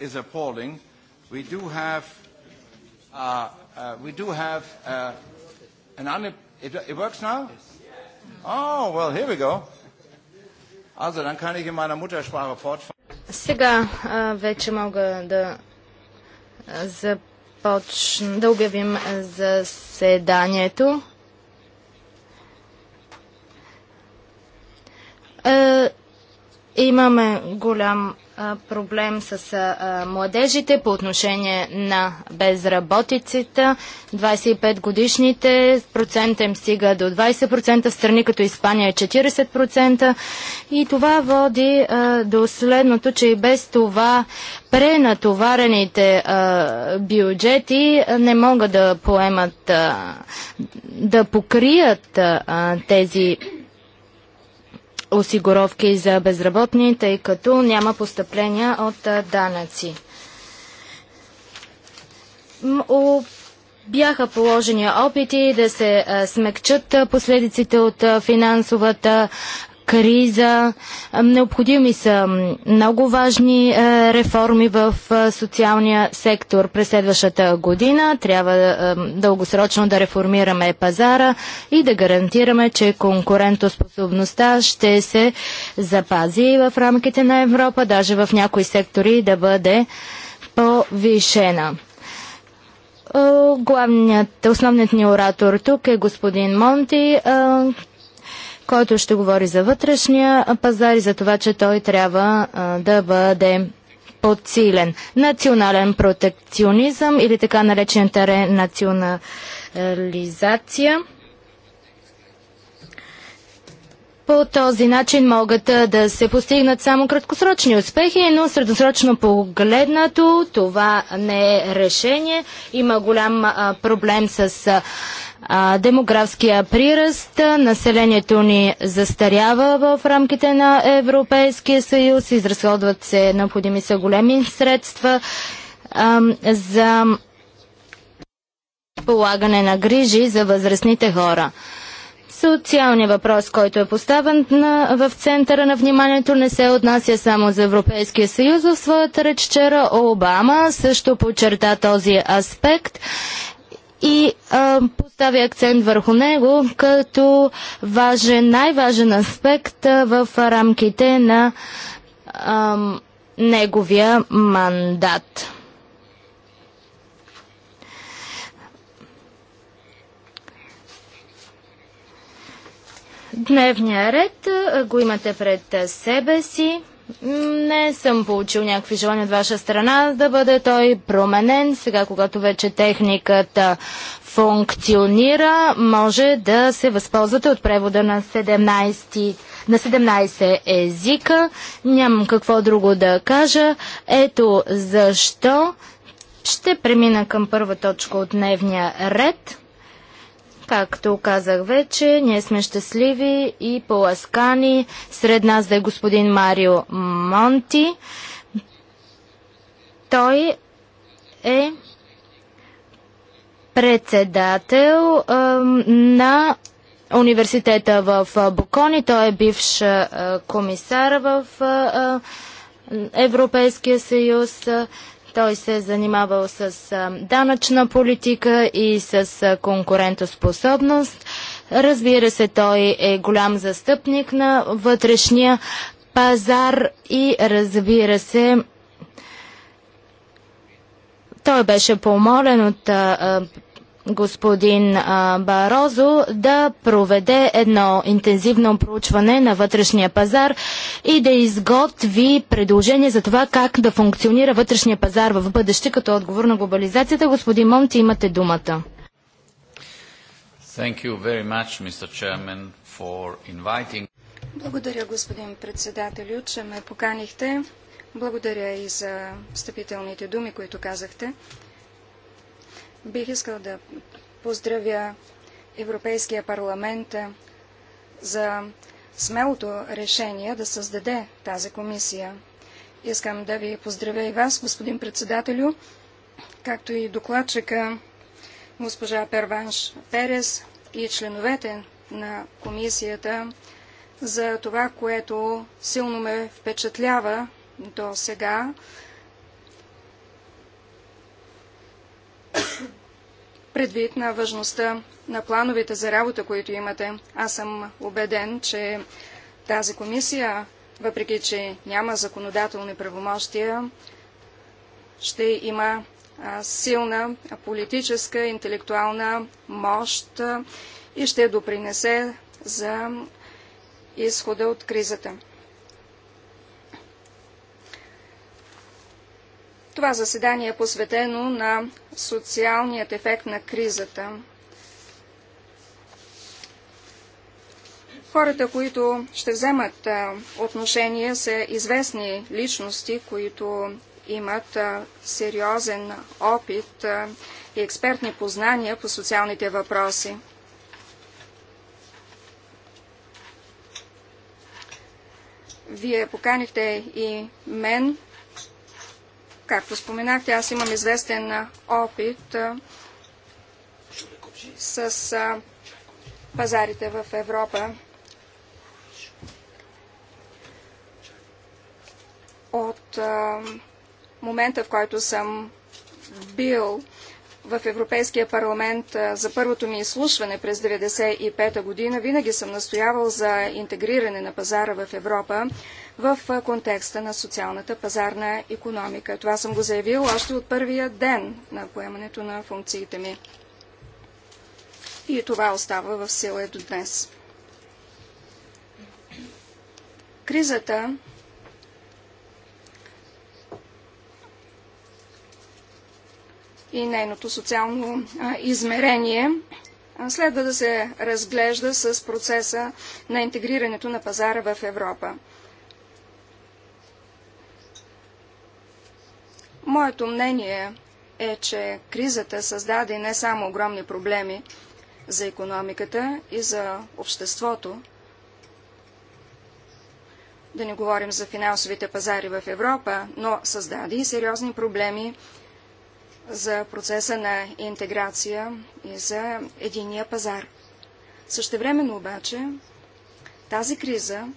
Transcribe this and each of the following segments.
is appalling. We do have, we do have an un. It, it works now. Yes. Oh well, here we go. Also, dann kann ich in meiner Muttersprache fortfahren. Сега вече мога да започна, да обявим заседанието. имаме голям проблем с а, младежите по отношение на безработицата. 25 годишните процента им стига до 20%, в страни като Испания е 40%. И това води а, до следното, че и без това пренатоварените а, бюджети не могат да поемат, да покрият тези осигуровки за безработни, тъй като няма постъпления от данъци. Бяха положени опити да се смекчат последиците от финансовата криза. Необходими са много важни е, реформи в е, социалния сектор през следващата година. Трябва е, дългосрочно да реформираме пазара и да гарантираме, че конкурентоспособността ще се запази в рамките на Европа, даже в някои сектори да бъде повишена. Главният, основният ни оратор тук е господин Монти който ще говори за вътрешния пазар и за това, че той трябва да бъде подсилен. Национален протекционизъм или така наречената ренационализация – По този начин могат да се постигнат само краткосрочни успехи, но средосрочно погледнато това не е решение. Има голям проблем с демографския приръст. Населението ни застарява в рамките на Европейския съюз. Изразходват се необходими са големи средства за полагане на грижи за възрастните хора. Социалният въпрос, който е поставен на, в центъра на вниманието, не се отнася само за Европейския съюз. В своята реч вчера Обама също подчерта този аспект и а, постави акцент върху него като важен, най-важен аспект а, в рамките на а, неговия мандат. Дневния ред го имате пред себе си. Не съм получил някакви желания от ваша страна да бъде той променен. Сега, когато вече техниката функционира, може да се възползвате от превода на 17 на 17 езика. Нямам какво друго да кажа. Ето защо ще премина към първа точка от дневния ред. Както казах вече, ние сме щастливи и поласкани. Сред нас да е господин Марио Монти. Той е председател е, на университета в Бокони. Той е бивш е, комисар в е, Европейския съюз. Той се е занимавал с данъчна политика и с конкурентоспособност. Разбира се, той е голям застъпник на вътрешния пазар и разбира се, той беше помолен от а, господин Барозо да проведе едно интензивно проучване на вътрешния пазар и да изготви предложение за това как да функционира вътрешния пазар в бъдеще като отговор на глобализацията. Господин Монти, имате думата. Much, Chairman, inviting... Благодаря, господин председателю, че ме поканихте. Благодаря и за встъпителните думи, които казахте. Бих искал да поздравя Европейския парламент за смелото решение да създаде тази комисия. Искам да ви поздравя и вас, господин председателю, както и докладчика госпожа Перванш Перес и членовете на комисията за това, което силно ме впечатлява до сега предвид на важността на плановете за работа, които имате. Аз съм убеден, че тази комисия, въпреки че няма законодателни правомощия, ще има силна политическа, интелектуална мощ и ще допринесе за изхода от кризата. Това заседание е посветено на социалният ефект на кризата. Хората, които ще вземат отношение, са известни личности, които имат сериозен опит и експертни познания по социалните въпроси. Вие поканихте и мен Както споменахте, аз имам известен опит с пазарите в Европа. От момента, в който съм бил в Европейския парламент за първото ми изслушване през 1995 година винаги съм настоявал за интегриране на пазара в Европа в контекста на социалната пазарна економика. Това съм го заявил още от първия ден на поемането на функциите ми. И това остава в сила до днес. Кризата и нейното социално измерение следва да се разглежда с процеса на интегрирането на пазара в Европа. Моето мнение е, че кризата създаде не само огромни проблеми за економиката и за обществото, да не говорим за финансовите пазари в Европа, но създаде и сериозни проблеми за процеса на интеграция и за единия пазар. Същевременно обаче тази криза,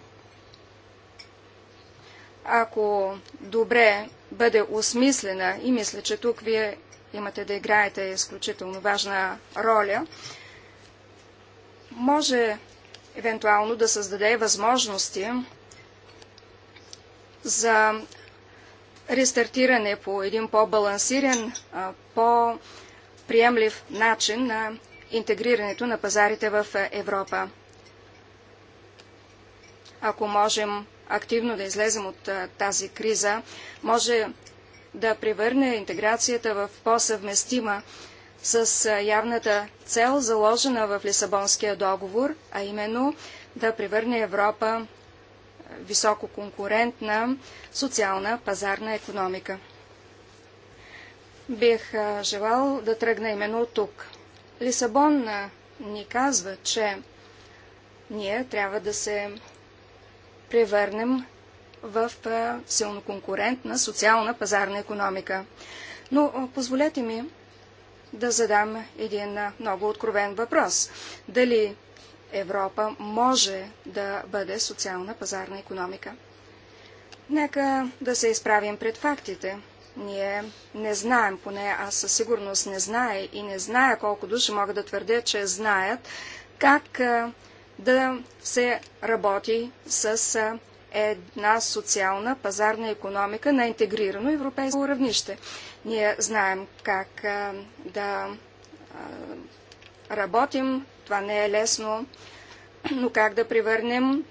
ако добре бъде осмислена и мисля, че тук вие имате да играете изключително важна роля, може евентуално да създаде възможности за рестартиране по един по-балансиран, по-приемлив начин на интегрирането на пазарите в Европа. Ако можем активно да излезем от тази криза, може да превърне интеграцията в по-съвместима с явната цел, заложена в Лисабонския договор, а именно да превърне Европа висококонкурентна социална пазарна економика. Бих желал да тръгна именно от тук. Лисабон ни казва, че ние трябва да се превърнем в силно конкурентна социална пазарна економика. Но позволете ми да задам един много откровен въпрос. Дали Европа може да бъде социална пазарна економика. Нека да се изправим пред фактите. Ние не знаем, поне аз със сигурност не зная и не зная колко души могат да твърдят, че знаят как да се работи с една социална пазарна економика на интегрирано европейско равнище. Ние знаем как да работим това не е лесно, но как да превърнем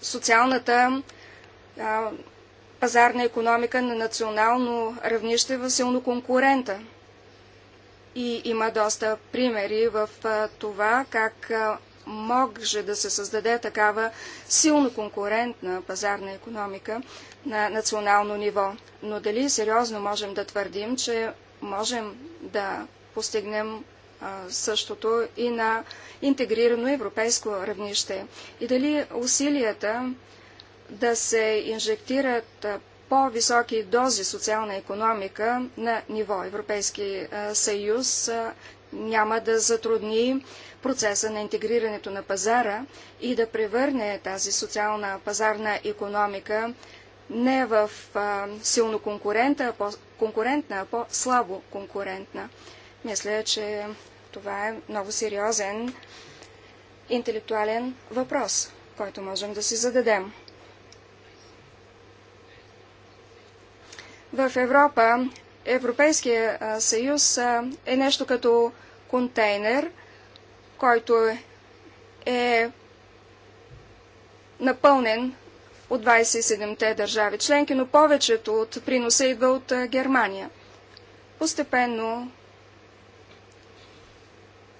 социалната пазарна економика на национално равнище в силно конкурента. И има доста примери в това как може да се създаде такава силно конкурентна пазарна економика на национално ниво. Но дали сериозно можем да твърдим, че можем да постигнем същото и на интегрирано европейско равнище. И дали усилията да се инжектират по-високи дози социална економика на ниво Европейски съюз няма да затрудни процеса на интегрирането на пазара и да превърне тази социална пазарна економика не в а, силно конкурента, а по-конкурентна, а по-слабо конкурентна. Мисля, че това е много сериозен интелектуален въпрос, който можем да си зададем. В Европа Европейския съюз е нещо като контейнер, който е напълнен от 27-те държави членки, но повечето от приноса идва от Германия. Постепенно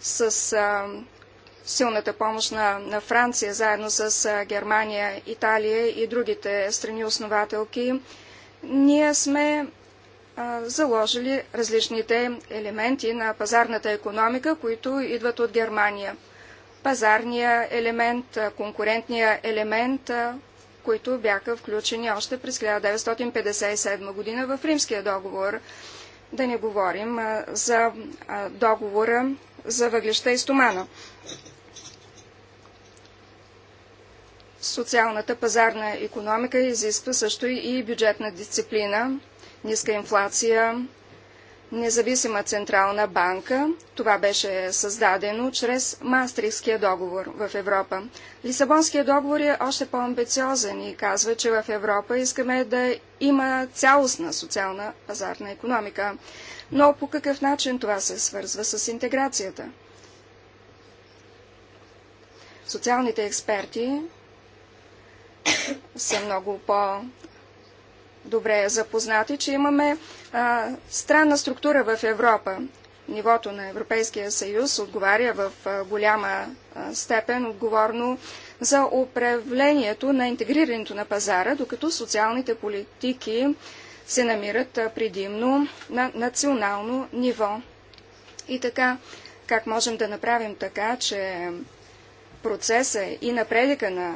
с а, силната помощ на, на Франция, заедно с а, Германия, Италия и другите страни основателки, ние сме а, заложили различните елементи на пазарната економика, които идват от Германия. Пазарния елемент, конкурентния елемент, които бяха включени още през 1957 година в Римския договор. Да не говорим а, за а, договора за въглеща и стомана. Социалната пазарна економика изисква също и бюджетна дисциплина, ниска инфлация, независима централна банка. Това беше създадено чрез Мастрихския договор в Европа. Лисабонския договор е още по-амбициозен и казва, че в Европа искаме да има цялостна социална пазарна економика. Но по какъв начин това се свързва с интеграцията? Социалните експерти са много по- добре запознати, че имаме а, странна структура в Европа. Нивото на Европейския съюз отговаря в а, голяма а, степен отговорно за управлението на интегрирането на пазара, докато социалните политики се намират предимно на национално ниво. И така, как можем да направим така, че процеса и напредъка на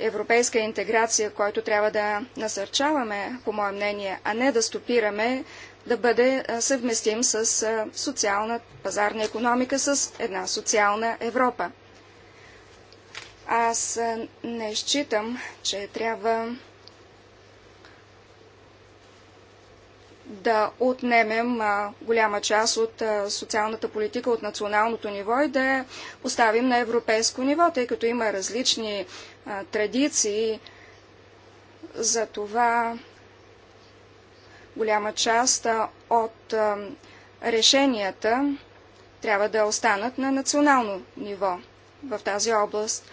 европейска интеграция, който трябва да насърчаваме, по мое мнение, а не да стопираме, да бъде съвместим с социална пазарна економика, с една социална Европа. Аз не считам, че трябва да отнемем голяма част от социалната политика от националното ниво и да я поставим на европейско ниво, тъй като има различни традиции за това голяма част от решенията трябва да останат на национално ниво в тази област.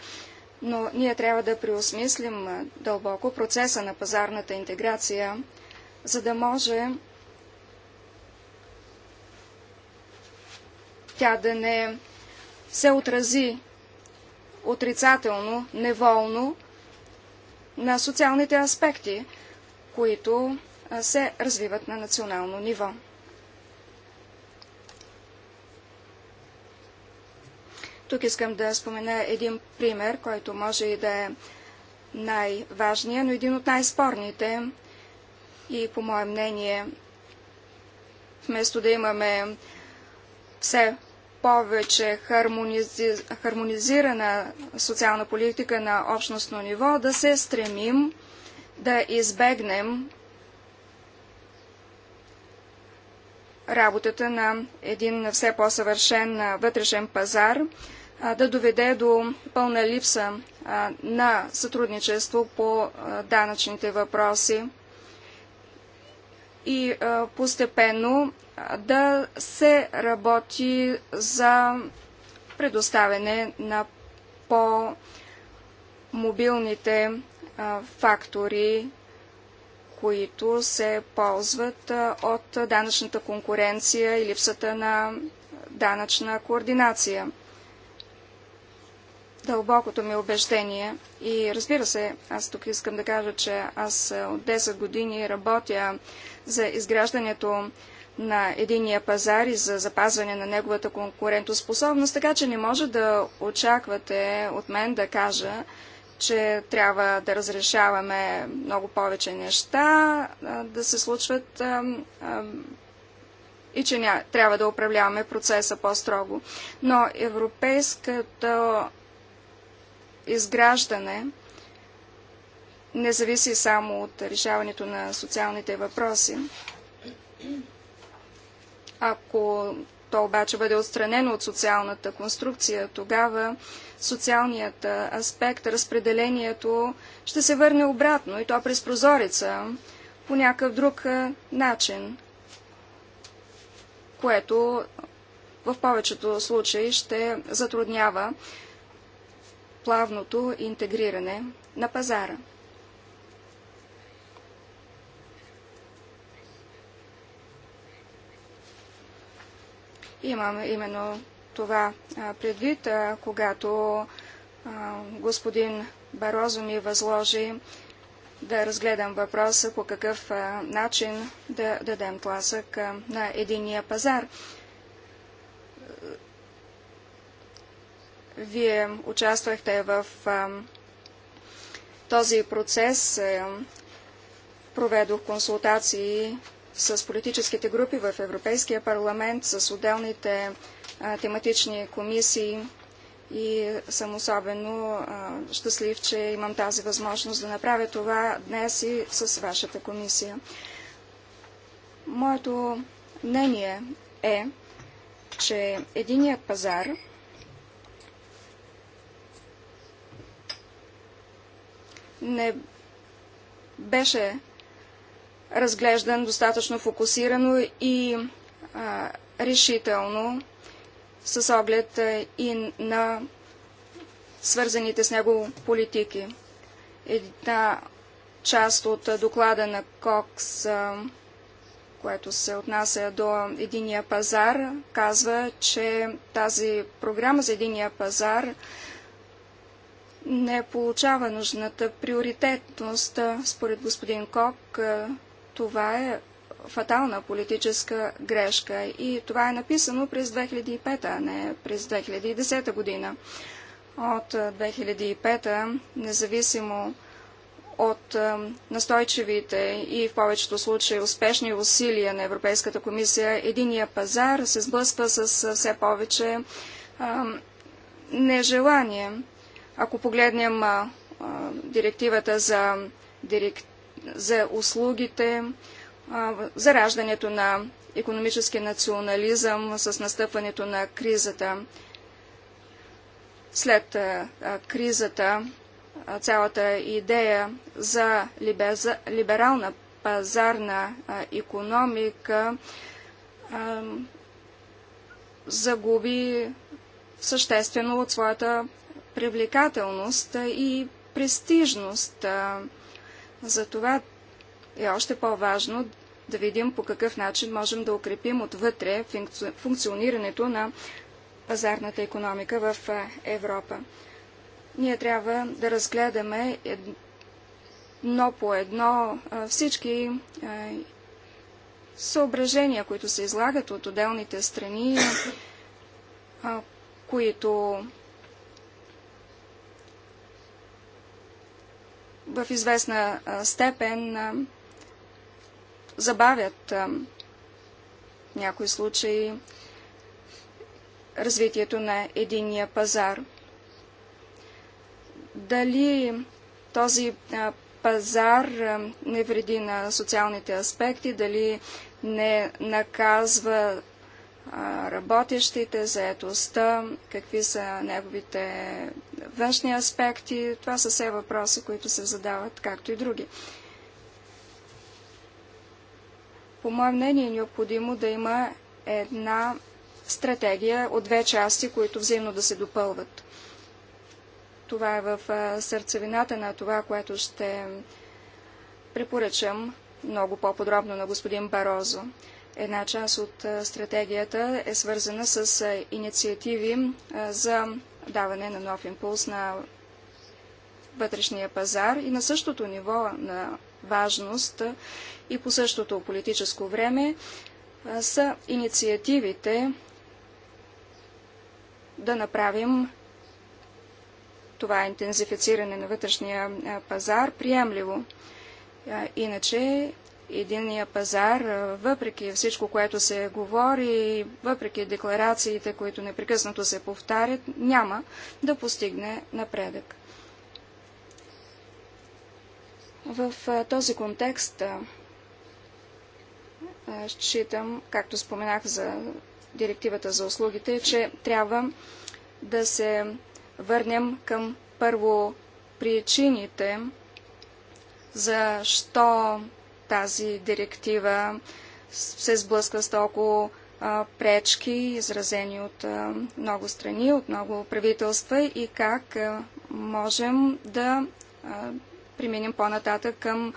Но ние трябва да преосмислим дълбоко процеса на пазарната интеграция, за да може тя да не се отрази отрицателно, неволно на социалните аспекти, които се развиват на национално ниво. Тук искам да спомена един пример, който може и да е най важният но един от най-спорните и по мое мнение, вместо да имаме все повече хармонизи... хармонизирана социална политика на общностно ниво, да се стремим да избегнем работата на един все по-съвършен вътрешен пазар, да доведе до пълна липса на сътрудничество по данъчните въпроси и постепенно да се работи за предоставяне на по-мобилните фактори, които се ползват от данъчната конкуренция и липсата на данъчна координация. Дълбокото ми убеждение и разбира се, аз тук искам да кажа, че аз от 10 години работя за изграждането на единия пазар и за запазване на неговата конкурентоспособност, така че не може да очаквате от мен да кажа, че трябва да разрешаваме много повече неща, да се случват и че ня, трябва да управляваме процеса по-строго. Но европейското изграждане не зависи само от решаването на социалните въпроси. Ако то обаче бъде отстранено от социалната конструкция, тогава социалният аспект, разпределението ще се върне обратно и то през прозореца по някакъв друг начин, което в повечето случаи ще затруднява плавното интегриране на пазара. Имам именно това предвид, когато господин Барозо ми възложи да разгледам въпроса по какъв начин да дадем тласък на единия пазар. Вие участвахте в този процес, проведох консултации с политическите групи в Европейския парламент, с отделните тематични комисии и съм особено щастлив, че имам тази възможност да направя това днес и с вашата комисия. Моето мнение е, че единият пазар не беше разглеждан достатъчно фокусирано и а, решително с оглед и на свързаните с него политики. Една част от доклада на Кокс, което се отнася до единия пазар, казва, че тази програма за единия пазар не получава нужната приоритетност. Според господин Кок, това е фатална политическа грешка и това е написано през 2005, а не през 2010 година. От 2005, независимо от настойчивите и в повечето случаи успешни усилия на Европейската комисия, единия пазар се сблъсква с все повече нежелание. Ако погледнем директивата за директ за услугите, за раждането на економически национализъм с настъпването на кризата. След кризата цялата идея за либерална пазарна економика загуби съществено от своята привлекателност и престижност. Затова е още по-важно да видим по какъв начин можем да укрепим отвътре функционирането на пазарната економика в Европа. Ние трябва да разгледаме едно по едно всички съображения, които се излагат от отделните страни, които в известна степен забавят в някои случаи развитието на единния пазар. Дали този пазар не вреди на социалните аспекти, дали не наказва работещите, заетостта, какви са неговите външни аспекти. Това са все въпроси, които се задават, както и други. По мое мнение е необходимо да има една стратегия от две части, които взаимно да се допълват. Това е в сърцевината на това, което ще препоръчам много по-подробно на господин Барозо. Една част от стратегията е свързана с инициативи за даване на нов импулс на вътрешния пазар и на същото ниво на важност и по същото политическо време са инициативите да направим това интензифициране на вътрешния пазар приемливо. Иначе единния пазар, въпреки всичко, което се говори, въпреки декларациите, които непрекъснато се повтарят, няма да постигне напредък. В този контекст считам, както споменах за директивата за услугите, че трябва да се върнем към първо причините, защо тази директива се сблъсква с толкова пречки, изразени от много страни, от много правителства и как можем да применим по-нататък към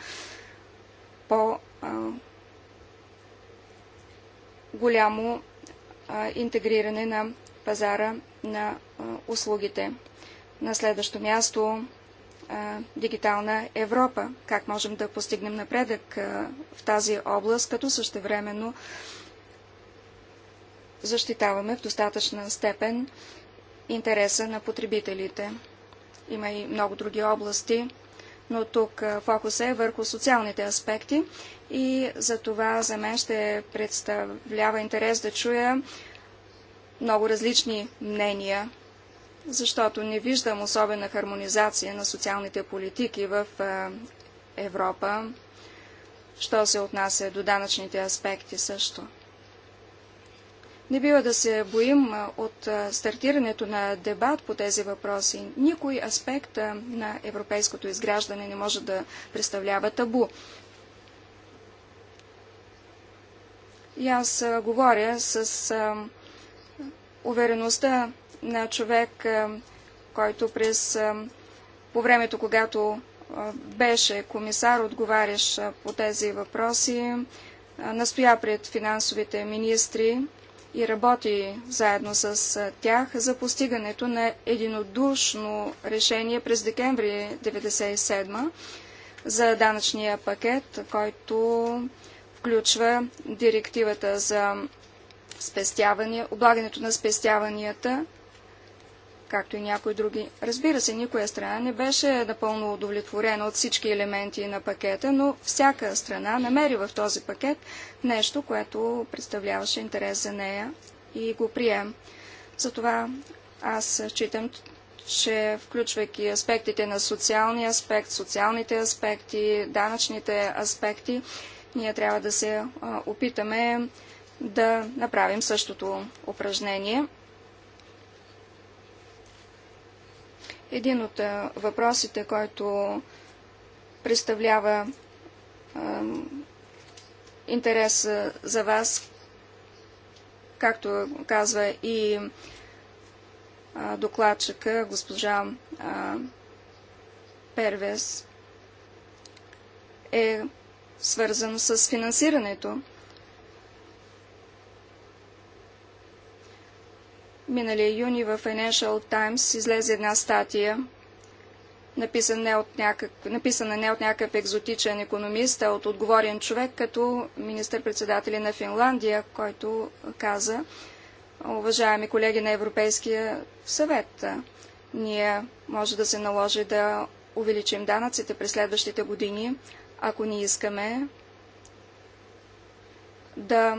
по-голямо интегриране на пазара на услугите. На следващо място дигитална Европа. Как можем да постигнем напредък в тази област, като същевременно защитаваме в достатъчна степен интереса на потребителите. Има и много други области, но тук фокус е върху социалните аспекти и за това за мен ще представлява интерес да чуя много различни мнения защото не виждам особена хармонизация на социалните политики в Европа, що се отнася до данъчните аспекти също. Не бива да се боим от стартирането на дебат по тези въпроси. Никой аспект на европейското изграждане не може да представлява табу. И аз говоря с увереността, на човек, който през по времето, когато беше комисар, отговаряш по тези въпроси, настоя пред финансовите министри и работи заедно с тях за постигането на единодушно решение през декември 1997 за данъчния пакет, който включва директивата за спестявания, облагането на спестяванията както и някои други. Разбира се, никоя страна не беше напълно удовлетворена от всички елементи на пакета, но всяка страна намери в този пакет нещо, което представляваше интерес за нея и го прием. Затова аз считам, че включвайки аспектите на социалния аспект, социалните аспекти, данъчните аспекти, ние трябва да се опитаме да направим същото упражнение. Един от е, въпросите, който представлява е, интерес е, за вас, както казва и докладчика госпожа Первес, е свързан с финансирането. Миналия юни в Financial Times излезе една статия, написана не от някакъв, написана не от някакъв екзотичен економист, а от отговорен човек, като министър-председателя на Финландия, който каза, уважаеми колеги на Европейския съвет, ние може да се наложи да увеличим данъците през следващите години, ако ни искаме да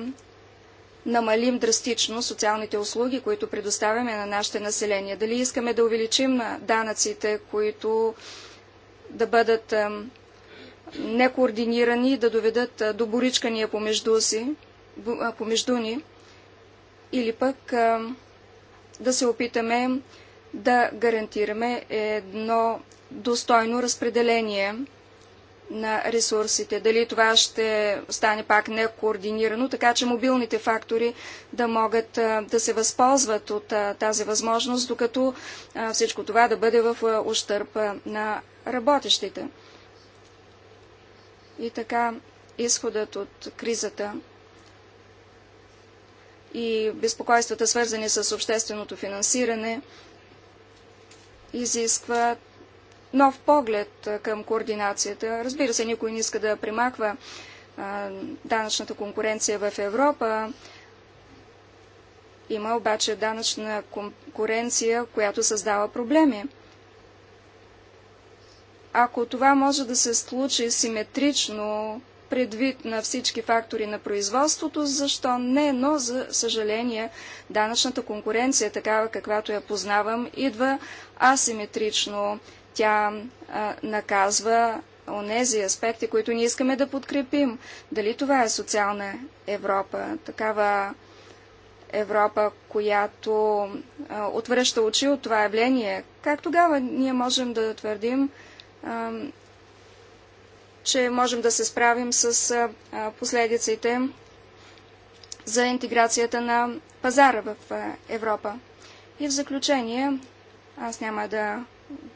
намалим драстично социалните услуги, които предоставяме на нашите населения. Дали искаме да увеличим данъците, които да бъдат некоординирани, да доведат до боричкания помежду, си, помежду ни, или пък да се опитаме да гарантираме едно достойно разпределение на ресурсите. Дали това ще стане пак некоординирано, така че мобилните фактори да могат да се възползват от тази възможност, докато всичко това да бъде в ущърп на работещите. И така, изходът от кризата и безпокойствата, свързани с общественото финансиране, изискват нов поглед към координацията. Разбира се, никой не иска да примахва данъчната конкуренция в Европа. Има обаче данъчна конкуренция, която създава проблеми. Ако това може да се случи симетрично, предвид на всички фактори на производството, защо не, но за съжаление данъчната конкуренция, такава каквато я познавам, идва асиметрично. Тя а, наказва онези аспекти, които ние искаме да подкрепим. Дали това е социална Европа, такава Европа, която а, отвръща очи от това явление, как тогава ние можем да твърдим, а, че можем да се справим с а, последиците за интеграцията на пазара в Европа? И в заключение, аз няма да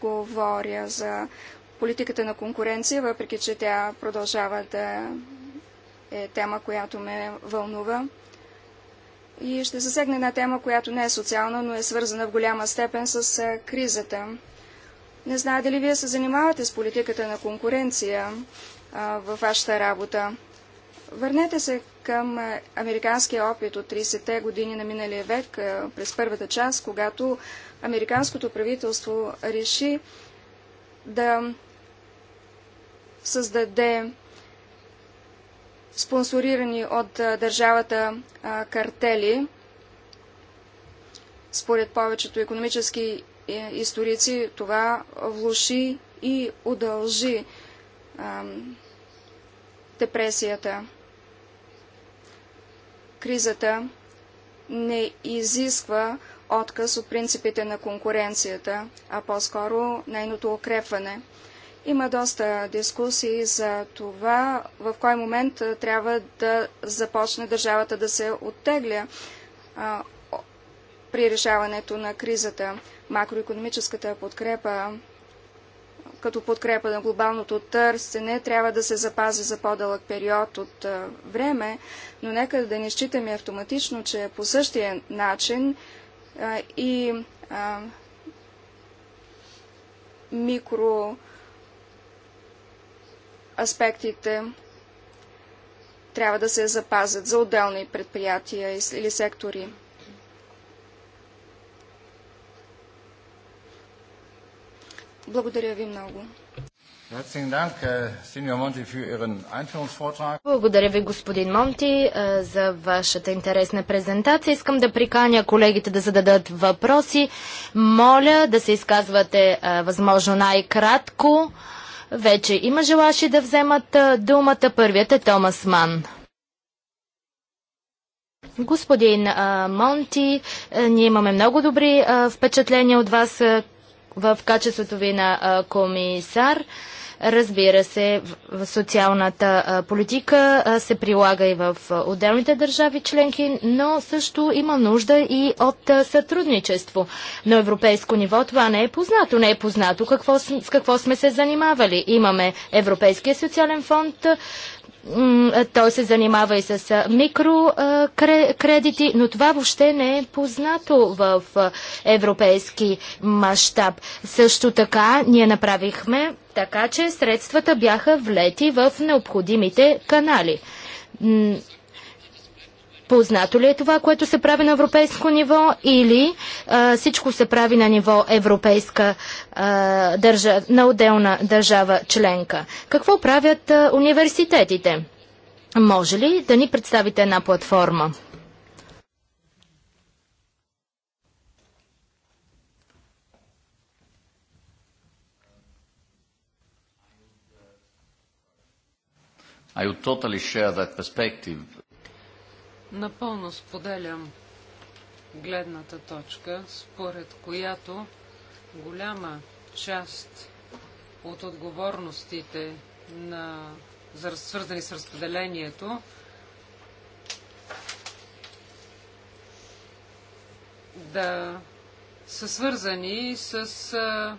говоря за политиката на конкуренция, въпреки че тя продължава да е тема, която ме вълнува. И ще засегне една тема, която не е социална, но е свързана в голяма степен с кризата. Не знае дали вие се занимавате с политиката на конкуренция а, във вашата работа. Върнете се към американския опит от 30-те години на миналия век, през първата част, когато американското правителство реши да създаде спонсорирани от държавата картели. Според повечето економически е, историци това влуши и удължи депресията. Кризата не изисква отказ от принципите на конкуренцията, а по-скоро нейното укрепване. Има доста дискусии за това в кой момент трябва да започне държавата да се оттегля а, при решаването на кризата. Макроекономическата подкрепа като подкрепа на глобалното търсене трябва да се запази за по-дълъг период от време, но нека да не считаме автоматично, че е по същия начин а, и а, микро аспектите трябва да се запазят за отделни предприятия или сектори. Благодаря ви много. Благодаря ви, господин Монти, за вашата интересна презентация. Искам да приканя колегите да зададат въпроси. Моля да се изказвате възможно най-кратко. Вече има желаши да вземат думата. Първият е Томас Ман. Господин Монти, ние имаме много добри впечатления от вас в качеството ви на комисар. Разбира се, в социалната политика се прилага и в отделните държави членки, но също има нужда и от сътрудничество. На европейско ниво това не е познато. Не е познато какво, с какво сме се занимавали. Имаме Европейския социален фонд, е, той се занимава и с е, микрокредити, но това въобще не е познато в е, европейски мащаб. Също така ние направихме така, че средствата бяха влети в необходимите канали. Познато ли е това, което се прави на европейско ниво или а, всичко се прави на ниво европейска а, държа, на отделна държава членка? Какво правят а, университетите? Може ли да ни представите една платформа? I would totally share that perspective. Напълно споделям гледната точка, според която голяма част от отговорностите на, за, свързани с разпределението да са свързани с а,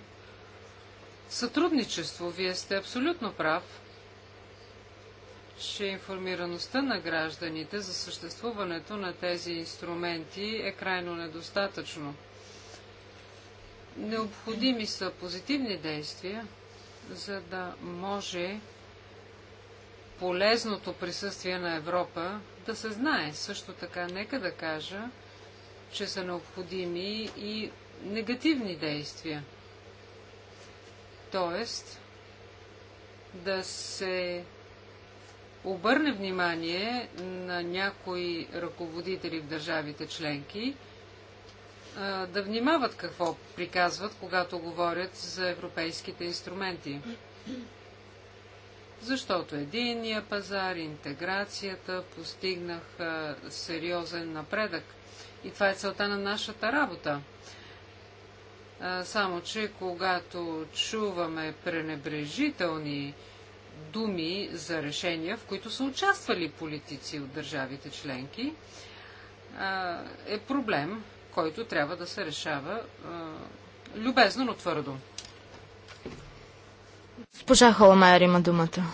сътрудничество. Вие сте абсолютно прав че информираността на гражданите за съществуването на тези инструменти е крайно недостатъчно. Необходими са позитивни действия, за да може полезното присъствие на Европа да се знае. Също така, нека да кажа, че са необходими и негативни действия. Тоест, да се обърне внимание на някои ръководители в държавите членки да внимават какво приказват, когато говорят за европейските инструменти. Защото единния пазар, интеграцията постигнах сериозен напредък. И това е целта на нашата работа. Само, че когато чуваме пренебрежителни думи за решения, в които са участвали политици от държавите членки, е проблем, който трябва да се решава любезно, но твърдо. Госпожа Холомайер има думата.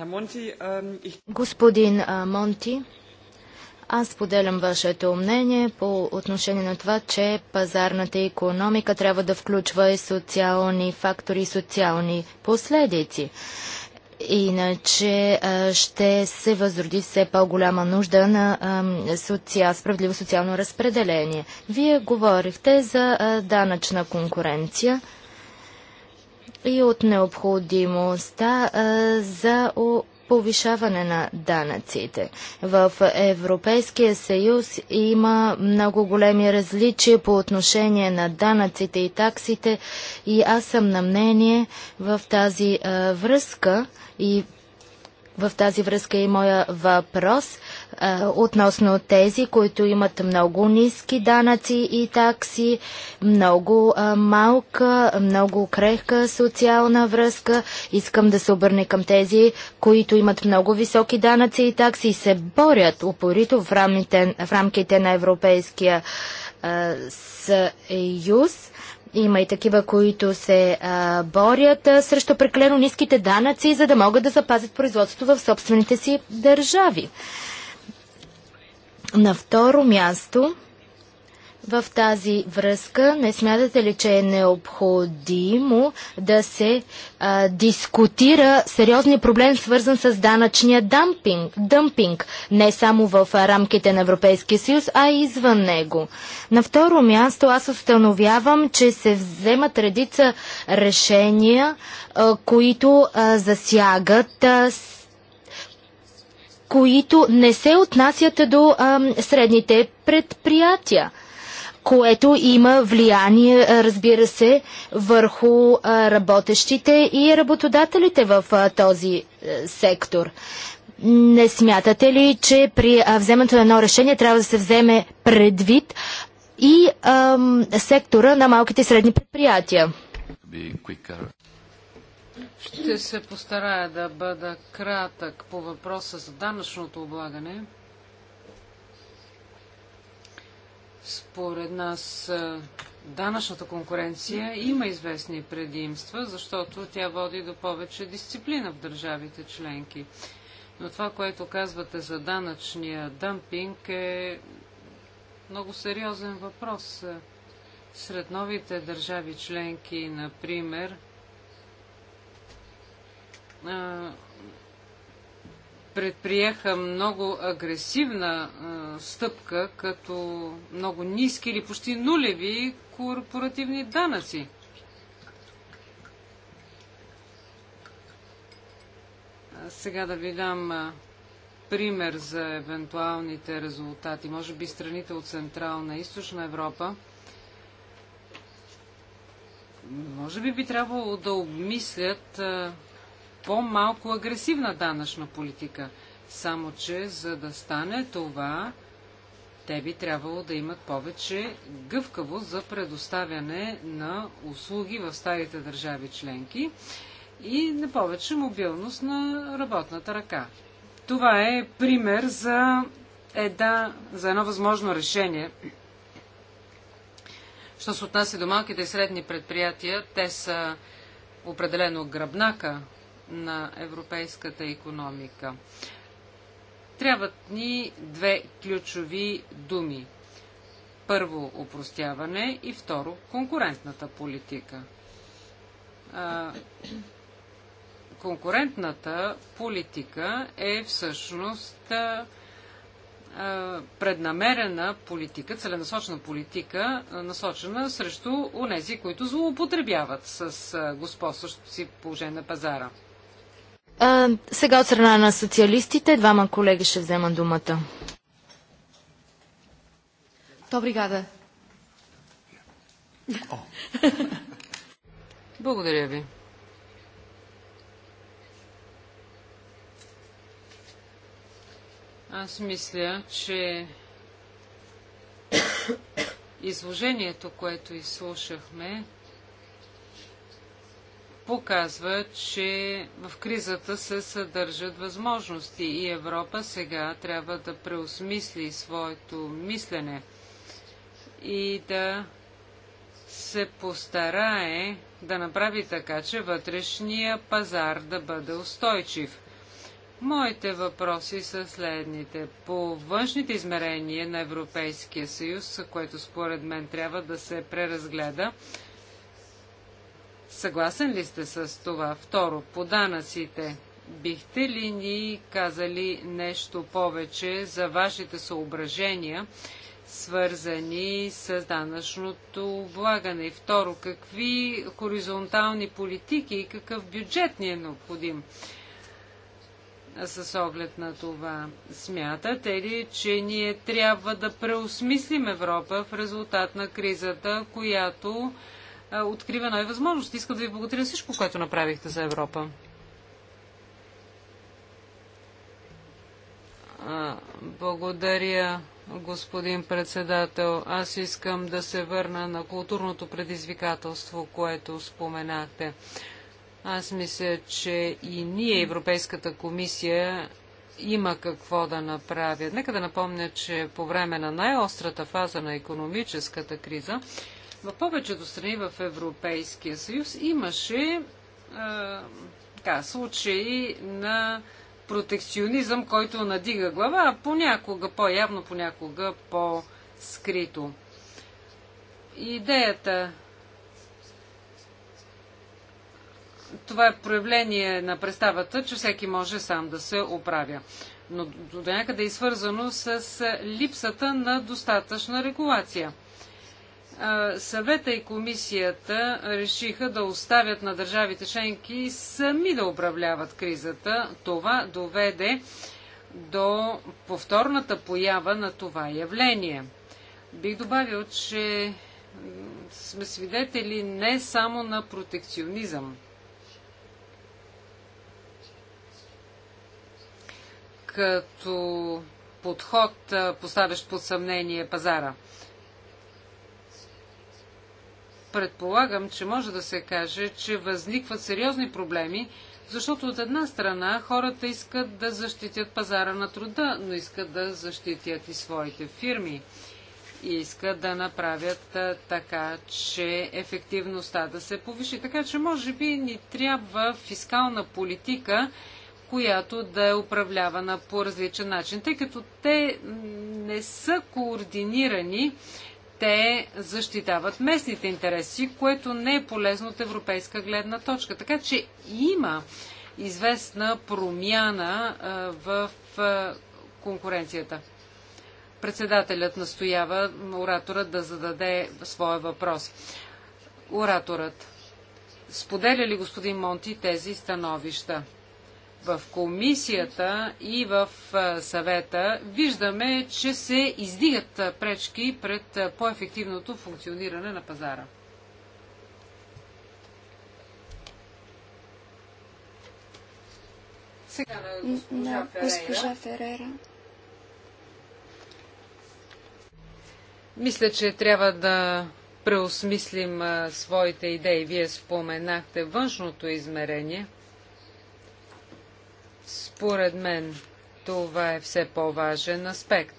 Ähm, Господин Монти, аз поделям вашето мнение по отношение на това, че пазарната економика трябва да включва и социални фактори, и социални последици. Иначе ще се възроди все по-голяма нужда на социал, справедливо социално разпределение. Вие говорихте за данъчна конкуренция и от необходимостта за повишаване на данъците. В Европейския съюз има много големи различия по отношение на данъците и таксите и аз съм на мнение в тази връзка и в тази връзка е и моя въпрос – относно тези, които имат много ниски данъци и такси, много малка, много крехка социална връзка. Искам да се обърне към тези, които имат много високи данъци и такси и се борят упорито в, рамките, в рамките на Европейския съюз. Има и такива, които се а, борят а, срещу преклено ниските данъци, за да могат да запазят производството в собствените си държави. На второ място, в тази връзка, не смятате ли, че е необходимо да се а, дискутира сериозния проблем, свързан с данъчния дъмпинг, дъмпинг, не само в рамките на Европейския съюз, а и извън него? На второ място аз установявам, че се вземат редица решения, а, които а, засягат а, които не се отнасят до а, средните предприятия което има влияние, разбира се, върху работещите и работодателите в а, този а, е, сектор. Не смятате ли, че при вземането на едно решение трябва да се вземе предвид и а, сектора на малките и средни предприятия? Ще се постарая да бъда кратък по въпроса за данъчното облагане. Според нас данъчната конкуренция има известни предимства, защото тя води до повече дисциплина в държавите членки. Но това, което казвате за данъчния дъмпинг е много сериозен въпрос. Сред новите държави членки, например, предприеха много агресивна а, стъпка, като много ниски или почти нулеви корпоративни данъци. А, сега да ви дам а, пример за евентуалните резултати. Може би страните от Централна и Източна Европа. Може би би трябвало да обмислят а, по-малко агресивна данъчна политика. Само, че за да стане това, те би трябвало да имат повече гъвкаво за предоставяне на услуги в старите държави членки и на повече мобилност на работната ръка. Това е пример за, една, за едно възможно решение. Що се отнася до малките и средни предприятия, те са определено гръбнака на европейската економика. Трябват ни две ключови думи. Първо, упростяване и второ, конкурентната политика. А, конкурентната политика е всъщност а, преднамерена политика, целенасочена политика, насочена срещу онези, които злоупотребяват с господстващото си положение на пазара. А, сега от страна на социалистите, двама колеги ще вземат думата. Добригада. Благодаря ви. Аз мисля, че изложението, което изслушахме, показва, че в кризата се съдържат възможности и Европа сега трябва да преосмисли своето мислене и да се постарае да направи така, че вътрешния пазар да бъде устойчив. Моите въпроси са следните. По външните измерения на Европейския съюз, което според мен трябва да се преразгледа, Съгласен ли сте с това? Второ, по данъците. Бихте ли ни казали нещо повече за вашите съображения, свързани с данъчното облагане? И второ, какви хоризонтални политики и какъв бюджет ни е необходим? с оглед на това. Смятате ли, че ние трябва да преосмислим Европа в резултат на кризата, която е, открива нови възможности. Искам да ви благодаря всичко, което направихте за Европа. Благодаря, господин председател. Аз искам да се върна на културното предизвикателство, което споменахте. Аз мисля, че и ние, Европейската комисия, има какво да направят. Нека да напомня, че по време на най-острата фаза на економическата криза, в повечето страни в Европейския съюз имаше а, е, така, случаи на протекционизъм, който надига глава, а понякога по-явно, понякога по-скрито. Идеята това е проявление на представата, че всеки може сам да се оправя. Но до някъде е свързано с липсата на достатъчна регулация – съвета и комисията решиха да оставят на държавите членки сами да управляват кризата. Това доведе до повторната поява на това явление. Бих добавил, че сме свидетели не само на протекционизъм. като подход, поставящ под съмнение пазара предполагам, че може да се каже, че възникват сериозни проблеми, защото от една страна хората искат да защитят пазара на труда, но искат да защитят и своите фирми. И искат да направят така, че ефективността да се повиши. Така че може би ни трябва фискална политика, която да е управлявана по различен начин, тъй като те не са координирани те защитават местните интереси, което не е полезно от европейска гледна точка. Така че има известна промяна в конкуренцията. Председателят настоява оратора да зададе своя въпрос. Ораторът. Споделя ли господин Монти тези становища? в комисията и в съвета виждаме, че се издигат пречки пред по-ефективното функциониране на пазара. Сега на госпожа, госпожа Ферера. Мисля, че трябва да преосмислим своите идеи. Вие споменахте външното измерение – според мен това е все по-важен аспект.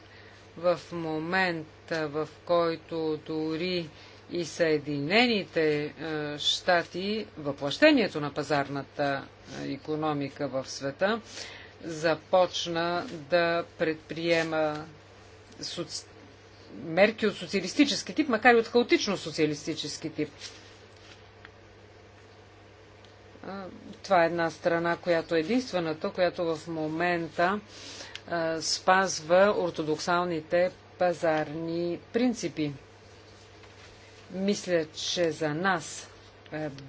В момента, в който дори и Съединените е, щати, въплъщението на пазарната економика в света, започна да предприема соци... мерки от социалистически тип, макар и от хаотично социалистически тип. Това е една страна, която е единствената, която в момента спазва ортодоксалните пазарни принципи. Мисля, че за нас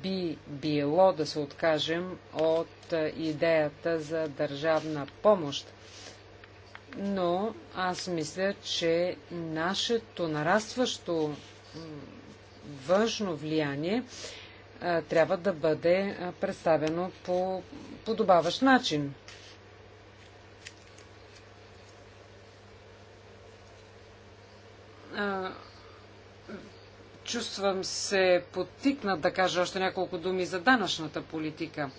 би било да се откажем от идеята за държавна помощ. Но аз мисля, че нашето нарастващо външно влияние трябва да бъде представено по подобаващ начин. Чувствам се подтикнат да кажа още няколко думи за данъчната политика.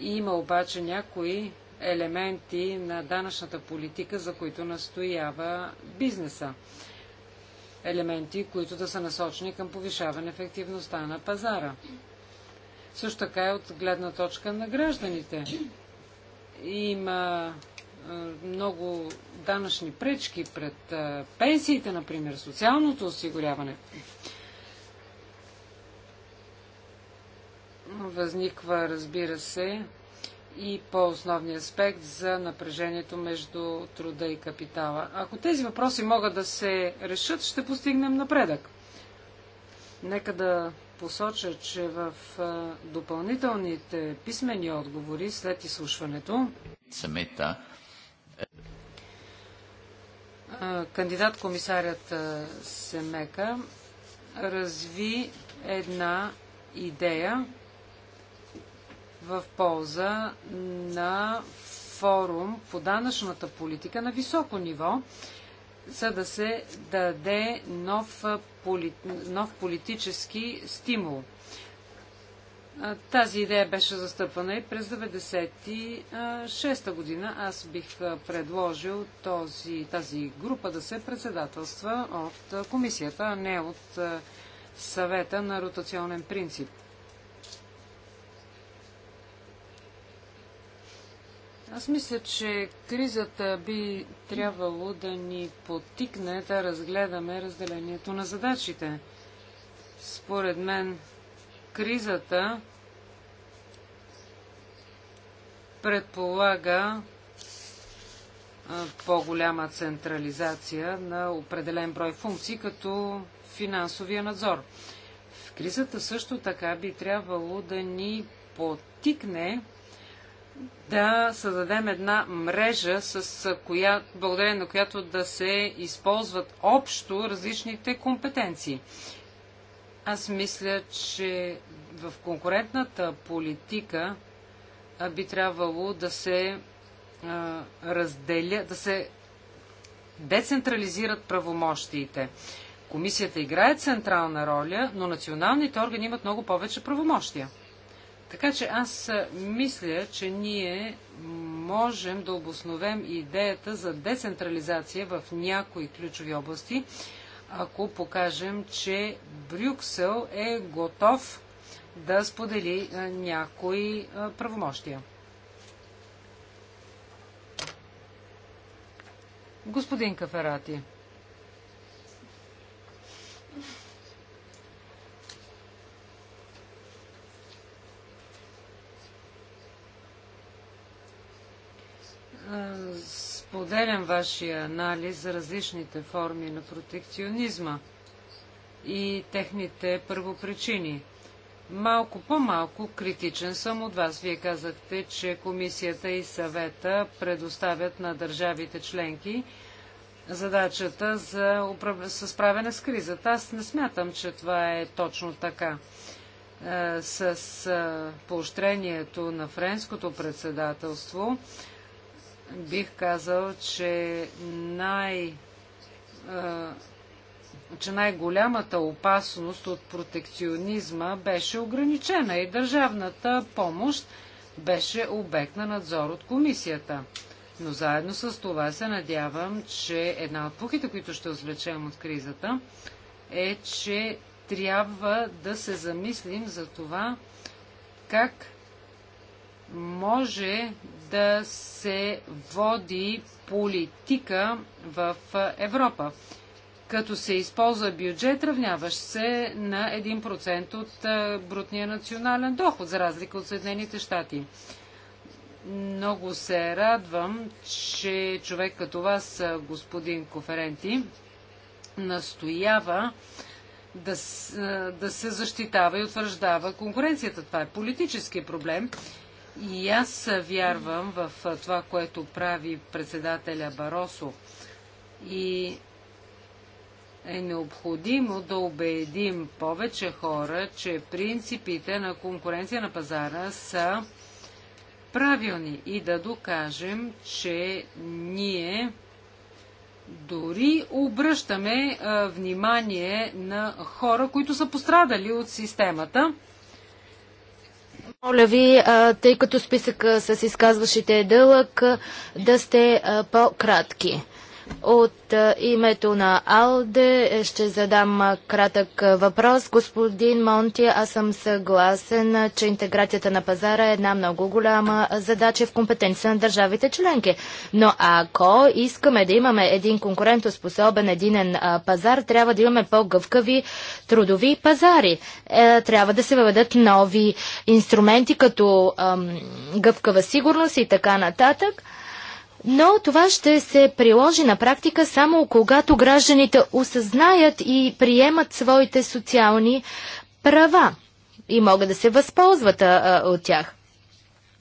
Има обаче някои елементи на данъчната политика, за които настоява бизнеса. Елементи, които да са насочени към повишаване ефективността на пазара също така и е от гледна точка на гражданите. Има много данъчни пречки пред пенсиите, например, социалното осигуряване. Възниква, разбира се, и по-основния аспект за напрежението между труда и капитала. Ако тези въпроси могат да се решат, ще постигнем напредък. Нека да посоча, че в допълнителните писмени отговори след изслушването кандидат комисарят Семека разви една идея в полза на форум по данъчната политика на високо ниво, за да се даде нов, поли, нов политически стимул. Тази идея беше застъпвана и през 1996 година. Аз бих предложил този, тази група да се председателства от комисията, а не от съвета на ротационен принцип. Аз мисля, че кризата би трябвало да ни потикне да разгледаме разделението на задачите. Според мен, кризата предполага по-голяма централизация на определен брой функции, като финансовия надзор. В кризата също така би трябвало да ни потикне да създадем една мрежа, с коя, благодарение на която да се използват общо различните компетенции. Аз мисля, че в конкурентната политика би трябвало да се разделя, да се децентрализират правомощиите. Комисията играе централна роля, но националните органи имат много повече правомощия. Така че аз мисля, че ние можем да обосновем идеята за децентрализация в някои ключови области, ако покажем, че Брюксел е готов да сподели някои правомощия. Господин Каферати. Е, споделям вашия анализ за различните форми на протекционизма и техните първопричини. Малко по-малко критичен съм от вас. Вие казахте, че комисията и съвета предоставят на държавите членки задачата за управ... справяне с кризата. Аз не смятам, че това е точно така. Е, с е, поощрението на френското председателство бих казал, че най- че най-голямата опасност от протекционизма беше ограничена и държавната помощ беше обект на надзор от комисията. Но заедно с това се надявам, че една от пухите, които ще извлечем от кризата, е, че трябва да се замислим за това как може да се води политика в Европа, като се използва бюджет, равняващ се на 1% от брутния национален доход, за разлика от Съединените щати. Много се радвам, че човек като вас, господин Коференти, настоява да, да се защитава и утвърждава конкуренцията. Това е политически проблем и аз вярвам в това, което прави председателя Баросо. И е необходимо да убедим повече хора, че принципите на конкуренция на пазара са правилни и да докажем, че ние дори обръщаме а, внимание на хора, които са пострадали от системата. Моля ви, тъй като списъка с изказващите е дълъг, да сте по-кратки. От е, името на Алде ще задам е, кратък е, въпрос. Господин Монти, аз съм съгласен, че интеграцията на пазара е една много голяма задача в компетенция на държавите членки. Но ако искаме да имаме един конкурентоспособен единен пазар, трябва да имаме по-гъвкави трудови пазари. трябва да се въведат нови инструменти, като гъвкава сигурност и така нататък. Но това ще се приложи на практика само когато гражданите осъзнаят и приемат своите социални права и могат да се възползват а, от тях.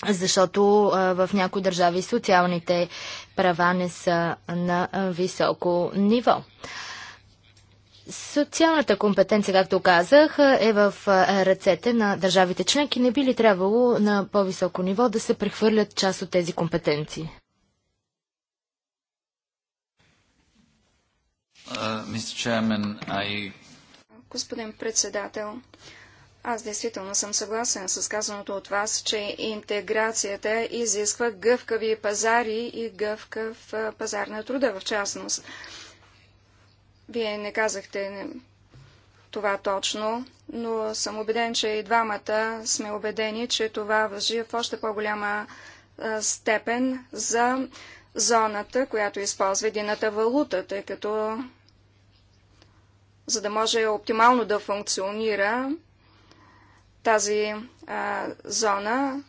Защото а, в някои държави социалните права не са на а, високо ниво. Социалната компетенция, както казах, е в ръцете на държавите членки. Не би ли трябвало на по-високо ниво да се прехвърлят част от тези компетенции? Uh, Господин председател, аз действително съм съгласен с казаното от вас, че интеграцията изисква гъвкави пазари и гъвкав пазар на труда в частност. Вие не казахте това точно, но съм убеден, че и двамата сме убедени, че това въжи в още по-голяма степен за зоната, която използва едината валута, тъй като за да може оптимално да функционира тази а, зона,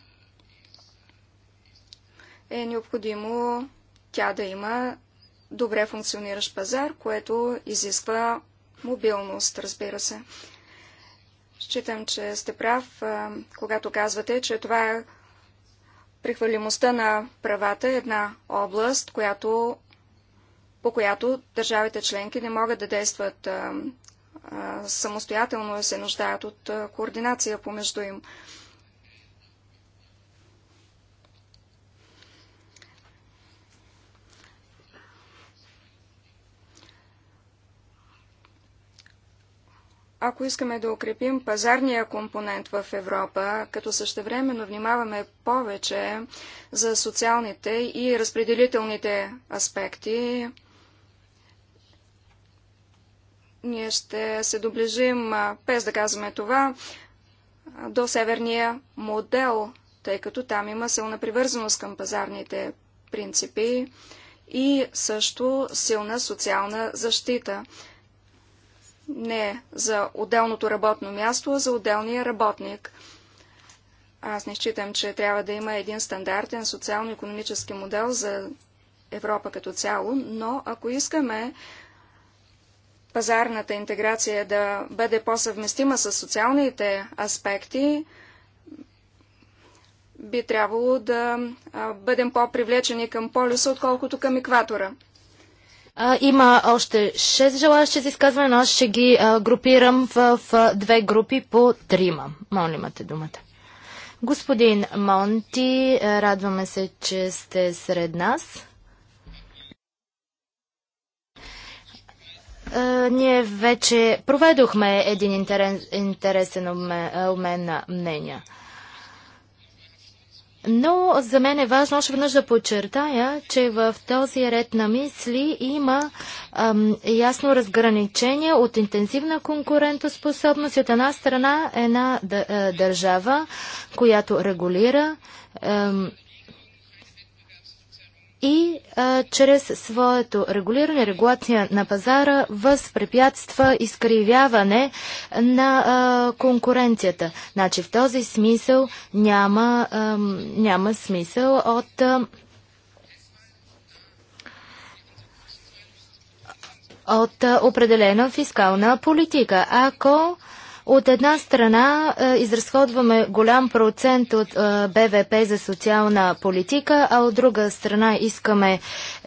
е необходимо тя да има добре функциониращ пазар, което изисква мобилност, разбира се. Считам, че сте прав, а, когато казвате, че това е прехвърлимостта на правата е една област, която по която държавите членки не могат да действат а, а, самостоятелно и се нуждаят от а, координация помежду им. ако искаме да укрепим пазарния компонент в Европа, като същевременно внимаваме повече за социалните и разпределителните аспекти, ние ще се доближим, без да казваме това, до северния модел, тъй като там има силна привързаност към пазарните принципи и също силна социална защита. Не за отделното работно място, а за отделния работник. Аз не считам, че трябва да има един стандартен социално-економически модел за Европа като цяло, но ако искаме пазарната интеграция да бъде по-съвместима с социалните аспекти, би трябвало да бъдем по-привлечени към полюса, отколкото към екватора. А, има още 6 желаящи за изказване, но аз ще ги а, групирам в, в две групи по трима. Моля, имате думата. Господин Монти, радваме се, че сте сред нас. ние вече проведохме един интересен обмен на мнения. Но за мен е важно още веднъж да подчертая, че в този ред на мисли има ам, ясно разграничение от интензивна конкурентоспособност. От една страна една държава, която регулира ам, и а, чрез своето регулиране, регулация на пазара възпрепятства изкривяване на а, конкуренцията. Значи в този смисъл няма, а, няма смисъл от. А, от определена фискална политика. Ако а, от една страна е, изразходваме голям процент от е, БВП за социална политика, а от друга страна искаме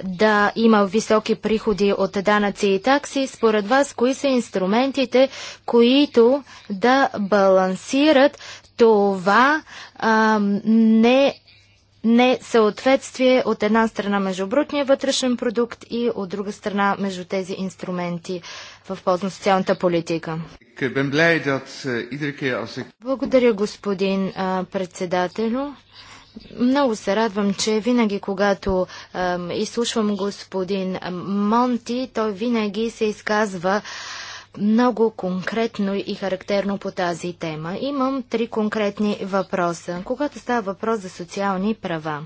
да има високи приходи от данъци и такси. Според вас, кои са инструментите, които да балансират това а, не несъответствие от една страна между брутния вътрешен продукт и от друга страна между тези инструменти в полза на социалната политика. Благодаря, господин а, председателю. Много се радвам, че винаги, когато изслушвам господин Монти, той винаги се изказва много конкретно и характерно по тази тема. Имам три конкретни въпроса. Когато става въпрос за социални права,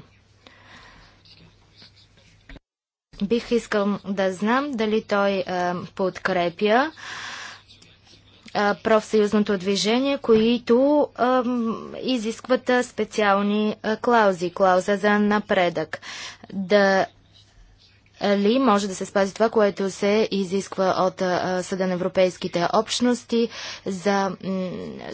бих искал да знам дали той а, подкрепя а, профсъюзното движение, които а, изискват специални клаузи, клауза за напредък. Да ли може да се спази това, което се изисква от Съда на Европейските общности за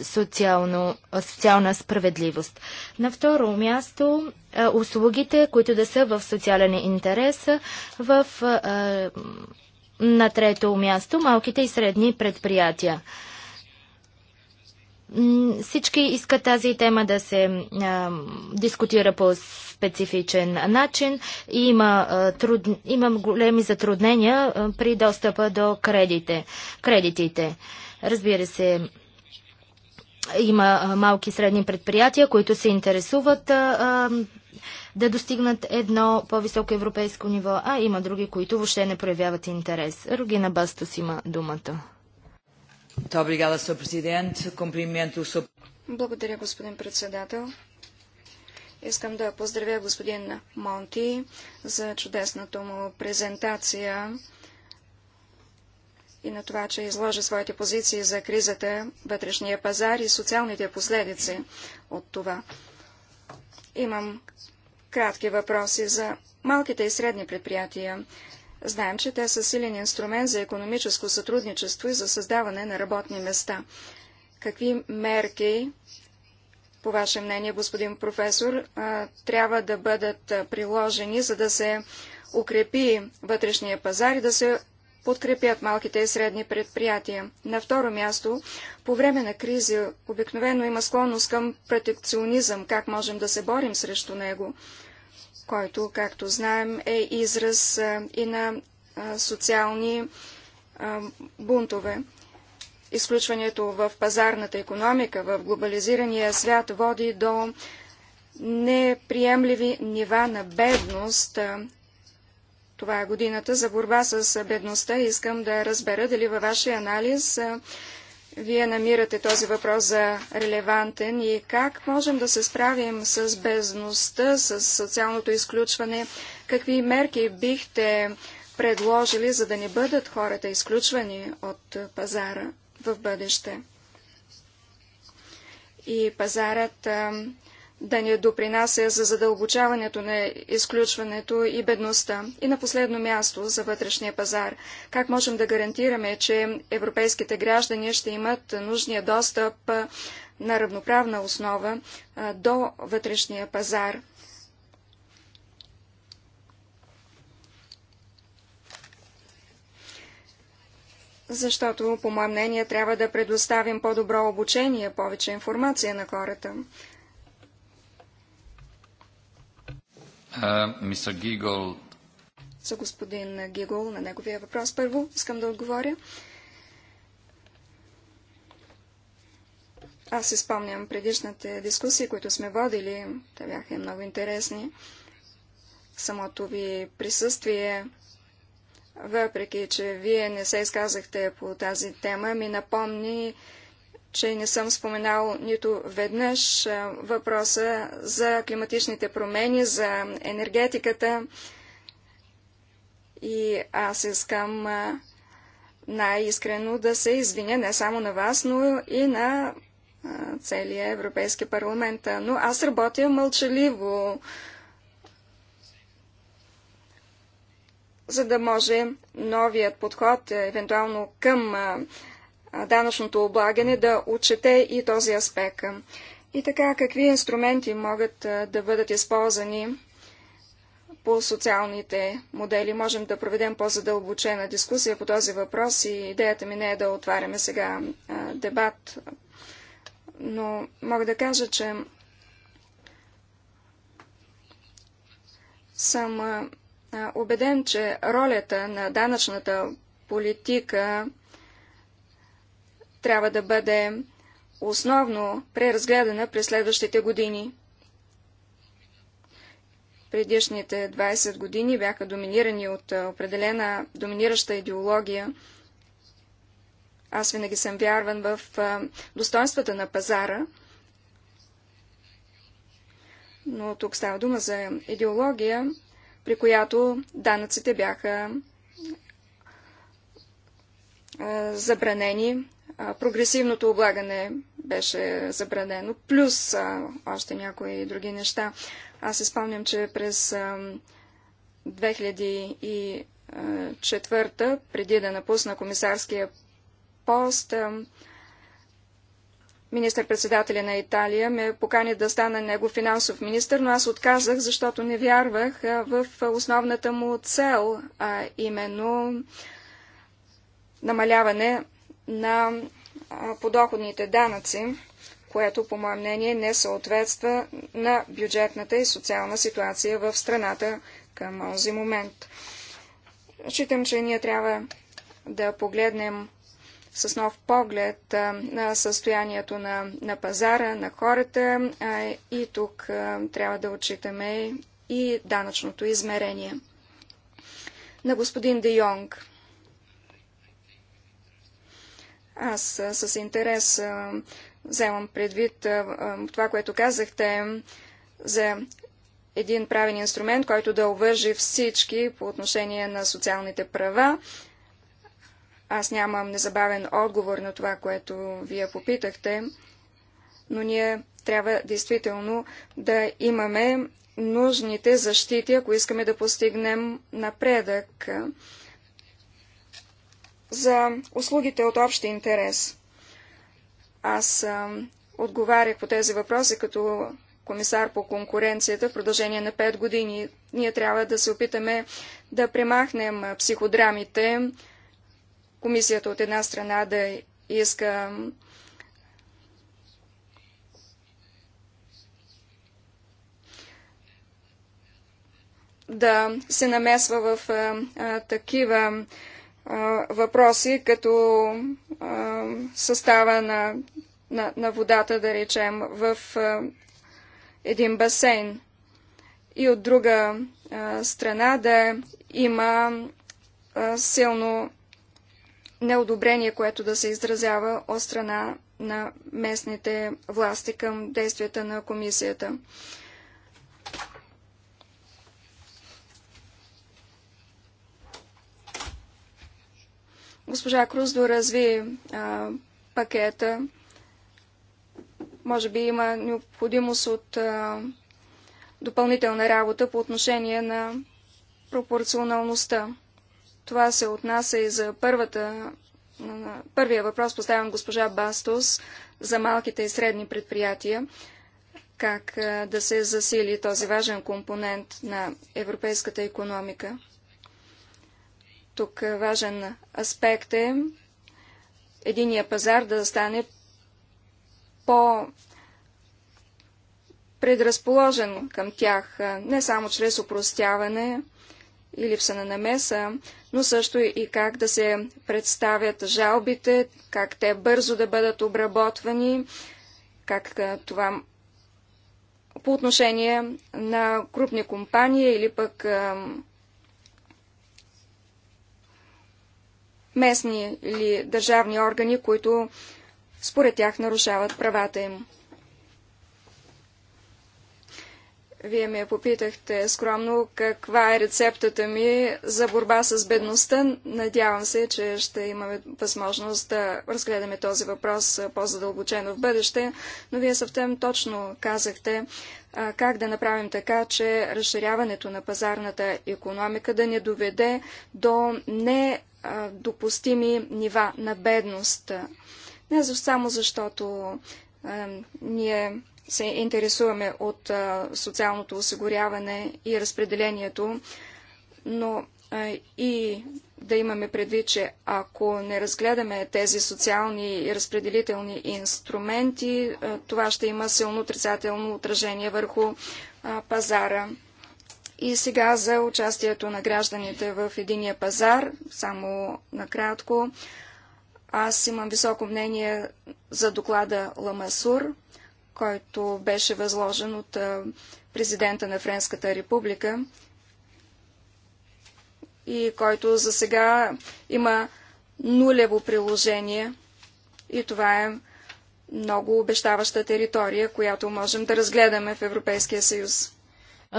социално, социална справедливост. На второ място услугите, които да са в социален интерес в на трето място малките и средни предприятия. Всички искат тази тема да се а, дискутира по специфичен начин и има, труд... има големи затруднения а, при достъпа до кредите. кредитите. Разбира се, има малки и средни предприятия, които се интересуват а, да достигнат едно по-високо европейско ниво, а има други, които въобще не проявяват интерес. Рогина Бастос има думата. Благодаря, господин председател. Искам да поздравя господин Монти за чудесната му презентация и на това, че изложи своите позиции за кризата, вътрешния пазар и социалните последици от това. Имам кратки въпроси за малките и средни предприятия. Знаем, че те са силен инструмент за економическо сътрудничество и за създаване на работни места. Какви мерки, по ваше мнение, господин професор, трябва да бъдат приложени, за да се укрепи вътрешния пазар и да се подкрепят малките и средни предприятия. На второ място, по време на кризи обикновено има склонност към протекционизъм, как можем да се борим срещу него който, както знаем, е израз и на социални бунтове. Изключването в пазарната економика, в глобализирания свят води до неприемливи нива на бедност. Това е годината за борба с бедността. Искам да разбера дали във вашия анализ вие намирате този въпрос за релевантен и как можем да се справим с бездността, с социалното изключване? Какви мерки бихте предложили, за да не бъдат хората изключвани от пазара в бъдеще? И пазарът да ни допринася за задълбочаването на изключването и бедността. И на последно място за вътрешния пазар. Как можем да гарантираме, че европейските граждани ще имат нужния достъп на равноправна основа до вътрешния пазар? Защото, по мое мнение, трябва да предоставим по-добро обучение, повече информация на хората. Мистер Гигол. За господин Гигол на неговия въпрос първо искам да отговоря. Аз си спомням предишните дискусии, които сме водили. Те бяха много интересни. Самото ви присъствие, въпреки че вие не се изказахте по тази тема, ми напомни че не съм споменал нито веднъж въпроса за климатичните промени, за енергетиката. И аз искам най-искрено да се извиня не само на вас, но и на целия Европейски парламент. Но аз работя мълчаливо, за да може новият подход, евентуално към данъчното облагане да отчете и този аспект. И така, какви инструменти могат да бъдат използвани по социалните модели? Можем да проведем по-задълбочена дискусия по този въпрос и идеята ми не е да отваряме сега дебат, но мога да кажа, че съм убеден, че ролята на данъчната политика трябва да бъде основно преразгледана през следващите години. Предишните 20 години бяха доминирани от определена доминираща идеология. Аз винаги съм вярван в достоинствата на пазара, но тук става дума за идеология, при която данъците бяха забранени прогресивното облагане беше забранено, плюс а, още някои други неща. Аз се спомням, че през а, 2004, преди да напусна комисарския пост, министър-председателя на Италия ме покани да стана него финансов министр, но аз отказах, защото не вярвах в основната му цел, а именно намаляване на подоходните данъци, което, по мое мнение, не съответства на бюджетната и социална ситуация в страната към този момент. Считам, че ние трябва да погледнем с нов поглед на състоянието на, на пазара, на хората и тук трябва да отчитаме и данъчното измерение. На господин Де Йонг аз с интерес вземам предвид това, което казахте за един правен инструмент, който да увържи всички по отношение на социалните права. Аз нямам незабавен отговор на това, което вие попитахте, но ние трябва действително да имаме нужните защити, ако искаме да постигнем напредък за услугите от общи интерес. Аз а, отговарях по тези въпроси като комисар по конкуренцията в продължение на 5 години. Ние трябва да се опитаме да премахнем психодрамите. Комисията от една страна да иска да се намесва в а, а, такива въпроси, като състава на, на, на водата, да речем, в един басейн. И от друга страна да има силно неодобрение, което да се изразява от страна на местните власти към действията на комисията. Госпожа Круз доразви а, пакета. Може би има необходимост от а, допълнителна работа по отношение на пропорционалността. Това се отнася и за първата, първия въпрос, поставен госпожа Бастос, за малките и средни предприятия. Как да се засили този важен компонент на европейската економика? Тук е, важен аспект е единия пазар да стане по предразположен към тях, е, не само чрез упростяване и липса на намеса, но също и как да се представят жалбите, как те бързо да бъдат обработвани, как е, това по отношение на крупни компании или пък местни или държавни органи, които според тях нарушават правата им. Вие ме попитахте скромно каква е рецептата ми за борба с бедността. Надявам се, че ще имаме възможност да разгледаме този въпрос по-задълбочено в бъдеще, но вие съвсем точно казахте как да направим така, че разширяването на пазарната економика да не доведе до не допустими нива на бедност. Не само защото ние се интересуваме от социалното осигуряване и разпределението, но и да имаме предвид, че ако не разгледаме тези социални и разпределителни инструменти, това ще има силно отрицателно отражение върху пазара. И сега за участието на гражданите в единия пазар, само накратко. Аз имам високо мнение за доклада Ламасур, който беше възложен от президента на Френската република и който за сега има нулево приложение. И това е много обещаваща територия, която можем да разгледаме в Европейския съюз.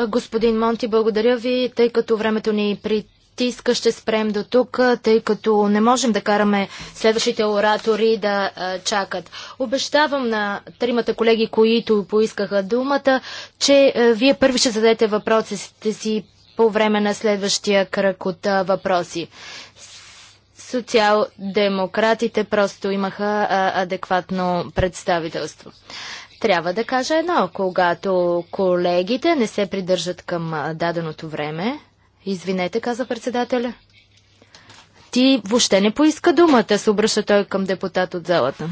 Господин Монти, благодаря ви, тъй като времето ни притиска, ще спрем до тук, тъй като не можем да караме следващите оратори да а, чакат. Обещавам на тримата колеги, които поискаха думата, че а, вие първи ще зададете въпросите си по време на следващия кръг от а, въпроси. Социал-демократите просто имаха адекватно представителство. Трябва да кажа едно. Когато колегите не се придържат към даденото време, извинете, каза председателя. Ти въобще не поиска думата, се обръща той към депутат от залата.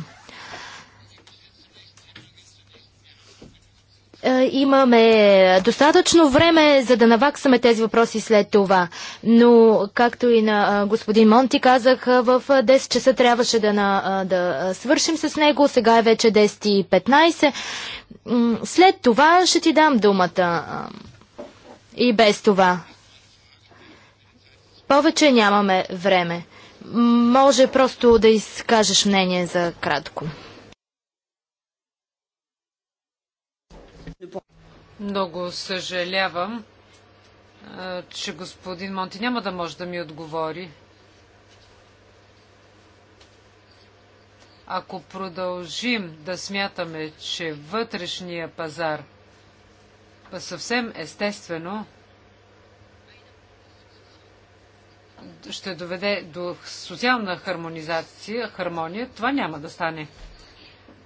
Е, имаме достатъчно време, за да наваксаме тези въпроси след това. Но, както и на господин Монти казах, в 10 часа трябваше да, на, да свършим с него. Сега е вече 10.15. След това ще ти дам думата. И без това. Повече нямаме време. Може просто да изкажеш мнение за кратко. Много съжалявам, че господин Монти няма да може да ми отговори. Ако продължим да смятаме, че вътрешния пазар па съвсем естествено ще доведе до социална хармонизация, хармония, това няма да стане.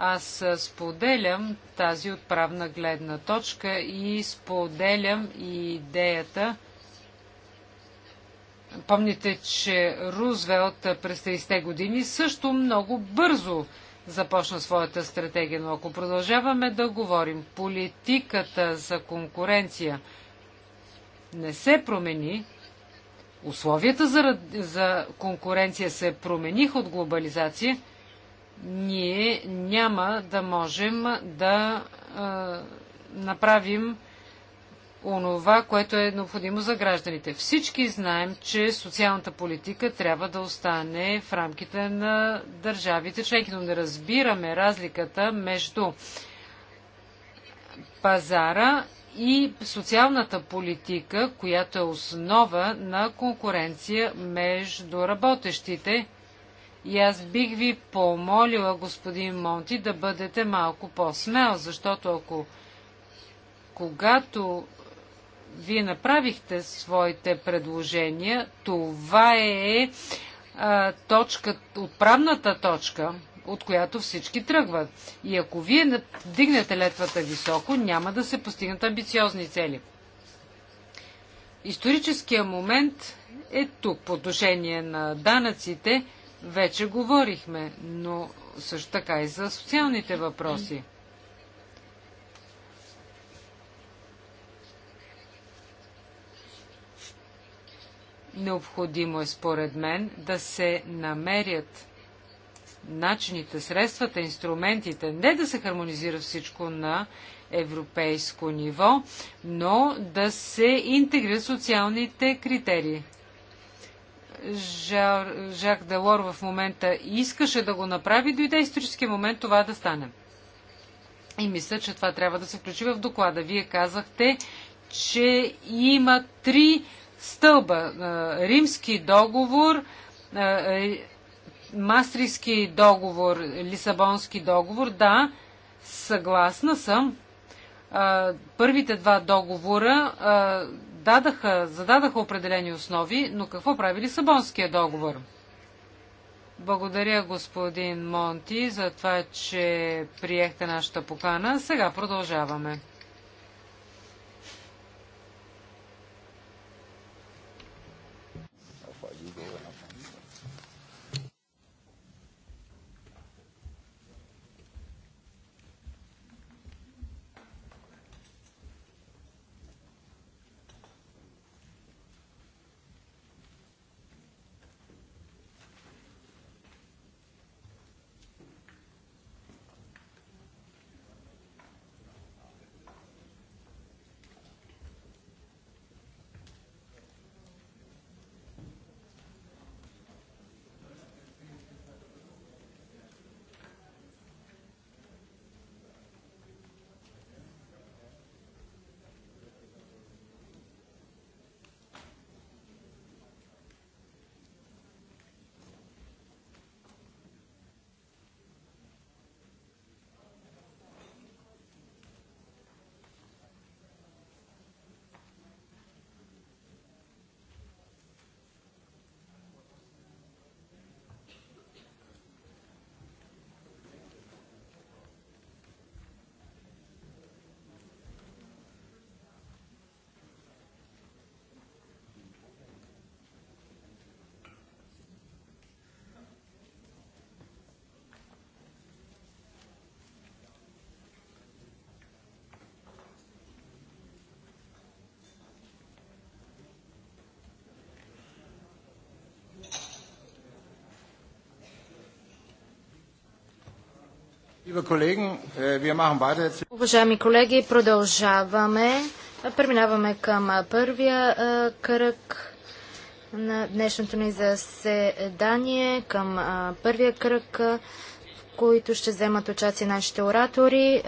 Аз споделям тази отправна гледна точка и споделям и идеята. Помните, че Рузвелт през 30-те години също много бързо започна своята стратегия. Но ако продължаваме да говорим, политиката за конкуренция не се промени, условията за, за конкуренция се промениха от глобализация – ние няма да можем да а, направим онова, което е необходимо за гражданите. Всички знаем, че социалната политика трябва да остане в рамките на държавите членки, но не разбираме разликата между пазара и социалната политика, която е основа на конкуренция между работещите. И аз бих ви помолила, господин Монти, да бъдете малко по-смел, защото ако когато вие направихте своите предложения, това е а, точка, отправната точка, от която всички тръгват. И ако вие дигнете летвата високо, няма да се постигнат амбициозни цели. Историческия момент е тук по отношение на данъците – вече говорихме, но също така и за социалните въпроси. Необходимо е според мен да се намерят начините, средствата, инструментите, не да се хармонизира всичко на европейско ниво, но да се интегрират социалните критерии. Жар, Жак Делор в момента искаше да го направи, дойде исторически момент това да стане. И мисля, че това трябва да се включи в доклада. Вие казахте, че има три стълба. Римски договор, е, Мастрийски договор, Лисабонски договор. Да, съгласна съм. Първите два договора зададаха, зададаха определени основи, но какво прави Лисабонския договор? Благодаря, господин Монти, за това, че приехте нашата покана. Сега продължаваме. Äh, Уважаеми колеги, продължаваме. Преминаваме към първия кръг на днешното ни заседание, към първия кръг, в който ще вземат участие нашите оратори.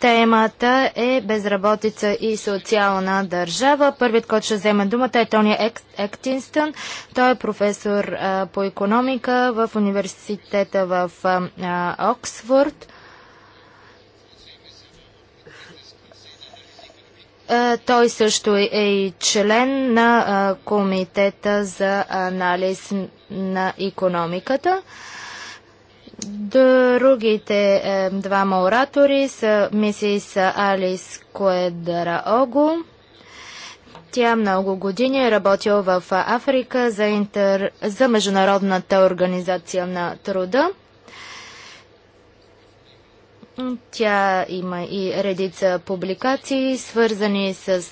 Темата е безработица и социална държава. Първият, който ще вземе думата е Тони Ектинстън. Той е професор по економика в университета в Оксфорд. Е, той също е, е и член на е, Комитета за анализ на економиката. Другите двама оратори са мисис Алис Огу. Тя много години е работила в Африка за, интер... за Международната организация на труда. Тя има и редица публикации, свързани с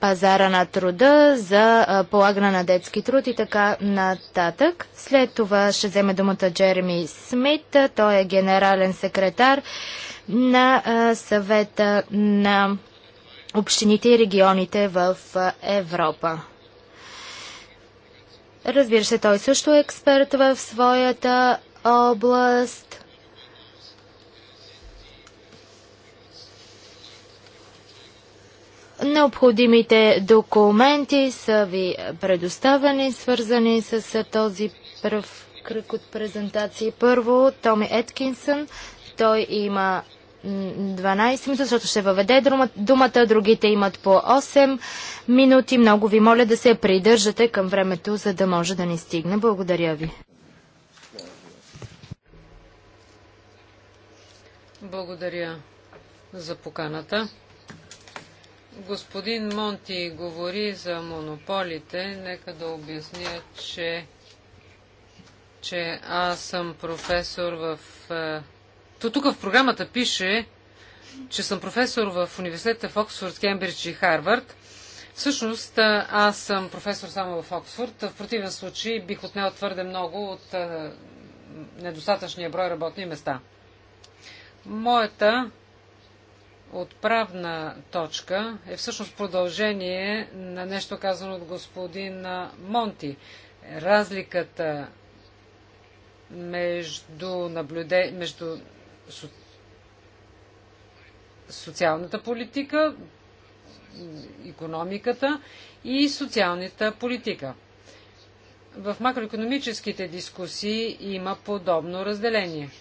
пазара на труда, за полагане на детски труд и така нататък. След това ще вземе думата Джереми Смит. Той е генерален секретар на съвета на общините и регионите в Европа. Разбира се, той също е експерт в своята област. Необходимите документи са ви предоставени, свързани с този пръв кръг от презентации. Първо, Томи Еткинсън. Той има 12 минути, защото ще въведе думата. Другите имат по 8 минути. Много ви моля да се придържате към времето, за да може да ни стигне. Благодаря ви. Благодаря за поканата. Господин Монти говори за монополите. Нека да обясня, че, че аз съм професор в... Е, То тук в програмата пише, че съм професор в университета в Оксфорд, Кембридж и Харвард. Всъщност, е, аз съм професор само в Оксфорд. В противен случай бих отнел твърде много от е, недостатъчния брой работни места. Моята отправна точка е всъщност продължение на нещо казано от господин Монти. Разликата между, наблюде... между со... социалната политика, економиката и социалната политика. В макроекономическите дискусии има подобно разделение –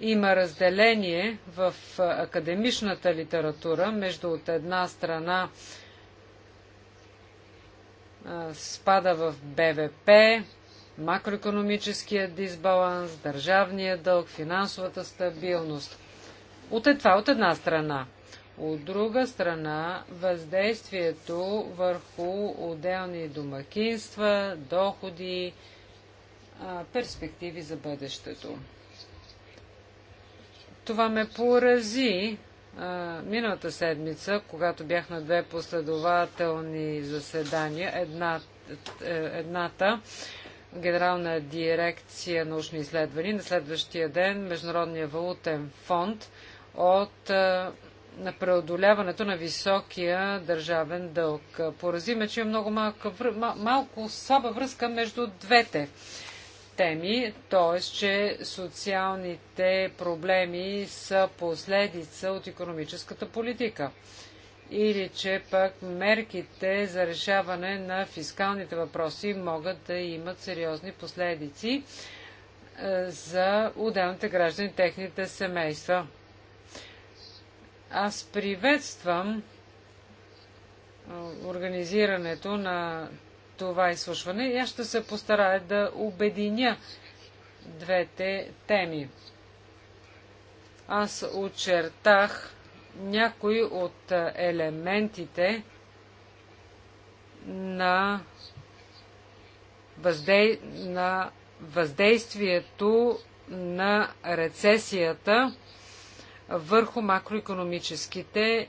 има разделение в академичната литература между от една страна спада в БВП, макроекономическия дисбаланс, държавния дълг, финансовата стабилност. От е това от една страна. От друга страна, въздействието върху отделни домакинства, доходи, перспективи за бъдещето. Това ме порази а, миналата седмица, когато бях на две последователни заседания. Една, е, едната генерална дирекция научни изследвания, на следващия ден Международния валутен фонд от е, на преодоляването на високия държавен дълг. Поразиме, че е много малка, мал, малко слаба връзка между двете теми, т.е. че социалните проблеми са последица от економическата политика или че пък мерките за решаване на фискалните въпроси могат да имат сериозни последици е, за отделните граждани, техните семейства. Аз приветствам е, организирането на това изслушване и аз ще се постарая да обединя двете теми. Аз очертах някои от елементите на, въздей... на въздействието на рецесията върху макроекономическите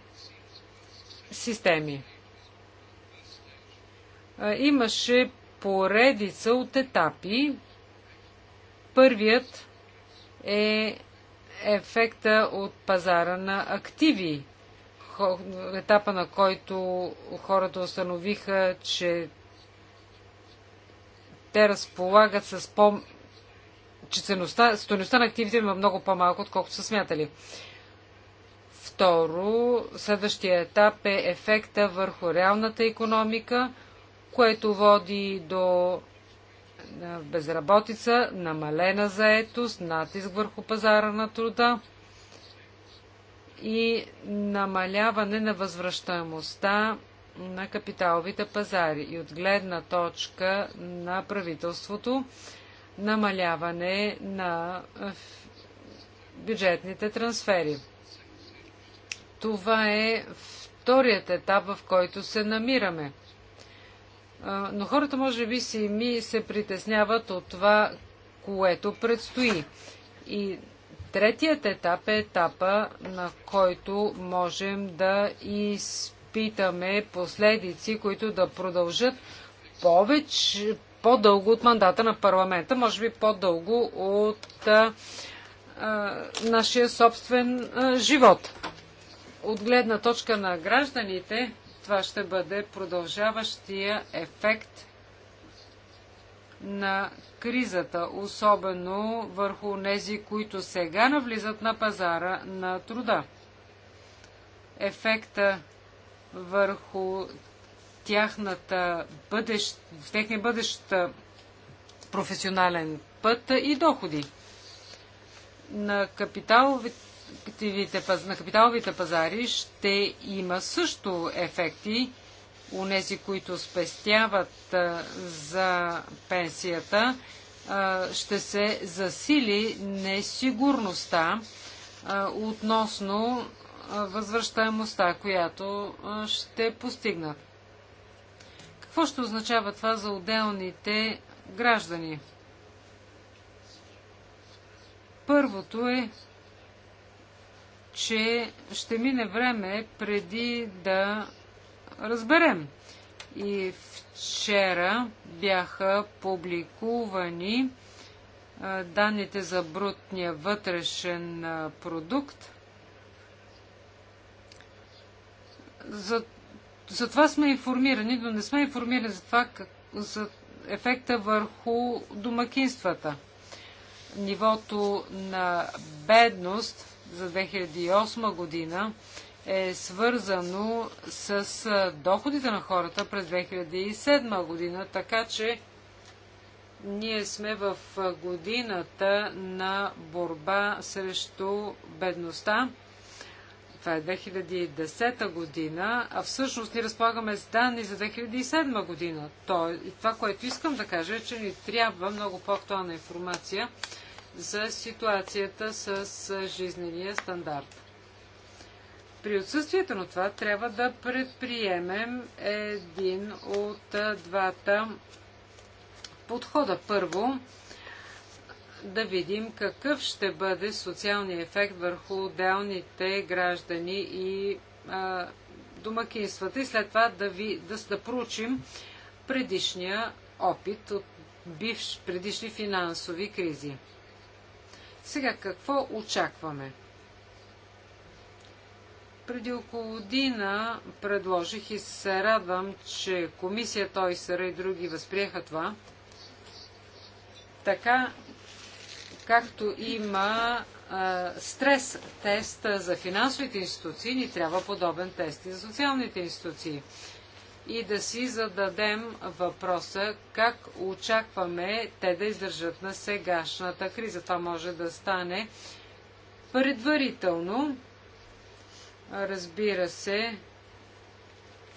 системи имаше поредица от етапи. Първият е ефекта от пазара на активи. Етапа, на който хората установиха, че те разполагат с по... че ценността, стоеността на активите има много по-малко, отколкото са смятали. Второ, следващия етап е ефекта върху реалната економика – което води до безработица, намалена заетост, натиск върху пазара на труда и намаляване на възвръщаемостта на капиталовите пазари и от гледна точка на правителството намаляване на бюджетните трансфери. Това е вторият етап, в който се намираме – но хората може би си ми се притесняват от това, което предстои. И третият етап е етапа, на който можем да изпитаме последици, които да продължат повече, по-дълго от мандата на парламента, може би по-дълго от а, а, нашия собствен а, живот. От гледна точка на гражданите, това ще бъде продължаващия ефект на кризата, особено върху нези, които сега навлизат на пазара на труда. Ефекта върху тяхната бъдещ, техния бъдещ професионален път и доходи. На капиталовите на капиталовите пазари ще има също ефекти. нези, които спестяват за пенсията, ще се засили несигурността относно възвръщаемостта, която ще постигнат. Какво ще означава това за отделните граждани? Първото е че ще мине време преди да разберем. И вчера бяха публикувани данните за брутния вътрешен продукт. За, за това сме информирани, но не сме информирани за това, как, за ефекта върху домакинствата. Нивото на бедност за 2008 година е свързано с доходите на хората през 2007 година, така че ние сме в годината на борба срещу бедността. Това е 2010 година, а всъщност ни разполагаме с данни за 2007 година. То, и това, което искам да кажа, е, че ни трябва много по-актуална информация, за ситуацията с жизнения стандарт. При отсъствието на това трябва да предприемем един от двата подхода. Първо, да видим какъв ще бъде социалният ефект върху отделните граждани и а, домакинствата и след това да, ви, да, да проучим предишния опит от бивш, предишни финансови кризи. Сега какво очакваме? Преди около година предложих и се радвам, че комисията ОИСР и други възприеха това. Така, както има а, стрес тест за финансовите институции, ни трябва подобен тест и за социалните институции и да си зададем въпроса как очакваме те да издържат на сегашната криза. Това може да стане предварително. Разбира се,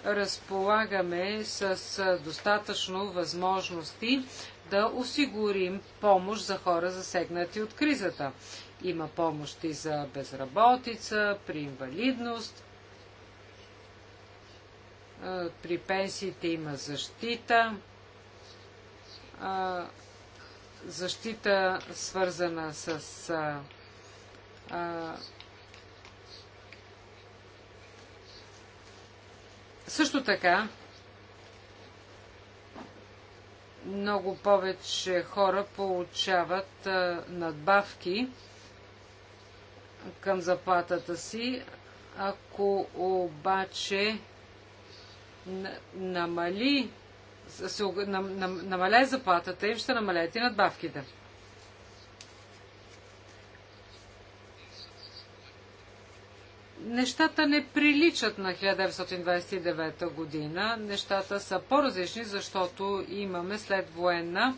разполагаме с достатъчно възможности да осигурим помощ за хора засегнати от кризата. Има помощи за безработица, при инвалидност – при пенсиите има защита, защита свързана с Също така, много повече хора получават надбавки към заплатата си. Ако обаче намали, се, нам, нам, намаля заплатата им, ще намалят и надбавките. Нещата не приличат на 1929 година. Нещата са по-различни, защото имаме след военна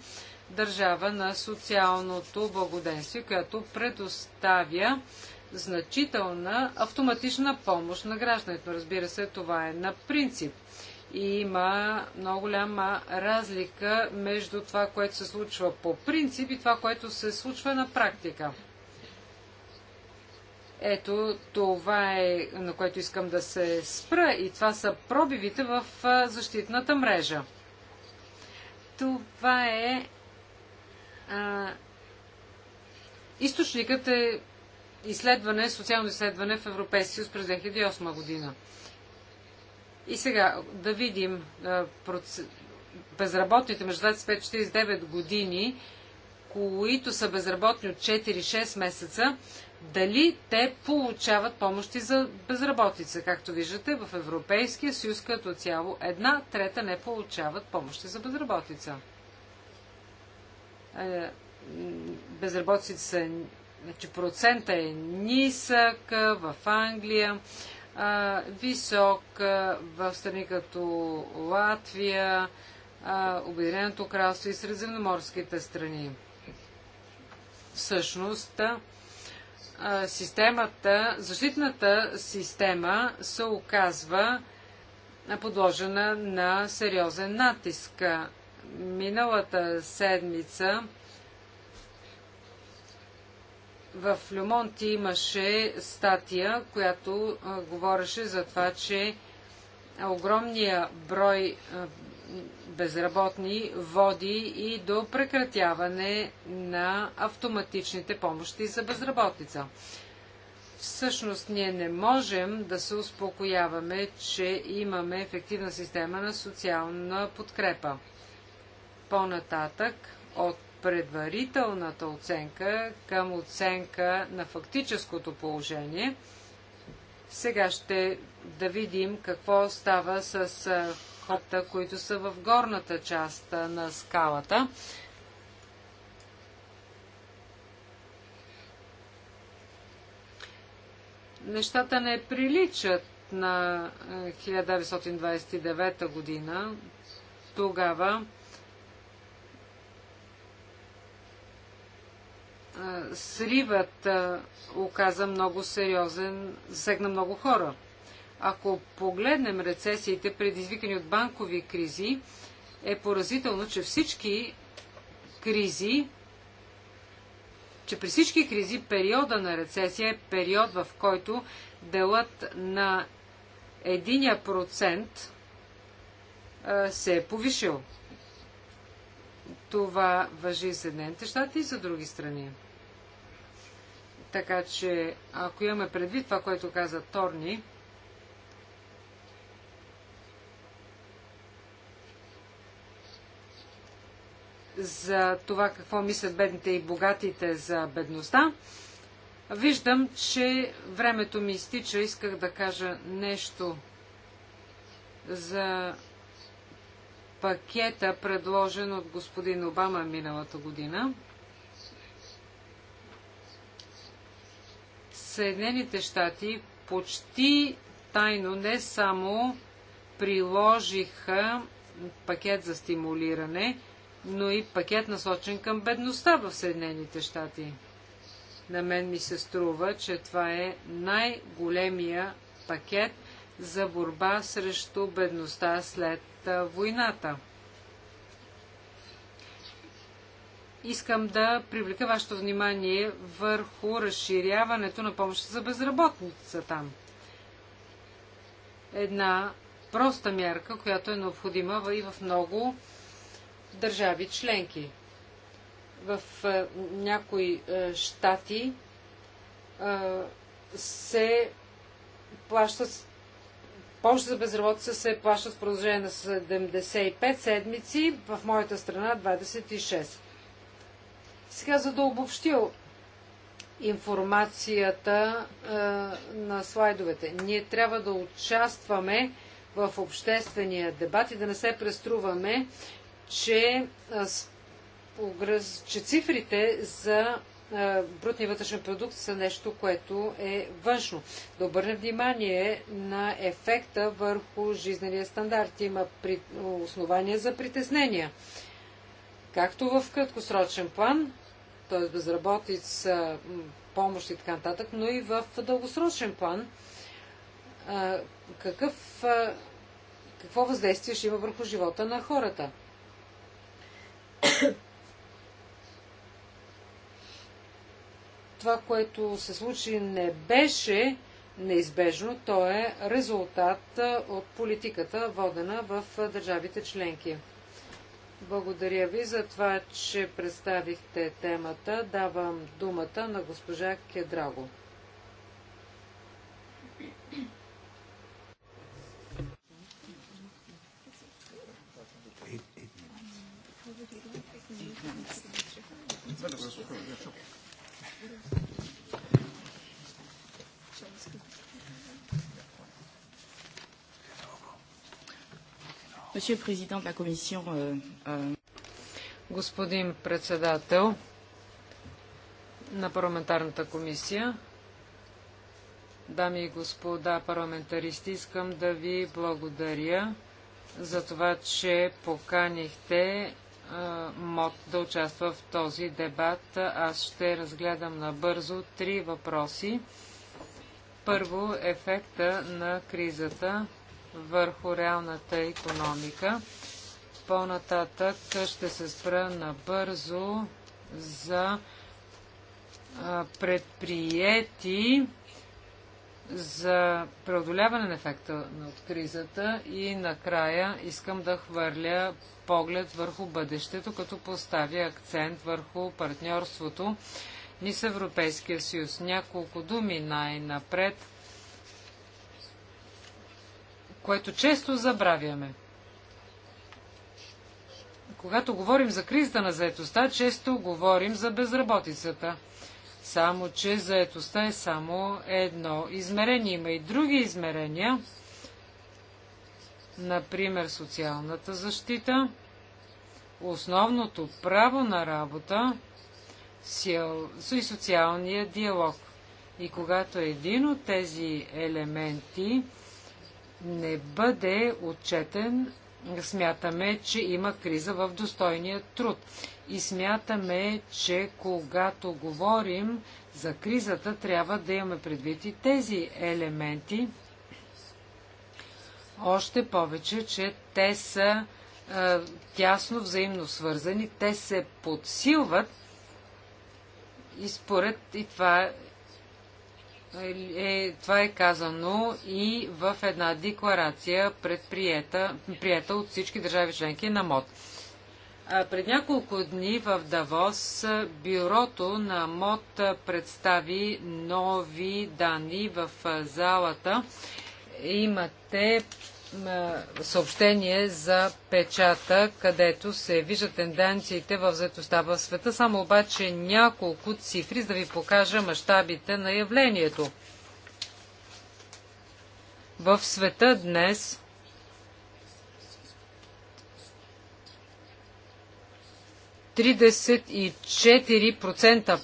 държава на социалното благоденствие, която предоставя значителна автоматична помощ на гражданите. Разбира се, това е на принцип. И има много голяма разлика между това, което се случва по принцип и това, което се случва на практика. Ето, това е на което искам да се спра и това са пробивите в защитната мрежа. Това е. А, източникът е изследване, социално изследване в Европейския съюз през 2008 година. И сега да видим безработните между 25 49 години, които са безработни от 4-6 месеца, дали те получават помощи за безработица. Както виждате, в Европейския съюз като цяло една трета не получават помощи за безработица. Е, Безработиците са че значи процента е нисък в Англия, а, висок в страни като Латвия, Обединеното кралство и средиземноморските страни. Всъщност, а, системата, защитната система се оказва подложена на сериозен натиск. Миналата седмица в Люмонти имаше статия, която а, говореше за това, че огромния брой а, безработни води и до прекратяване на автоматичните помощи за безработица. Всъщност ние не можем да се успокояваме, че имаме ефективна система на социална подкрепа. По-нататък от предварителната оценка към оценка на фактическото положение. Сега ще да видим какво става с хората, които са в горната част на скалата. Нещата не приличат на 1929 година. Тогава сривът оказа много сериозен, засегна много хора. Ако погледнем рецесиите, предизвикани от банкови кризи, е поразително, че всички кризи, че при всички кризи периода на рецесия е период, в който делът на единия процент се е повишил. Това въжи и Съединените щати и за други страни. Така че, ако имаме предвид това, което каза Торни, за това какво мислят бедните и богатите за бедността, виждам, че времето ми изтича. Исках да кажа нещо за пакета, предложен от господин Обама миналата година. Съединените щати почти тайно не само приложиха пакет за стимулиране, но и пакет насочен към бедността в Съединените щати. На мен ми се струва, че това е най-големия пакет за борба срещу бедността след войната. Искам да привлека вашето внимание върху разширяването на помощ за безработница там. Една проста мярка, която е необходима и в много държави членки. В някои щати се плащат Помощ за безработица се плащат в продължение на 75 седмици, в моята страна 26. Сега, за да обобщил информацията е, на слайдовете, ние трябва да участваме в обществения дебат и да не се преструваме, че, е, че цифрите за е, брутния вътрешен продукт са нещо, което е външно. Да обърнем внимание на ефекта върху жизнения стандарт. Има при... основания за притеснения. Както в краткосрочен план, т.е. безработица, помощ и така нататък, но и в дългосрочен план. Е, какъв, е, какво въздействие ще има върху живота на хората? това, което се случи, не беше неизбежно. То е резултат от политиката, водена в държавите членки. Благодаря ви за това, че представихте темата. Давам думата на госпожа Кедраго. Thank you. Monsieur le Président de la Commission. Euh, euh, Господин председател на парламентарната комисия, дами и господа парламентаристи, искам да ви благодаря за това, че поканихте е, МОД да участва в този дебат. Аз ще разгледам набързо три въпроси. Първо, ефекта на кризата върху реалната економика. По-нататък ще се спра набързо за е, предприяти за преодоляване на ефекта от кризата и накрая искам да хвърля поглед върху бъдещето, като поставя акцент върху партньорството ни с Европейския съюз. Няколко думи най-напред, което често забравяме. Когато говорим за кризата на заетостта, често говорим за безработицата – само, че заетостта е само едно измерение. Има и други измерения, например социалната защита, основното право на работа и социалния диалог. И когато един от тези елементи не бъде отчетен, смятаме, че има криза в достойния труд и смятаме, че когато говорим за кризата, трябва да имаме предвид и тези елементи. Още повече, че те са е, тясно взаимно свързани, те се подсилват и според и това е, е това е казано и в една декларация, предприета от всички държави членки на МОД. Пред няколко дни в Давос бюрото на МОД представи нови данни в залата. Имате съобщение за печата, където се виждат тенденциите в заедостта в света. Само обаче няколко цифри, за да ви покажа мащабите на явлението. В света днес 34%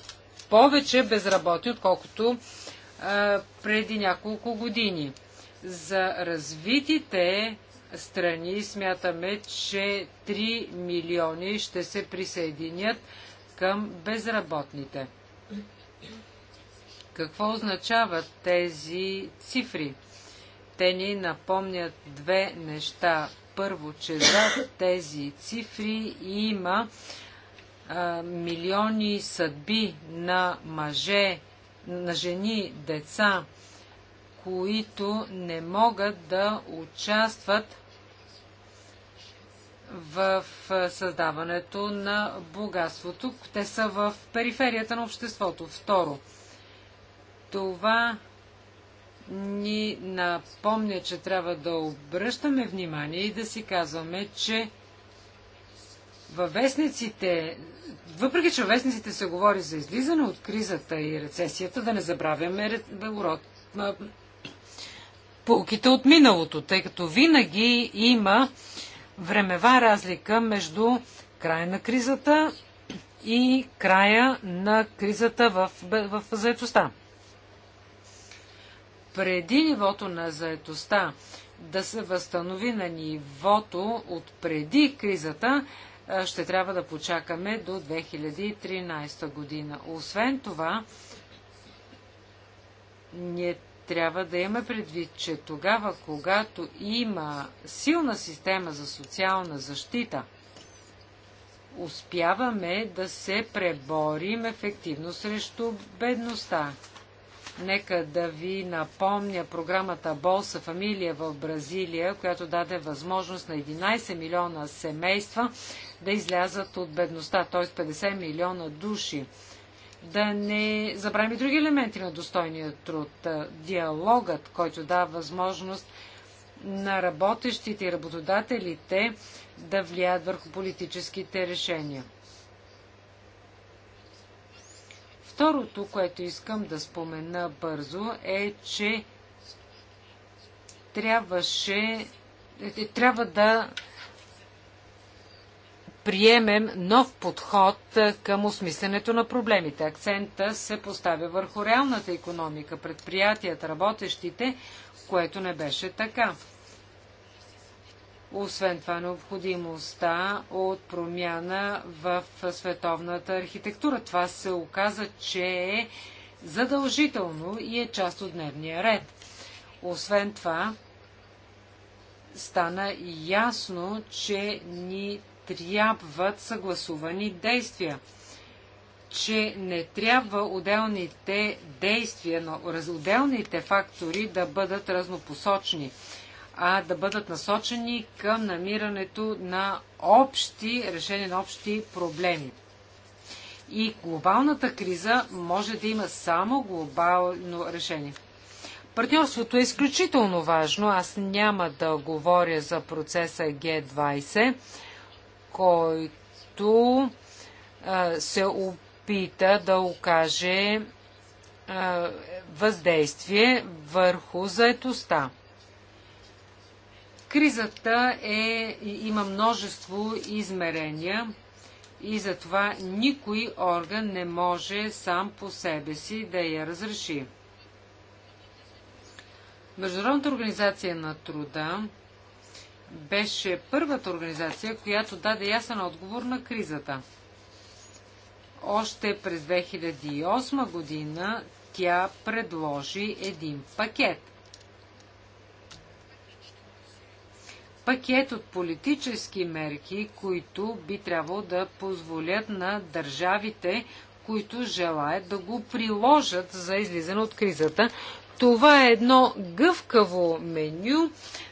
повече безработни, отколкото е, преди няколко години. За развитите страни смятаме, че 3 милиони ще се присъединят към безработните. Какво означават тези цифри? Те ни напомнят две неща. Първо, че за тези цифри има милиони съдби на мъже, на жени, деца, които не могат да участват в създаването на богатството. Те са в периферията на обществото. Второ, това ни напомня, че трябва да обръщаме внимание и да си казваме, че във вестниците, въпреки че във вестниците се говори за излизане от кризата и рецесията, да не забравяме урод, полките от миналото, тъй като винаги има времева разлика между края на кризата и края на кризата в, в заедостта. Преди нивото на заедостта да се възстанови на нивото от преди кризата, е, ще трябва да почакаме до 2013 година. Освен това, ние трябва да имаме предвид, че тогава, когато има силна система за социална защита, успяваме да се преборим ефективно срещу бедността. Нека да ви напомня програмата Болса Фамилия в Бразилия, която даде възможност на 11 милиона семейства да излязат от бедността, т.е. 50 милиона души. Да не забравим и други елементи на достойния труд. Диалогът, който дава възможност на работещите и работодателите да влияят върху политическите решения. Второто, което искам да спомена бързо, е, че трябваше, е, трябва да приемем нов подход към осмисленето на проблемите. Акцента се поставя върху реалната економика, предприятията, работещите, което не беше така. Освен това, необходимостта от промяна в световната архитектура. Това се оказа, че е задължително и е част от дневния ред. Освен това, стана ясно, че ни трябват съгласувани действия, че не трябва отделните действия но отделните фактори да бъдат разнопосочни, а да бъдат насочени към намирането на общи решения на общи проблеми. И глобалната криза може да има само глобално решение. Партньорството е изключително важно. Аз няма да говоря за процеса Г20 който се опита да окаже въздействие върху заетостта. Кризата е, има множество измерения и затова никой орган не може сам по себе си да я разреши. Международната организация на труда беше първата организация, която даде ясен отговор на кризата. Още през 2008 година тя предложи един пакет. Пакет от политически мерки, които би трябвало да позволят на държавите, които желаят да го приложат за излизане от кризата. Това е едно гъвкаво меню,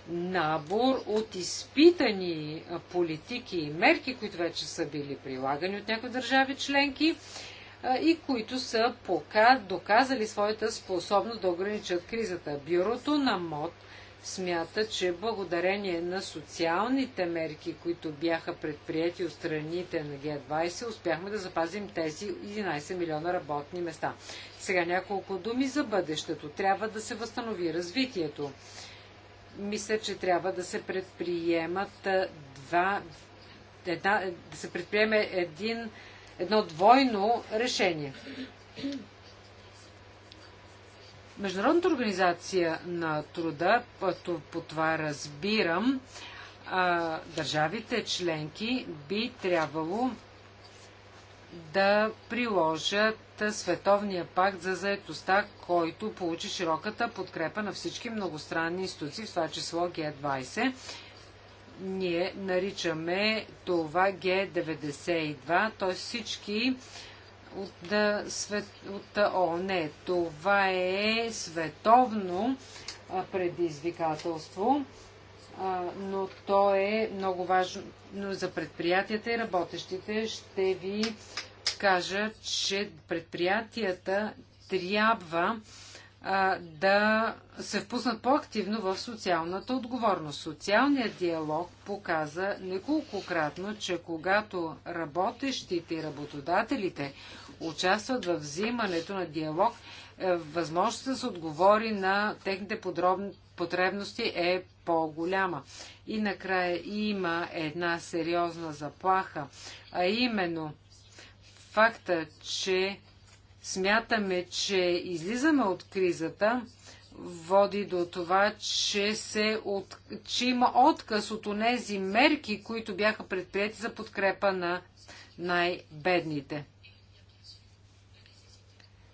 набор от изпитани политики и мерки, които вече са били прилагани от някои държави членки и които са пока доказали своята способност да ограничат кризата. Бюрото на МОД смята, че благодарение на социалните мерки, които бяха предприяти от страните на Г20, успяхме да запазим тези 11 милиона работни места. Сега няколко думи за бъдещето. Трябва да се възстанови развитието. Мисля, че трябва да се предприемат два, една, да се предприеме един, едно двойно решение. Международната организация на труда, по това разбирам, държавите членки би трябвало да приложат Световния пакт за заетостта, който получи широката подкрепа на всички многостранни институции, в това число Г20. Ние наричаме това Г92, т.е. всички от, свет, от ООН. Това е световно предизвикателство но то е много важно за предприятията и работещите. Ще ви кажа, че предприятията трябва да се впуснат по-активно в социалната отговорност. Социалният диалог показа неколкократно, че когато работещите и работодателите участват в взимането на диалог, е, възможността да се отговори на техните подробни потребности е по-голяма. И накрая има една сериозна заплаха, а именно факта, че смятаме, че излизаме от кризата, води до това, че, се от... че има отказ от онези мерки, които бяха предприяти за подкрепа на най-бедните.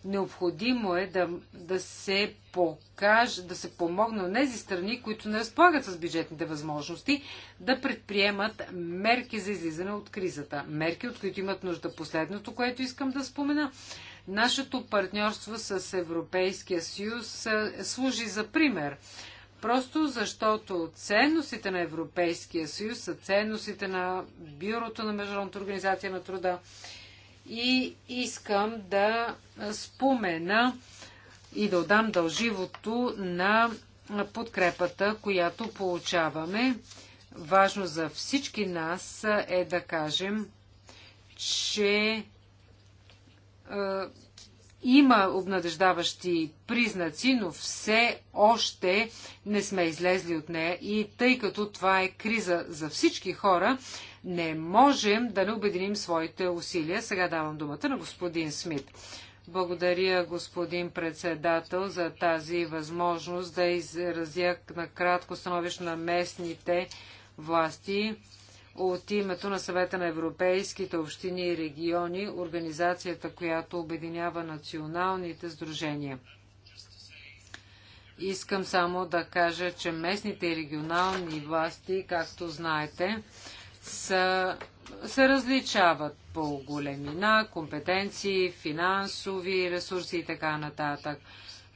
Необходимо е да, да се покаже, да се помогне на тези страни, които не разполагат с бюджетните възможности, да предприемат мерки за излизане от кризата. Мерки, от които имат нужда. Последното, което искам да спомена. Нашето партньорство с Европейския съюз е, служи за пример. Просто защото ценностите на Европейския съюз са ценностите на Бюрото на Международната организация на труда и искам да спомена и да отдам дълживото на подкрепата, която получаваме. Важно за всички нас е да кажем, че е, има обнадеждаващи признаци, но все още не сме излезли от нея. И тъй като това е криза за всички хора, не можем да не обединим своите усилия. Сега давам думата на господин Смит. Благодаря, господин председател, за тази възможност да изразя на кратко становище на местните власти от името на съвета на европейските общини и региони, организацията, която обединява националните сдружения. Искам само да кажа, че местните и регионални власти, както знаете, са, се различават по големина, компетенции, финансови ресурси и така нататък.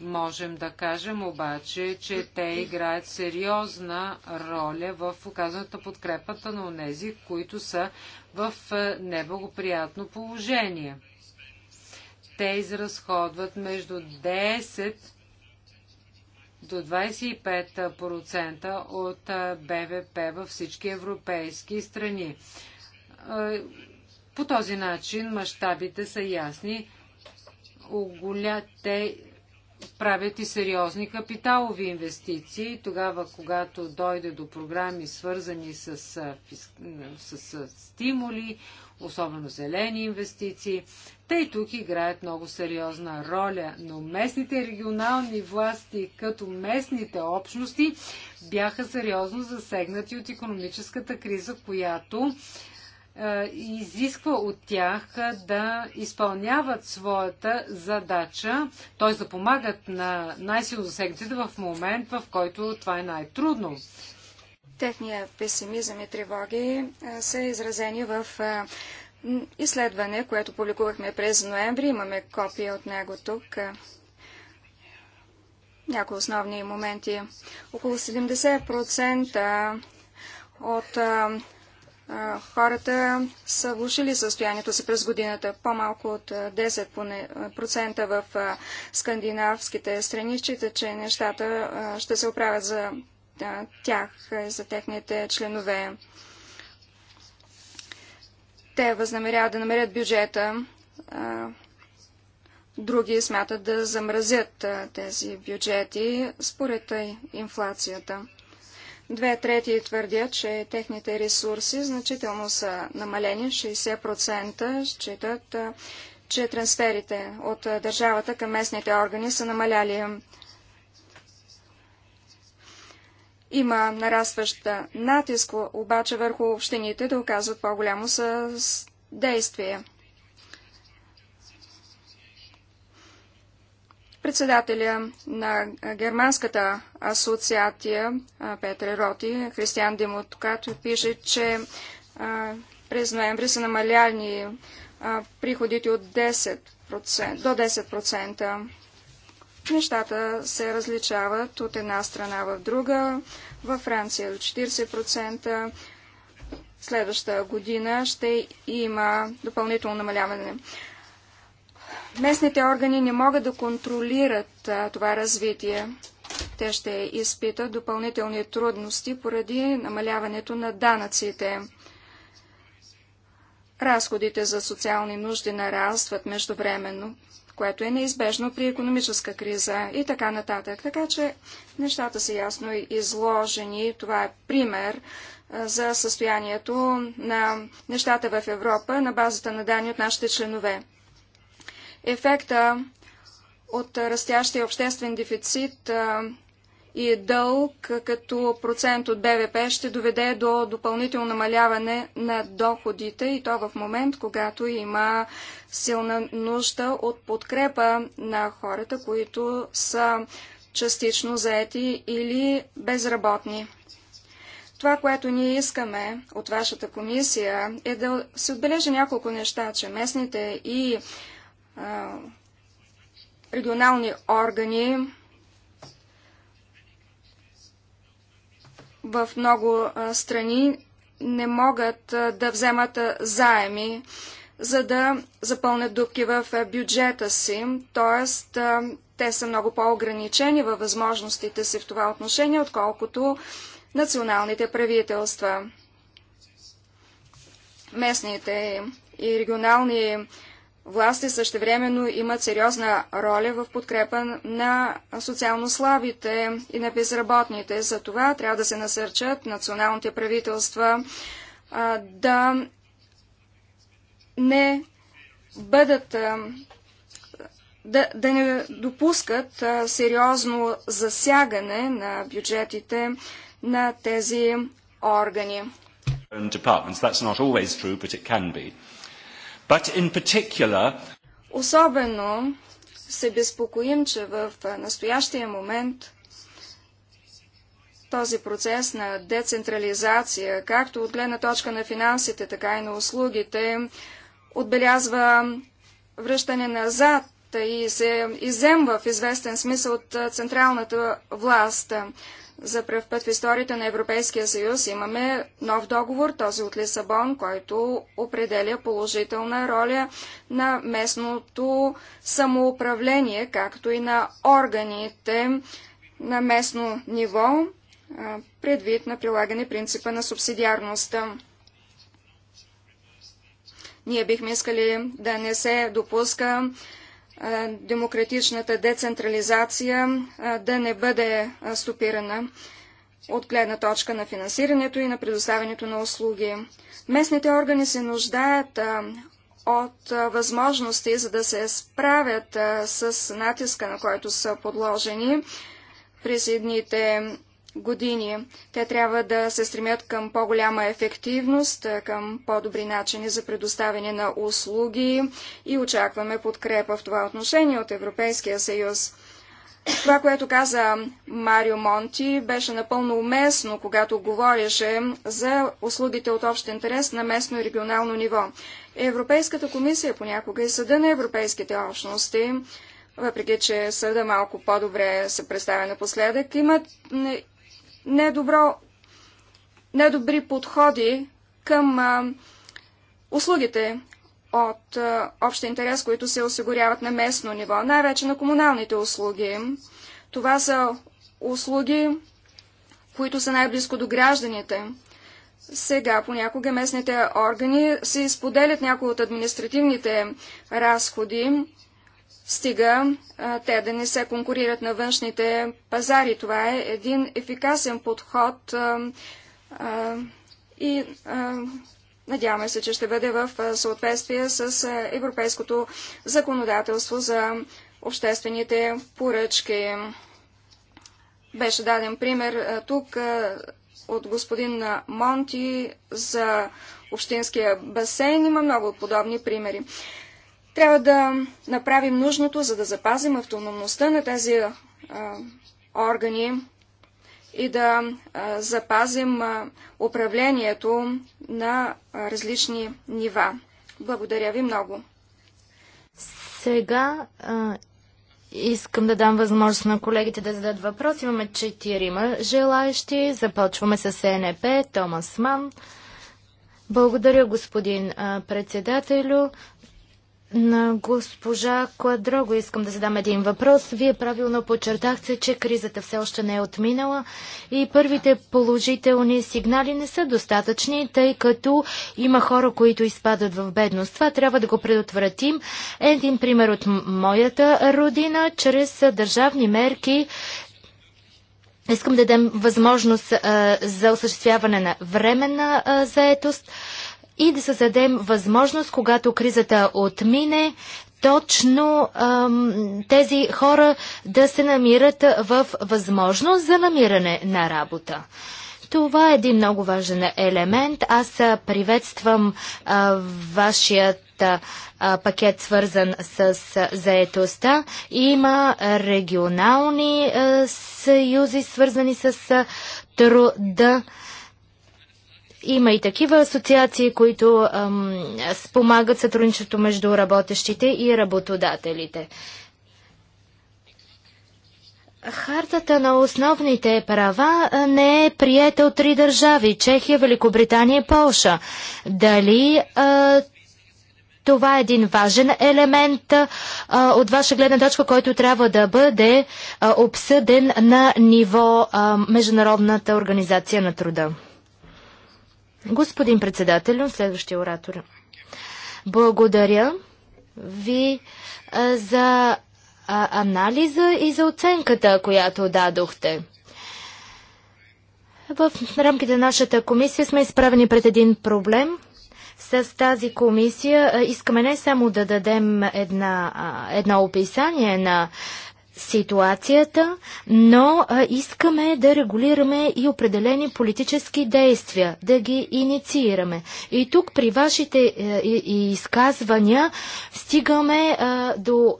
Можем да кажем обаче, че те играят сериозна роля в оказаната подкрепата на тези, които са в е, неблагоприятно положение. Те изразходват между 10 до 25% от БВП във всички европейски страни. По този начин мащабите са ясни. Те правят и сериозни капиталови инвестиции. Тогава, когато дойде до програми, свързани с, с, с, с стимули, особено зелени инвестиции, те и тук играят много сериозна роля. Но местните регионални власти, като местните общности, бяха сериозно засегнати от економическата криза, която е, изисква от тях да изпълняват своята задача, т.е. да помагат на най-силно засегнатите в момент, в който това е най-трудно. Техният песимизъм и тревоги е, са изразени в е, изследване, което публикувахме през ноември. Имаме копия от него тук. Някои основни моменти. Около 70% от хората са влушили състоянието си през годината. По-малко от 10% в скандинавските страни считат, че нещата ще се оправят за тях и за техните членове. Те възнамеряват да намерят бюджета. Други смятат да замразят тези бюджети според инфлацията. Две трети твърдят, че техните ресурси значително са намалени, 60% считат, че трансферите от държавата към местните органи са намаляли. Има нарастваща натиск обаче върху общините да оказват по-голямо съдействие. председателя на Германската асоциация Петре Роти, Християн като пише, че през ноември са намаляни приходите от 10%, до 10%. Нещата се различават от една страна в друга. Във Франция до 40%. Следващата година ще има допълнително намаляване местните органи не могат да контролират а, това развитие. Те ще изпитат допълнителни трудности поради намаляването на данъците. Разходите за социални нужди нарастват междувременно, което е неизбежно при економическа криза и така нататък. Така че нещата са ясно изложени. Това е пример за състоянието на нещата в Европа на базата на данни от нашите членове. Ефекта от растящия обществен дефицит и дълг като процент от БВП ще доведе до допълнително намаляване на доходите и то в момент, когато има силна нужда от подкрепа на хората, които са частично заети или безработни. Това, което ние искаме от вашата комисия е да се отбележи няколко неща, че местните и регионални органи в много страни не могат да вземат заеми, за да запълнят дупки в бюджета си, т.е. те са много по-ограничени във възможностите си в това отношение, отколкото националните правителства. Местните и регионални власти същевременно имат сериозна роля в подкрепа на социално слабите и на безработните. За това трябва да се насърчат националните правителства а, да не бъдат а, да, да не допускат а, сериозно засягане на бюджетите на тези органи. But in particular... Особено се безпокоим, че в настоящия момент този процес на децентрализация, както от гледна точка на финансите, така и на услугите, отбелязва връщане назад и се иземва в известен смисъл от централната власт. За пръв път в историята на Европейския съюз имаме нов договор, този от Лисабон, който определя положителна роля на местното самоуправление, както и на органите на местно ниво, предвид на прилагане принципа на субсидиарността. Ние бихме искали да не се допуска демократичната децентрализация да не бъде стопирана от гледна точка на финансирането и на предоставянето на услуги. Местните органи се нуждаят от възможности, за да се справят с натиска, на който са подложени през едните години. Те трябва да се стремят към по-голяма ефективност, е, към по-добри начини за предоставяне на услуги и очакваме подкрепа в това отношение от Европейския съюз. Това, което каза Марио Монти, беше напълно уместно, когато говореше за услугите от общ интерес на местно и регионално ниво. Европейската комисия понякога и съда на европейските общности, въпреки че съда малко по-добре се представя напоследък, имат недобро, недобри подходи към а, услугите от а, общ интерес, които се осигуряват на местно ниво, най-вече на комуналните услуги. Това са услуги, които са най-близко до гражданите. Сега понякога местните органи се изподелят някои от административните разходи стига а, те да не се конкурират на външните пазари. Това е един ефикасен подход а, а, и надяваме се, че ще бъде в съответствие с европейското законодателство за обществените поръчки. Беше даден пример тук от господин Монти за общинския басейн. Има много подобни примери. Трябва да направим нужното, за да запазим автономността на тези а, органи и да а, запазим а, управлението на а, различни нива. Благодаря ви много. Сега а, искам да дам възможност на колегите да зададат въпрос. Имаме четирима желаящи. Започваме с е НП, Томас Ман. Благодаря, господин а, председателю. На госпожа Квадрого искам да задам един въпрос. Вие правилно подчертахте, че кризата все още не е отминала и първите положителни сигнали не са достатъчни, тъй като има хора, които изпадат в бедност. Това трябва да го предотвратим. Един пример от моята родина, чрез държавни мерки искам да дам възможност а, за осъществяване на временна а, заетост и да създадем възможност, когато кризата отмине, точно ам, тези хора да се намират в възможност за намиране на работа. Това е един много важен елемент. Аз приветствам а, вашият а, пакет, свързан с заетостта. Има регионални а, съюзи, свързани с труда. Има и такива асоциации, които ам, спомагат сътрудничеството между работещите и работодателите. Хартата на основните права не е приета от три държави – Чехия, Великобритания и Полша. Дали а, това е един важен елемент а, от ваша гледна точка, който трябва да бъде а, обсъден на ниво а, Международната организация на труда? Господин председател, следващия оратор. Благодаря ви за анализа и за оценката, която дадохте. В рамките на нашата комисия сме изправени пред един проблем. С тази комисия искаме не само да дадем една, едно описание на ситуацията, но а, искаме да регулираме и определени политически действия, да ги инициираме. И тук при вашите а, е, и, и изказвания стигаме а, до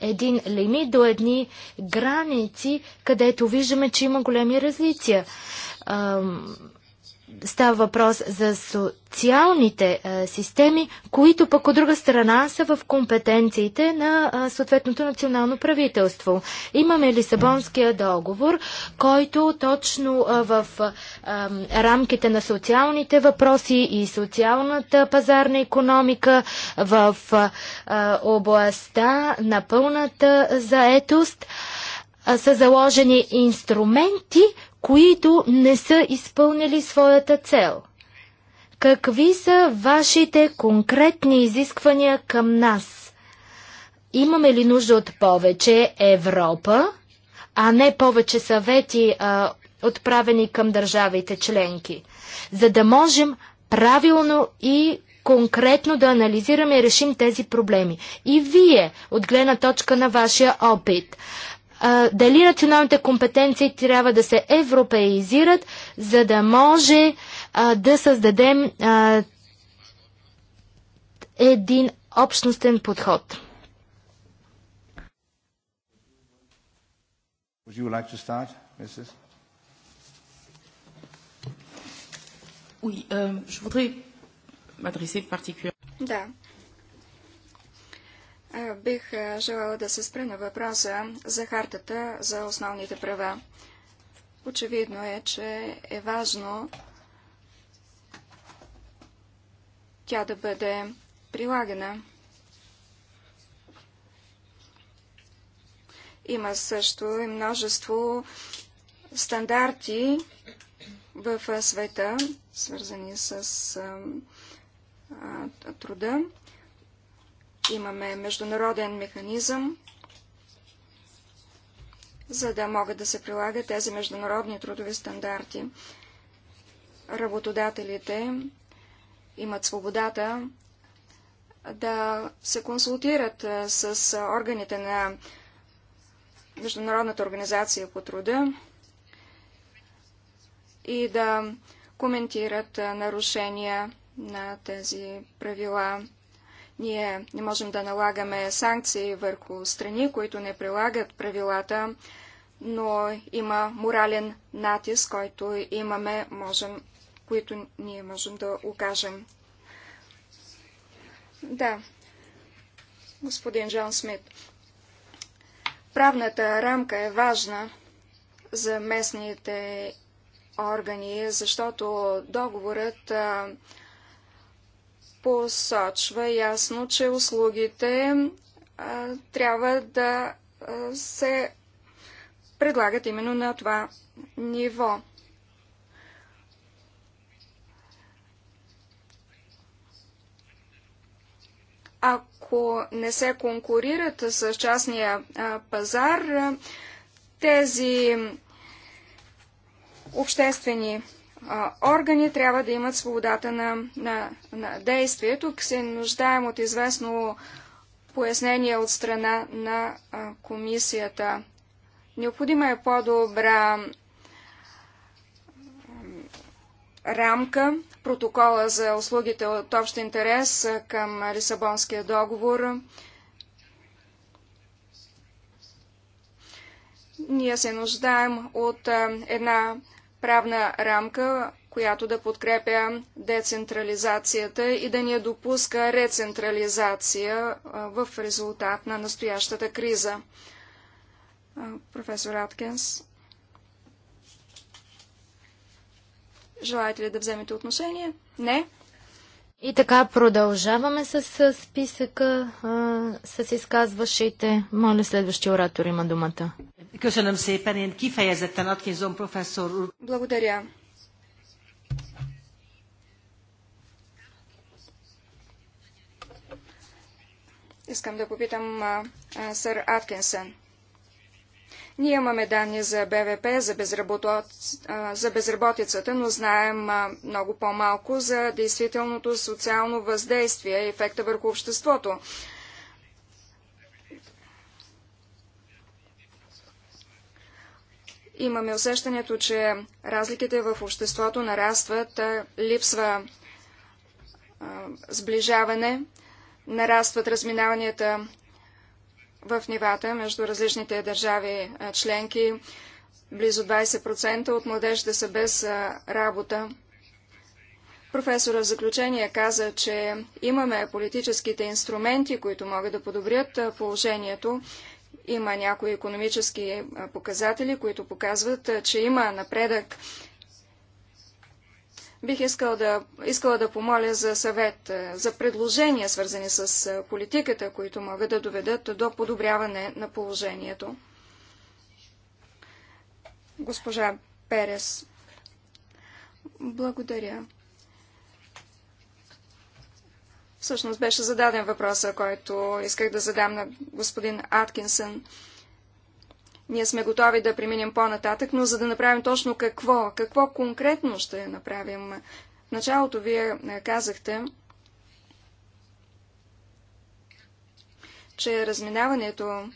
един лимит, до едни граници, където виждаме, че има големи различия. Става въпрос за социалните а, е, системи, които пък от друга страна са в компетенциите на а, е, съответното национално правителство. Имаме Лисабонския договор, който точно а, е, в а, рамките на социалните въпроси и социалната пазарна економика в а, областта на пълната заетост а, са заложени инструменти, които не са изпълнили своята цел. Какви са вашите конкретни изисквания към нас? Имаме ли нужда от повече Европа, а не повече съвети, а, отправени към държавите членки, за да можем правилно и конкретно да анализираме и решим тези проблеми. И вие, от гледна точка на вашия опит, а, дали националните компетенции трябва да се европеизират, за да може а, да създадем а, един общностен подход. Would you like to start, Mrs. Oui, euh, je voudrais m'adresser particulièrement. Да бих желала да се спре на въпроса за хартата за основните права. Очевидно е, че е важно тя да бъде прилагана. Има също и множество стандарти в света, свързани с а, труда. Имаме международен механизъм, за да могат да се прилагат тези международни трудови стандарти. Работодателите имат свободата да се консултират с органите на Международната организация по труда и да коментират нарушения на тези правила. Ние не можем да налагаме санкции върху страни, които не прилагат правилата, но има морален натиск, който имаме, можем, които ние можем да окажем. Да, господин Джон Смит. Правната рамка е важна за местните органи, защото договорът а, посочва ясно, че услугите а, трябва да а, се предлагат именно на това ниво. Ако не се конкурират с частния а, пазар, тези обществени органи трябва да имат свободата на, на, на действие. Тук се нуждаем от известно пояснение от страна на комисията. Необходима е по-добра рамка, протокола за услугите от общ интерес към Лисабонския договор. Ние се нуждаем от една правна рамка, която да подкрепя децентрализацията и да не допуска рецентрализация в резултат на настоящата криза. Професор Аткинс, желаете ли да вземете отношение? Не. И така продължаваме с, списъка с изказващите. Моля, следващия оратор има думата. Благодаря. Искам да попитам а, а, сър Аткинсън. Ние имаме данни за БВП, за, за безработицата, но знаем много по-малко за действителното социално въздействие и ефекта върху обществото. Имаме усещането, че разликите в обществото нарастват, липсва сближаване, нарастват разминаванията в нивата между различните държави членки. Близо 20% от младежите са без работа. Професора в заключение каза, че имаме политическите инструменти, които могат да подобрят положението. Има някои економически показатели, които показват, че има напредък Бих искал да, искала да помоля за съвет, е, за предложения, свързани с е, политиката, които могат да доведат до подобряване на положението. Госпожа Перес. Благодаря. Всъщност беше зададен въпроса, който исках да задам на господин Аткинсън. Ние сме готови да преминем по-нататък, но за да направим точно какво, какво конкретно ще направим. В началото вие е, казахте, че разминаването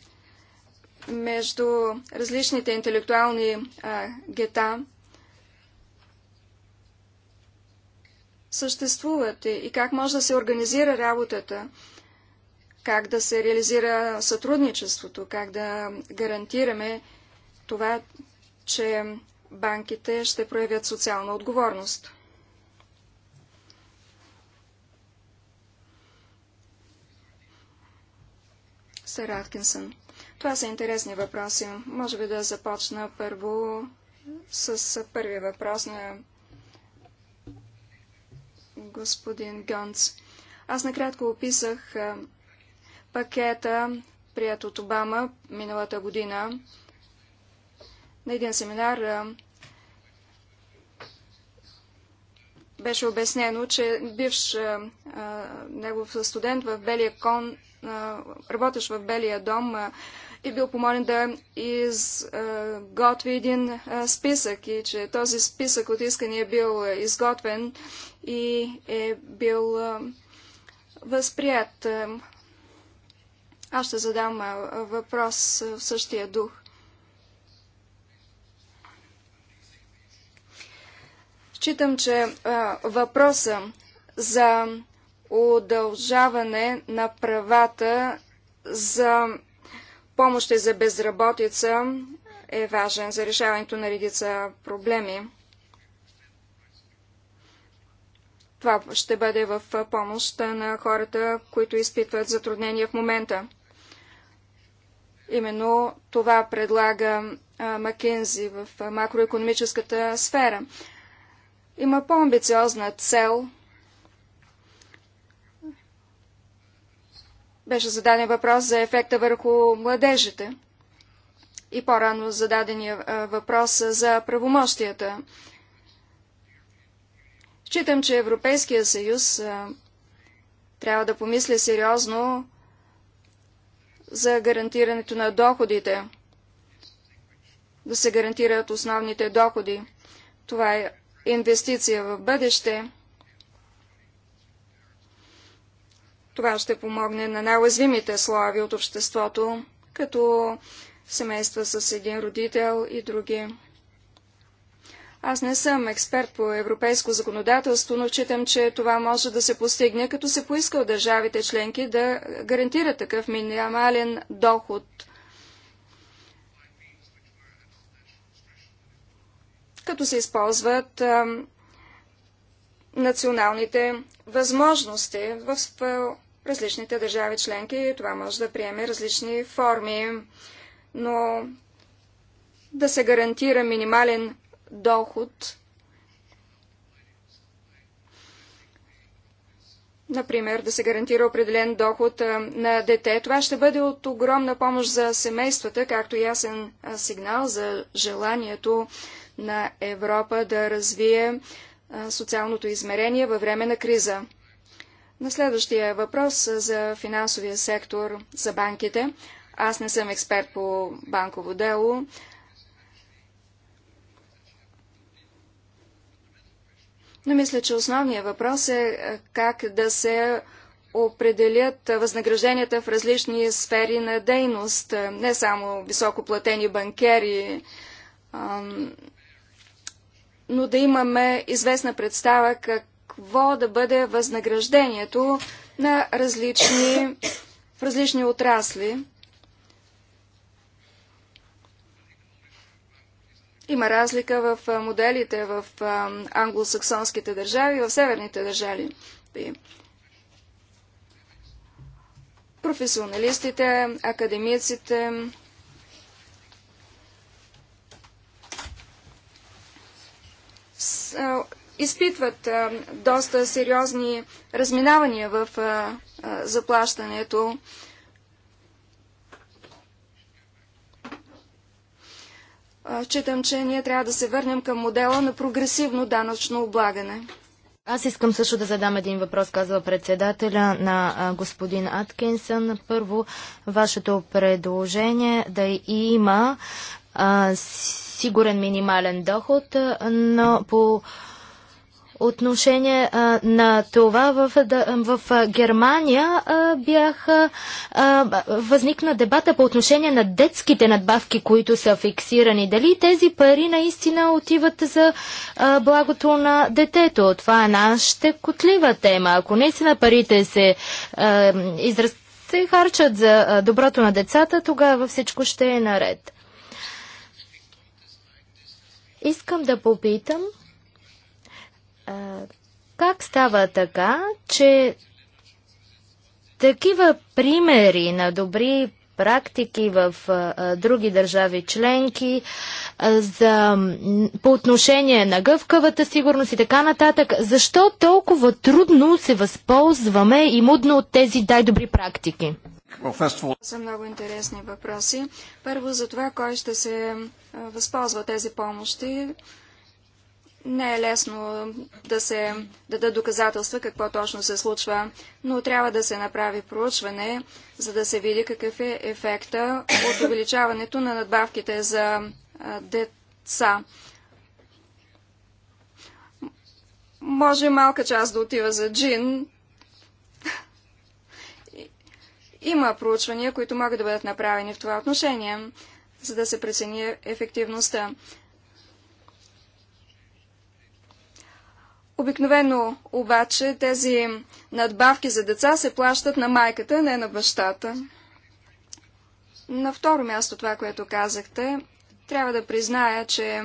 между различните интелектуални а, е, гета съществуват и как може да се организира работата как да се реализира сътрудничеството, как да гарантираме това, че банките ще проявят социална отговорност. Сър Аткинсън. Това са интересни въпроси. Може би да започна първо с първия въпрос на господин Гонц. Аз накратко описах пакета, прият от Обама миналата година. На един семинар беше обяснено, че бивш а, негов студент в Белия кон, а, работещ в Белия дом, а, и е бил помолен да изготви един а, списък и че този списък от искания е бил изготвен и е бил а, възприят. Аз ще задам въпрос в същия дух. Считам, че въпроса за удължаване на правата за помощи за безработица е важен за решаването на редица проблеми. Това ще бъде в помощ на хората, които изпитват затруднения в момента. Именно това предлага Макензи в макроекономическата сфера. Има по-амбициозна цел. Беше зададен въпрос за ефекта върху младежите и по-рано зададения въпрос за правомощията. Считам, че Европейския съюз трябва да помисли сериозно за гарантирането на доходите. Да се гарантират основните доходи. Това е инвестиция в бъдеще. Това ще помогне на най-уязвимите слоеви от обществото, като семейства с един родител и други. Аз не съм експерт по европейско законодателство, но считам, че това може да се постигне, като се поиска от държавите членки да гарантира такъв минимален доход. като се използват а, националните възможности в, в различните държави членки. Това може да приеме различни форми, но да се гарантира минимален доход. Например, да се гарантира определен доход на дете. Това ще бъде от огромна помощ за семействата, както ясен сигнал за желанието на Европа да развие социалното измерение във време на криза. На следващия въпрос за финансовия сектор, за банките. Аз не съм експерт по банково дело. Но мисля, че основният въпрос е, е как да се определят възнагражденията в различни сфери на дейност, е, не само високоплатени банкери, но да имаме известна представа какво да бъде възнаграждението на различни, в различни отрасли. Има разлика в моделите в англосаксонските държави и в северните държави. Професионалистите, академиците, изпитват доста сериозни разминавания в заплащането Читам, че ние трябва да се върнем към модела на прогресивно данъчно облагане. Аз искам също да задам един въпрос, казва председателя на господин Аткинсън. Първо, вашето предложение да има а, сигурен минимален доход, но по отношение а, на това в, да, в Германия а, бяха а, възникна дебата по отношение на детските надбавки, които са фиксирани. Дали тези пари наистина отиват за а, благото на детето? Това е нашата щекотлива тема. Ако наистина парите се а, се харчат за доброто на децата, тогава всичко ще е наред. Искам да попитам как става така, че такива примери на добри практики в а, други държави членки за, по отношение на гъвкавата сигурност и така нататък. Защо толкова трудно се възползваме и мудно от тези дай-добри практики? Са много интересни въпроси. Първо за това, кой ще се възползва тези помощи не е лесно да се дадат доказателства какво точно се случва, но трябва да се направи проучване, за да се види какъв е ефекта от увеличаването на надбавките за деца. Може малка част да отива за джин. Има проучвания, които могат да бъдат направени в това отношение, за да се прецени ефективността. Обикновено обаче тези надбавки за деца се плащат на майката, не на бащата. На второ място това, което казахте, трябва да призная, че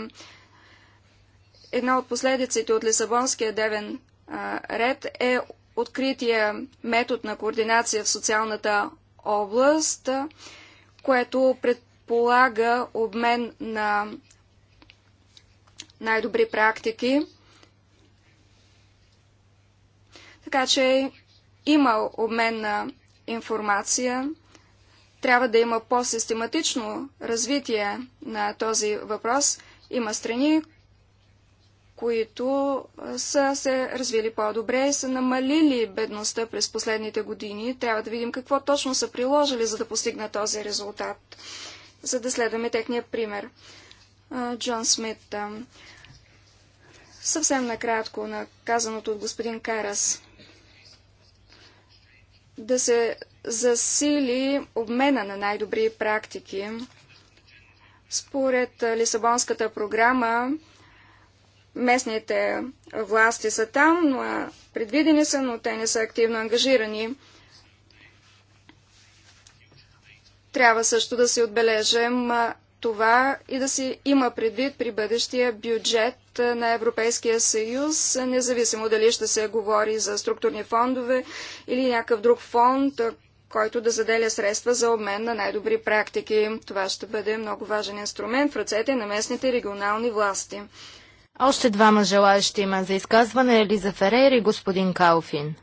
една от последиците от Лисабонския девен а, ред е открития метод на координация в социалната област, което предполага обмен на най-добри практики Така че има обмен на информация. Трябва да има по-систематично развитие на този въпрос. Има страни, които са се развили по-добре и са намалили бедността през последните години. Трябва да видим какво точно са приложили, за да постигнат този резултат, за да следваме техния пример. Джон Смит. Съвсем накратко на казаното от господин Карас да се засили обмена на най-добри практики. Според Лисабонската програма, местните власти са там, предвидени са, но те не са активно ангажирани. Трябва също да си отбележим това и да се има предвид при бъдещия бюджет на Европейския съюз, независимо дали ще се говори за структурни фондове или някакъв друг фонд, който да заделя средства за обмен на най-добри практики. Това ще бъде много важен инструмент в ръцете на местните регионални власти. Още двама желаящи има за изказване Елиза Ферейр и господин Калфин.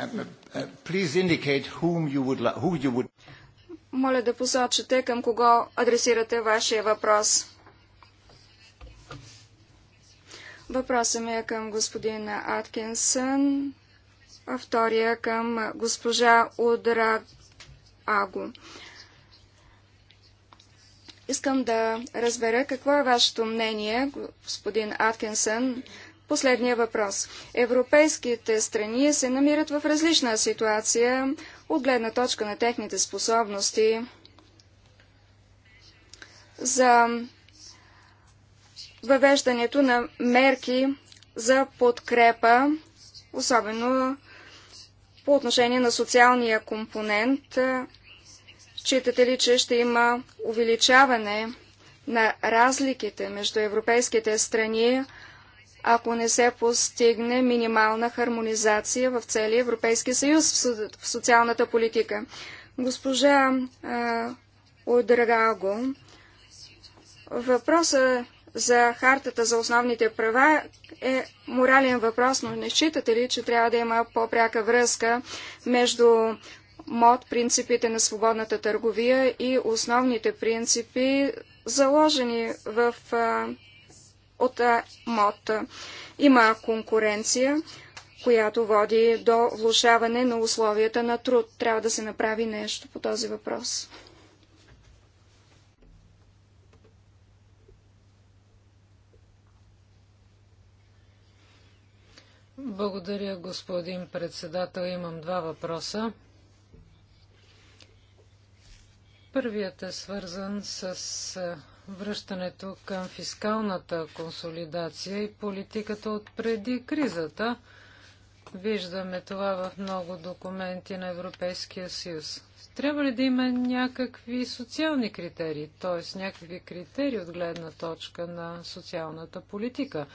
Uh, uh, please indicate whom you would, who you would... Моля да посочите към кого адресирате вашия въпрос. Въпросът ми е към господин Аткинсън, а втория е към госпожа Удра Аго. Искам да разбера какво е вашето мнение, господин Аткинсън. Последния въпрос. Европейските страни се намират в различна ситуация от гледна точка на техните способности за въвеждането на мерки за подкрепа, особено по отношение на социалния компонент. Считате ли, че ще има увеличаване на разликите между европейските страни ако не се постигне минимална хармонизация в целия Европейски съюз в социалната политика. Госпожа Одрагаго, въпроса за хартата за основните права е морален въпрос, но не считате ли, че трябва да има по-пряка връзка между МОД, принципите на свободната търговия и основните принципи, заложени в от МОД. Има конкуренция, която води до влушаване на условията на труд. Трябва да се направи нещо по този въпрос. Благодаря, господин председател. Имам два въпроса. Първият е свързан с връщането към фискалната консолидация и политиката от преди кризата. Виждаме това в много документи на Европейския съюз. Трябва ли да има някакви социални критерии, т.е. някакви критерии от гледна точка на социалната политика,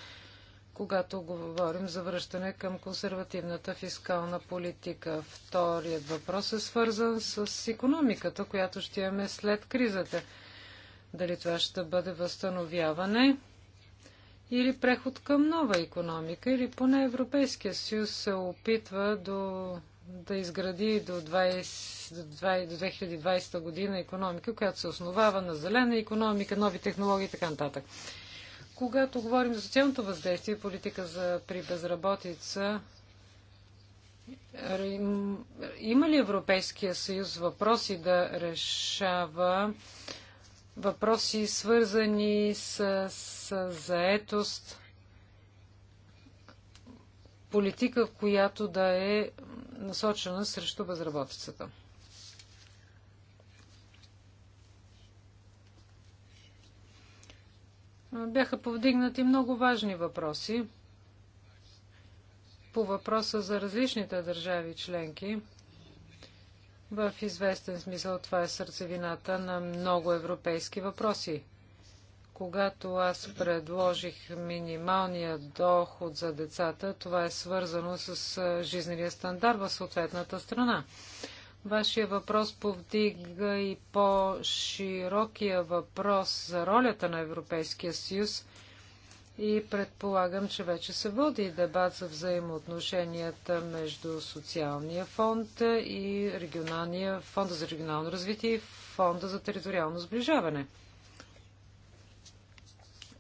когато говорим за връщане към консервативната фискална политика? Вторият въпрос е свързан с економиката, която ще имаме след кризата. Дали това ще бъде възстановяване или преход към нова економика, или поне Европейския съюз се опитва до, да изгради до, 20, до 2020 година економика, която се основава на зелена економика, нови технологии и така нататък. Когато говорим за социалното въздействие, политика за, при безработица, има ли Европейския съюз въпроси да решава въпроси, свързани с, с заетост, политика, която да е насочена срещу безработицата. Бяха повдигнати много важни въпроси по въпроса за различните държави членки. В известен смисъл това е сърцевината на много европейски въпроси. Когато аз предложих минималния доход за децата, това е свързано с жизнения стандарт в съответната страна. Вашия въпрос повдига и по-широкия въпрос за ролята на Европейския съюз – и предполагам, че вече се води дебат за взаимоотношенията между социалния фонд и регионалния фонда за регионално развитие и фонда за териториално сближаване.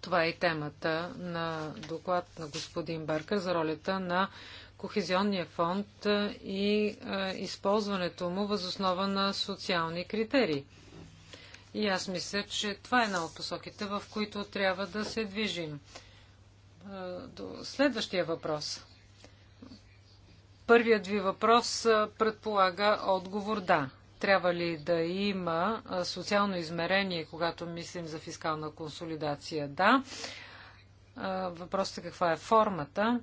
Това е и темата на доклад на господин Баркър за ролята на Кохезионния фонд и е, използването му възоснова на социални критерии. И аз мисля, че това е една от посоките, в които трябва да се движим до следващия въпрос. Първият ви въпрос предполага отговор да. Трябва ли да има социално измерение, когато мислим за фискална консолидация? Да. Въпросът е каква е формата.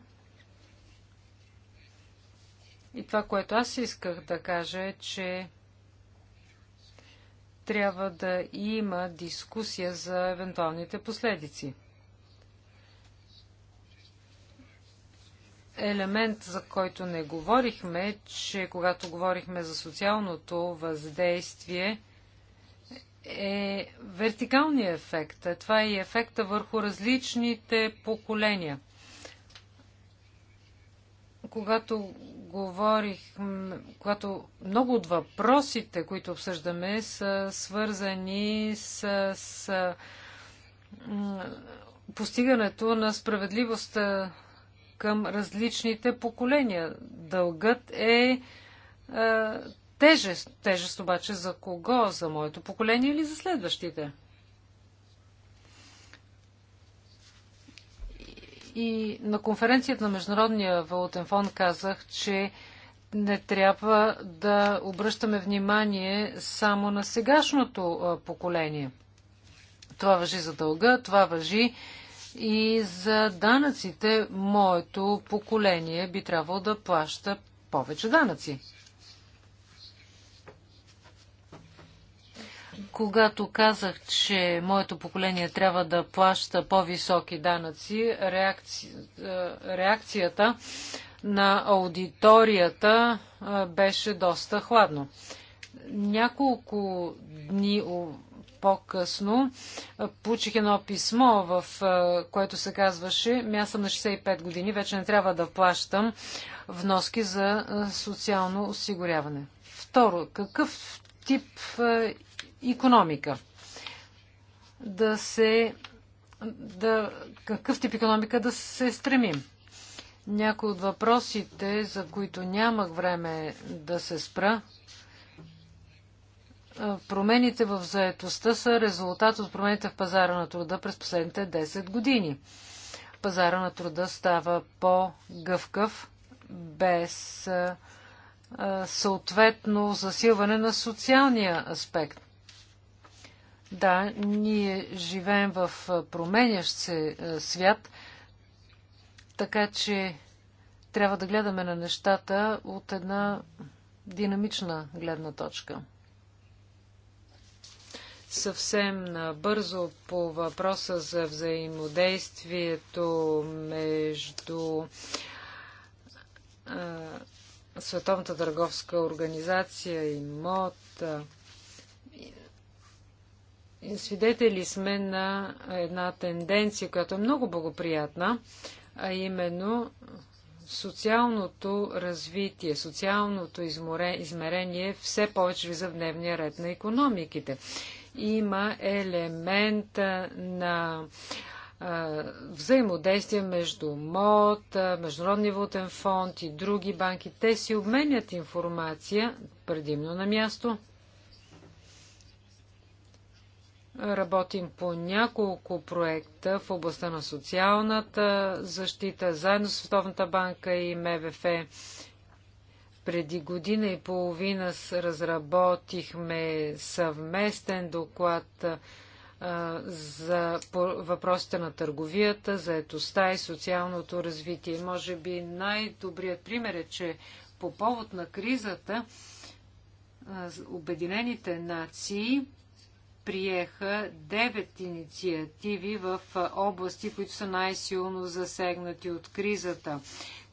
И това, което аз исках да кажа е, че трябва да има дискусия за евентуалните последици. елемент, за който не говорихме, че когато говорихме за социалното въздействие, е вертикалния ефект. Това е ефекта върху различните поколения. Когато говорихме, когато много от въпросите, които обсъждаме, са свързани с, с постигането на справедливостта към различните поколения. Дългът е, е тежест. Тежест обаче за кого? За моето поколение или за следващите? И на конференцията на Международния валутен фонд казах, че не трябва да обръщаме внимание само на сегашното поколение. Това въжи за дълга, това въжи и за данъците моето поколение би трябвало да плаща повече данъци. Когато казах, че моето поколение трябва да плаща по-високи данъци, реакци... Е, реакцията на аудиторията е, беше доста хладно. Няколко дни по-късно е, получих едно писмо, в е, което се казваше, ами аз съм на 65 години, вече не трябва да плащам вноски за е, социално осигуряване. Второ, какъв тип економика? Да се. Да, какъв тип економика да се стремим? Някои от въпросите, за които нямах време да се спра, промените в заетостта са резултат от промените в пазара на труда през последните 10 години. Пазара на труда става по-гъвкав, без съответно засилване на социалния аспект. Да, ние живеем в променящ се свят, така че трябва да гледаме на нещата от една динамична гледна точка. Съвсем набързо по въпроса за взаимодействието между Световната търговска организация и МОД. Свидетели сме на една тенденция, която е много благоприятна, а именно социалното развитие, социалното измерение все повече влиза в дневния ред на економиките има елемент на взаимодействие между МОД, Международния валутен фонд и други банки. Те си обменят информация предимно на място. Работим по няколко проекта в областта на социалната защита, заедно с Световната банка и МВФ. Преди година и половина разработихме съвместен доклад за въпросите на търговията, заетостта и социалното развитие. Може би най-добрият пример е, че по повод на кризата Обединените нации приеха 9 инициативи в области, които са най-силно засегнати от кризата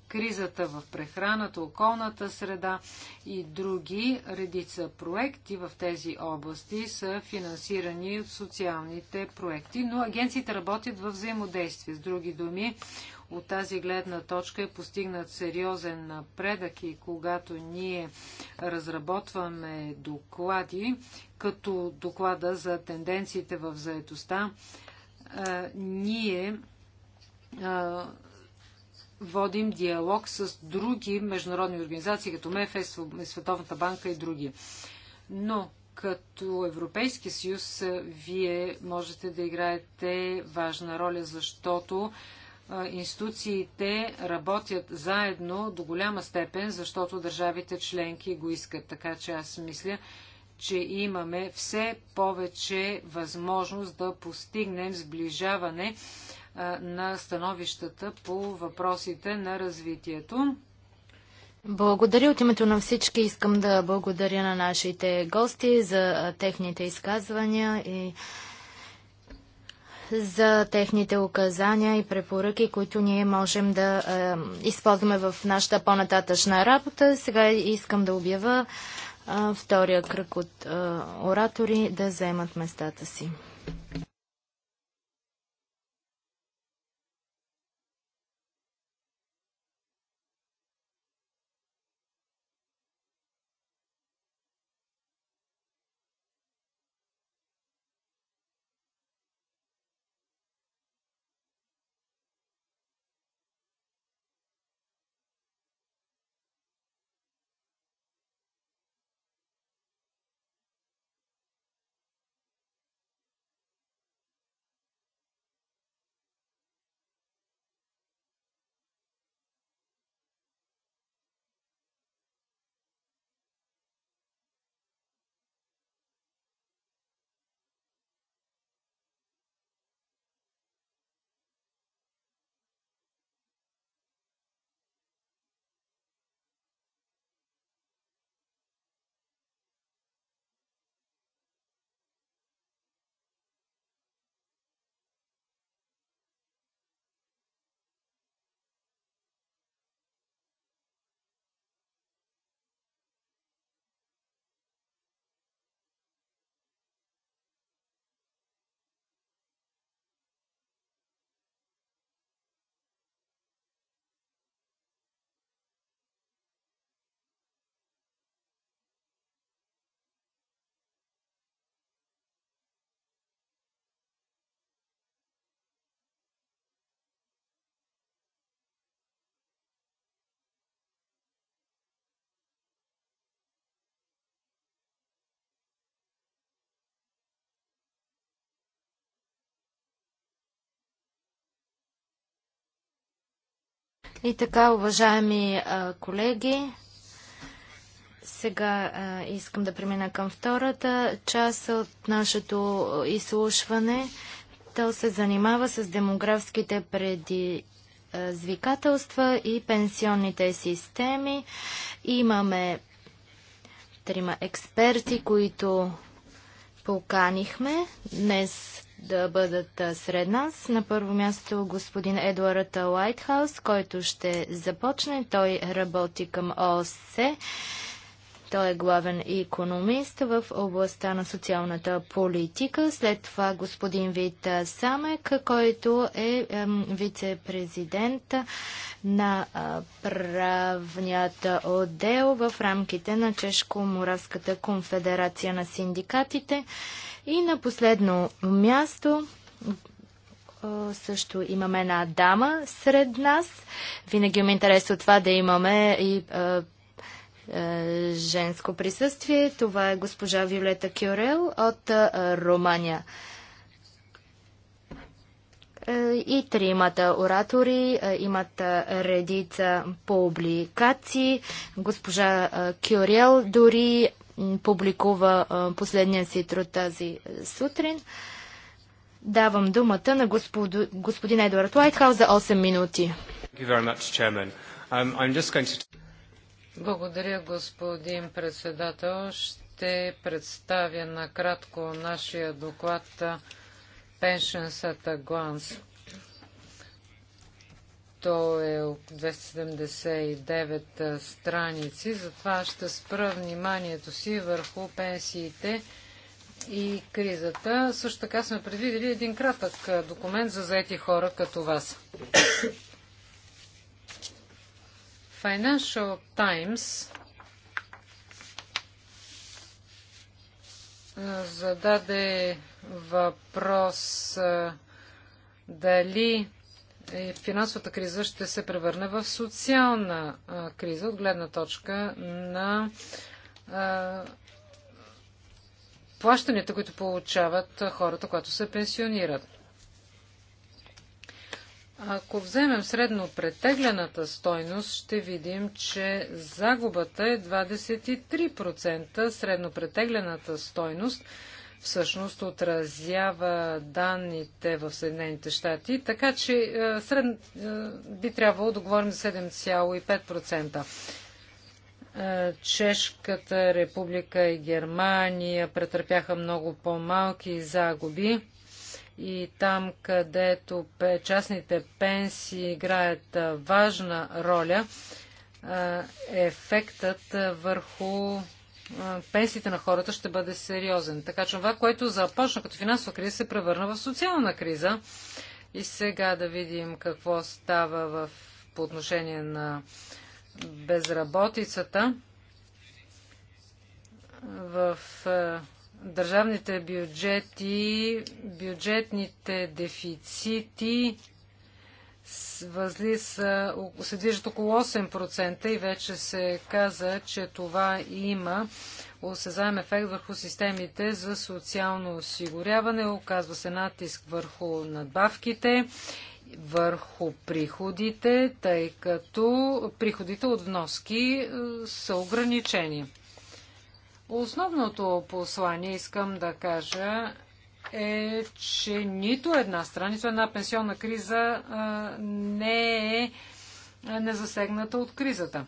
кризата в прехраната, околната среда и други редица проекти в тези области са финансирани от социалните проекти, но агенциите работят в взаимодействие. С други думи, от тази гледна точка е постигнат сериозен напредък и когато ние разработваме доклади, като доклада за тенденциите в заедостта, ние водим диалог с други международни организации, като МФС, Световната банка и други. Но като Европейски съюз вие можете да играете важна роля, защото институциите работят заедно до голяма степен, защото държавите членки го искат. Така че аз мисля, че имаме все повече възможност да постигнем сближаване на становищата по въпросите на развитието. Благодаря от името на всички. Искам да благодаря на нашите гости за техните изказвания и за техните указания и препоръки, които ние можем да е, използваме в нашата по-нататъчна работа. Сега искам да обява е, втория кръг от е, оратори да вземат местата си. И така, уважаеми а, колеги, сега а, искам да премина към втората част от нашето изслушване. То се занимава с демографските предизвикателства и пенсионните системи. Имаме трима експерти, които поканихме днес да бъдат сред нас. На първо място господин Едуард Лайтхаус, който ще започне. Той работи към ОССЕ. Той е главен економист в областта на социалната политика. След това господин Вит Самек, който е, вице-президент на е, правният отдел в рамките на Чешко-Моравската конфедерация на синдикатите. И на последно място също имаме една дама сред нас. Винаги ме интересува това да имаме и е, е, женско присъствие. Това е госпожа Виолета Кюрел от е, И тримата оратори имат редица публикации. Госпожа Кюрел дори публикува последния си труд тази е, сутрин. Давам думата на господу, господин Едуард Лайтхаус за 8 минути. Um, Благодаря, господин председател. Ще представя накратко нашия доклад Pensions at a Glance. То е от 279 страници, затова ще спра вниманието си върху пенсиите и кризата. Също така сме предвидели един кратък документ за заети хора като вас. Financial Times зададе въпрос дали е, финансовата криза ще се превърне в социална криза от гледна точка на плащанията, които получават хората, които се пенсионират. Ако вземем средно претеглената стойност, ще видим, че загубата е 23%. Средно претеглената стойност – всъщност отразява данните в Съединените щати, така че е, сред, е, би трябвало да говорим за 7,5%. Е, Чешката република и Германия претърпяха много по-малки загуби и там, където частните пенсии играят е, важна роля, е, ефектът е, върху пенсиите на хората ще бъде сериозен. Така че това, което започна като финансова криза, се превърна в социална криза. И сега да видим какво става в, по отношение на безработицата. В е, държавните бюджети, бюджетните дефицити възли са, се движат около 8% и вече се каза, че това има осезаем ефект върху системите за социално осигуряване, оказва се натиск върху надбавките, върху приходите, тъй като приходите от вноски е, са ограничени. Основното послание искам да кажа е, че нито една страна, нито една пенсионна криза не е незасегната от кризата.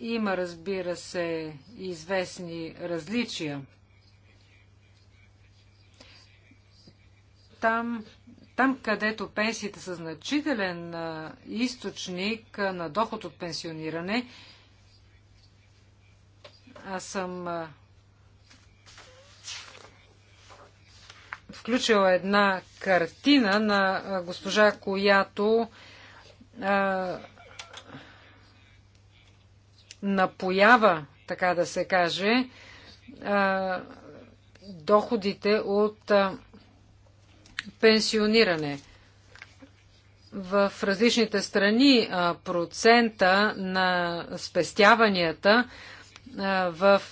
Има, разбира се, известни различия. Там, там където пенсиите са значителен източник на доход от пенсиониране, аз съм включила една картина на госпожа, която а, напоява, така да се каже, а, доходите от а, пенсиониране. В различните страни а, процента на спестяванията а, в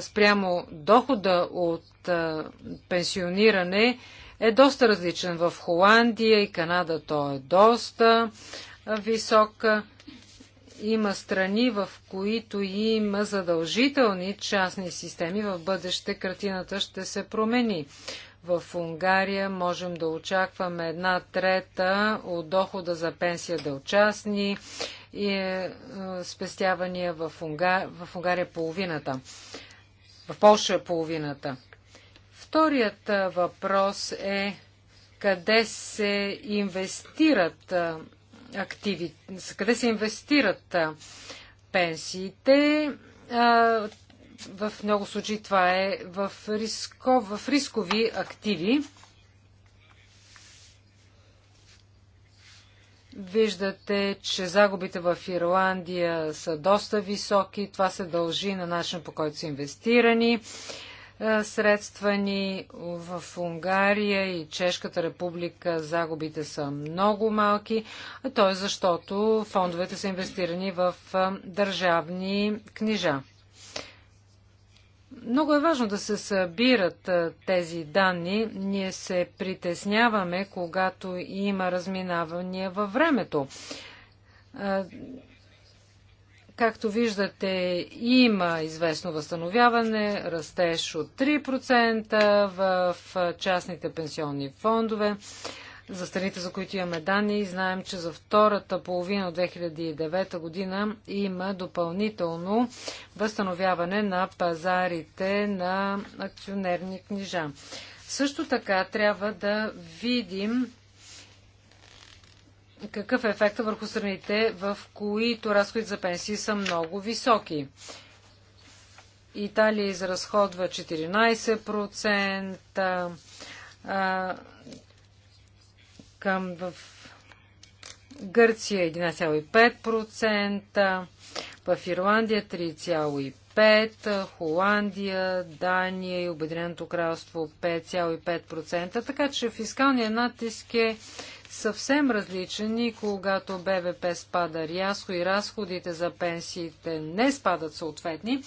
спрямо дохода от а, пенсиониране е доста различен. В Холандия и Канада той е доста висок. Има страни, в които има задължителни частни системи. В бъдеще картината ще се промени. В Унгария можем да очакваме една трета от дохода за пенсия да участни е и е, спестявания в, в Унгария половината. В Польша е половината. Вторият въпрос е къде се инвестират активи, къде се инвестират пенсиите. В много случаи това е в, рисков, в рискови активи. Виждате, че загубите в Ирландия са доста високи. Това се дължи на начина по който са инвестирани е, средства ни в Унгария и Чешката република загубите са много малки, а то е защото фондовете са инвестирани в е, държавни книжа много е важно да се събират тези данни. Ние се притесняваме, когато има разминавания във времето. Както виждате, има известно възстановяване, растеж от 3% в частните пенсионни фондове за страните, за които имаме данни. Знаем, че за втората половина от 2009 година има допълнително възстановяване на пазарите на акционерни книжа. Също така трябва да видим какъв е ефекта върху страните, в които разходите за пенсии са много високи. Италия изразходва 14%, към в Гърция 11,5%, в Ирландия 3,5%, Холандия, Дания и Обединеното кралство 5,5%. Така че фискалният натиск е съвсем различен и когато БВП спада рязко и разходите за пенсиите не спадат съответни,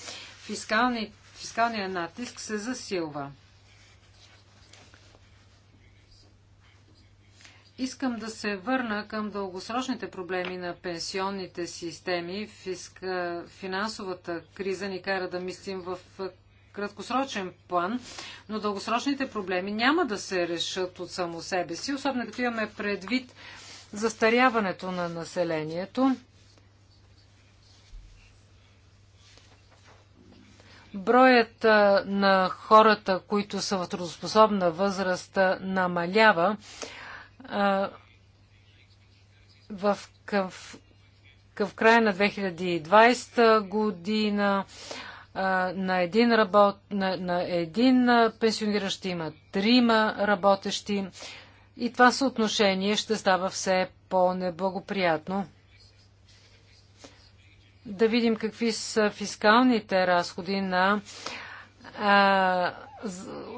фискалният натиск се засилва. Искам да се върна към дългосрочните проблеми на пенсионните системи. Фиска, финансовата криза ни кара да мислим в краткосрочен план, но дългосрочните проблеми няма да се решат от само себе си, особено като имаме предвид застаряването на населението. Броят на хората, които са в трудоспособна възраст, намалява в, къв, къв края на 2020 година на един, работ, на, на един пенсиониращ има трима работещи и това съотношение ще става все по-неблагоприятно. Да видим какви са фискалните разходи на а,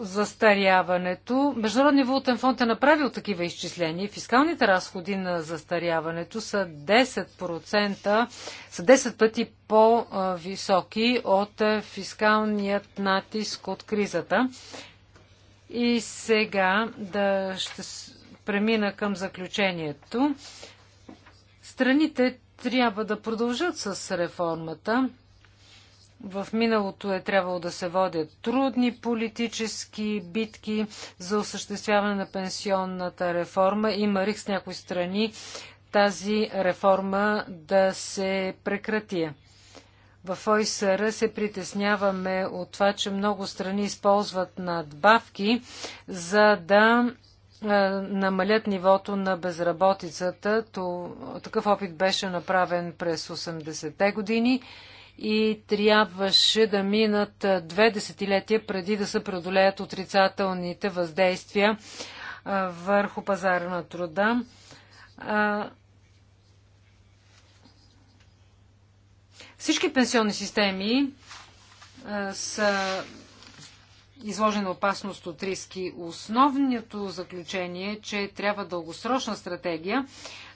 застаряването. Международният валутен фонд е направил такива изчисления. Фискалните разходи на застаряването са 10%, са 10 пъти по-високи от е, фискалният натиск от кризата. И сега да ще премина към заключението. Страните трябва да продължат с реформата. В миналото е трябвало да се водят трудни политически битки за осъществяване на пенсионната реформа. Има рих с някои страни тази реформа да се прекрати. В ОИСР се притесняваме от това, че много страни използват надбавки, за да е, намалят нивото на безработицата. То, такъв опит беше направен през 80-те години и трябваше да минат две десетилетия преди да се преодолеят отрицателните въздействия върху пазара на труда. Всички пенсионни системи са изложена опасност от риски. Основното заключение е, че трябва дългосрочна стратегия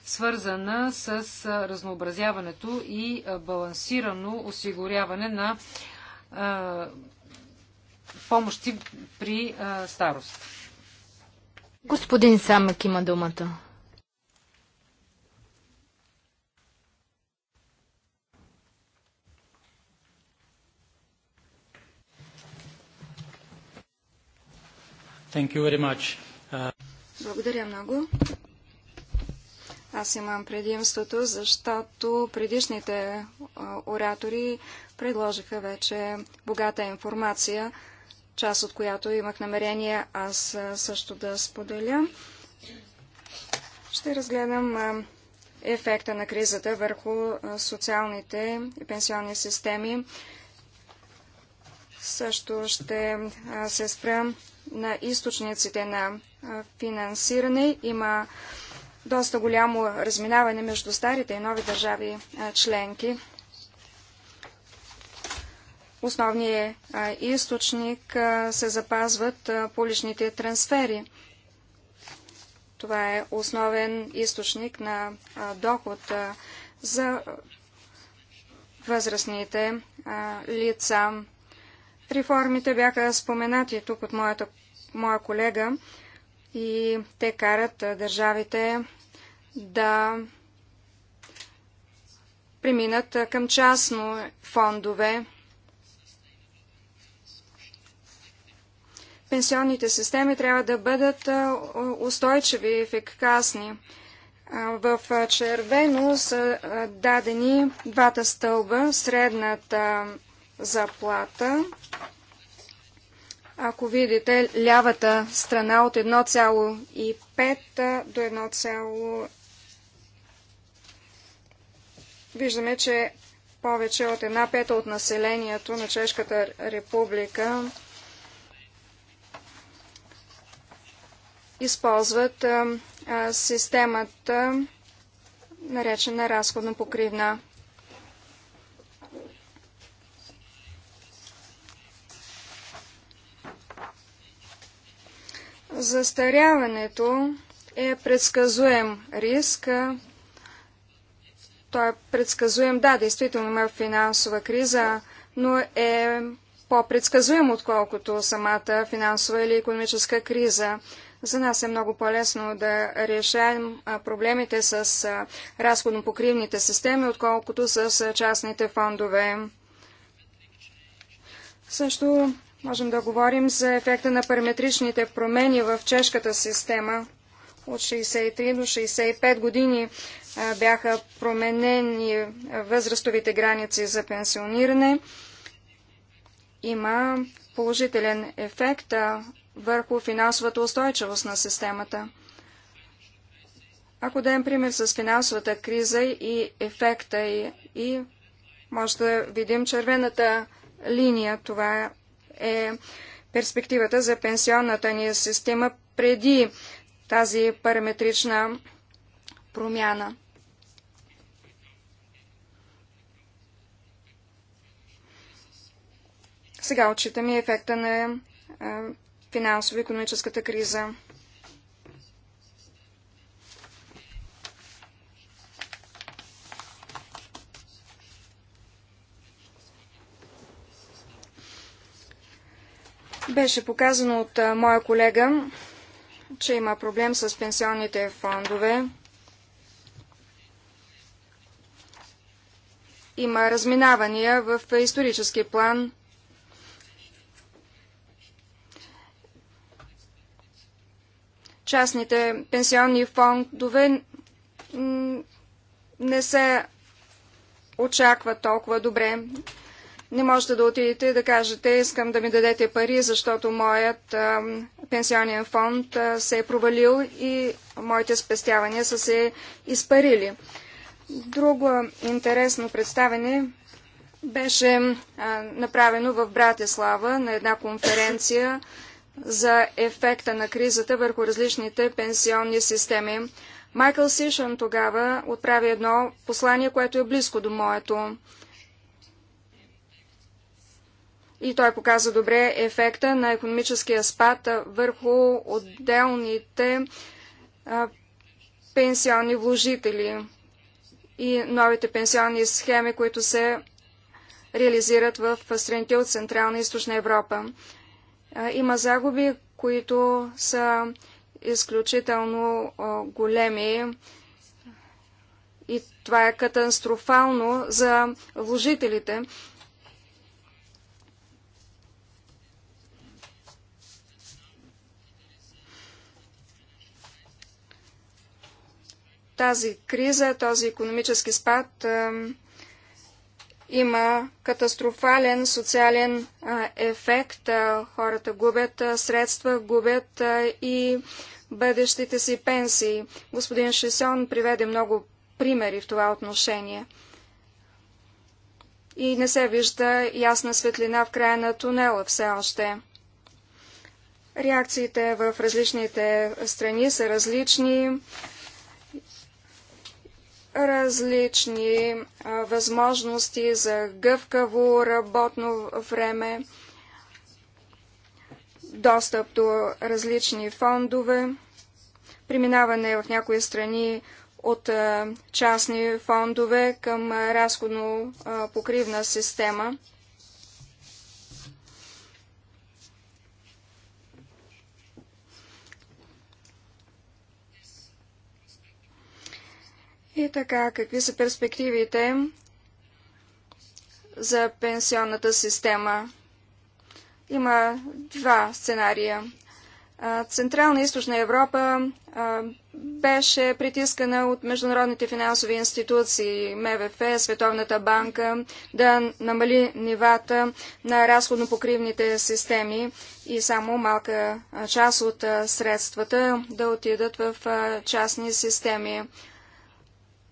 свързана с разнообразяването и балансирано осигуряване на помощи при старост. Господин Самък има думата. Thank you very much. Uh... Благодаря много. Аз имам предимството, защото предишните оратори предложиха вече богата информация, част от която имах намерение аз също да споделя. Ще разгледам ефекта на кризата върху социалните и пенсионни системи. Също ще се спрям на източниците на финансиране. Има доста голямо разминаване между старите и нови държави членки. Основният източник се запазват публичните трансфери. Това е основен източник на доход за възрастните лица. Реформите бяха споменати тук от моята, моя колега и те карат държавите да преминат към частно фондове. Пенсионните системи трябва да бъдат устойчиви и ефикасни. В червено са дадени двата стълба, средната заплата. Ако видите лявата страна от 1,5 до виждаме, че повече от една пета от населението на Чешката република използват системата, наречена разходно-покривна. Застаряването е предсказуем риск, той е предсказуем. Да, действително има финансова криза, но е по-предсказуем, отколкото самата финансова или економическа криза. За нас е много по-лесно да решаем проблемите с разходно-покривните системи, отколкото с частните фондове. Също можем да говорим за ефекта на параметричните промени в чешката система – от 63 до 65 години бяха променени възрастовите граници за пенсиониране. Има положителен ефект върху финансовата устойчивост на системата. Ако дадем пример с финансовата криза и ефекта и, и може да видим червената линия, това е перспективата за пенсионната ни система преди тази параметрична промяна. Сега отчитаме ефекта на финансово-економическата криза. Беше показано от моя колега, че има проблем с пенсионните фондове. Има разминавания в исторически план. Частните пенсионни фондове не се очакват толкова добре. Не можете да отидете и да кажете, искам да ми дадете пари, защото моят а, пенсионен фонд а, се е провалил и моите спестявания са се изпарили. Друго интересно представене беше а, направено в Братислава на една конференция за ефекта на кризата върху различните пенсионни системи. Майкъл Сишън тогава отправи едно послание, което е близко до моето и той показа добре ефекта на економическия спад върху отделните пенсионни вложители и новите пенсионни схеми, които се реализират в страните от Централна и Източна Европа. има загуби, които са изключително големи и това е катастрофално за вложителите. Тази криза, този економически спад има катастрофален социален ефект. Хората губят средства, губят и бъдещите си пенсии. Господин Шисон приведе много примери в това отношение. И не се вижда ясна светлина в края на тунела все още. Реакциите в различните страни са различни различни възможности за гъвкаво работно време, достъп до различни фондове, преминаване в някои страни от частни фондове към разходно-покривна система – И така, какви са перспективите за пенсионната система? Има два сценария. Централна и Източна Европа беше притискана от международните финансови институции, МВФ, Световната банка, да намали нивата на разходно-покривните системи и само малка част от средствата да отидат в частни системи.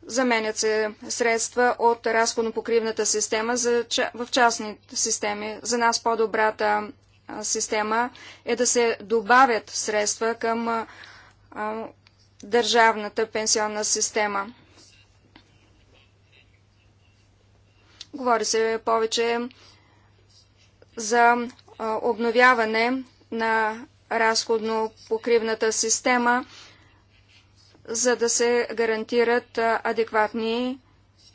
Заменят се средства от разходно-покривната система за, в частни системи. За нас по-добрата система е да се добавят средства към държавната пенсионна система. Говори се повече за обновяване на разходно-покривната система за да се гарантират адекватни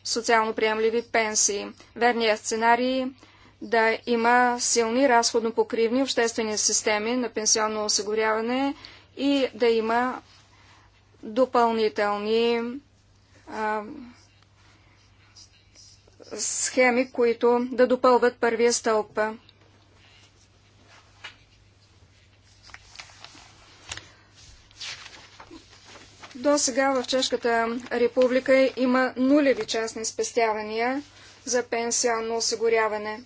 социално приемливи пенсии. Верният сценарий да има силни разходно-покривни обществени системи на пенсионно осигуряване и да има допълнителни а, схеми, които да допълват първия стълб. До сега в Чешката република има нулеви частни спестявания за пенсионно осигуряване.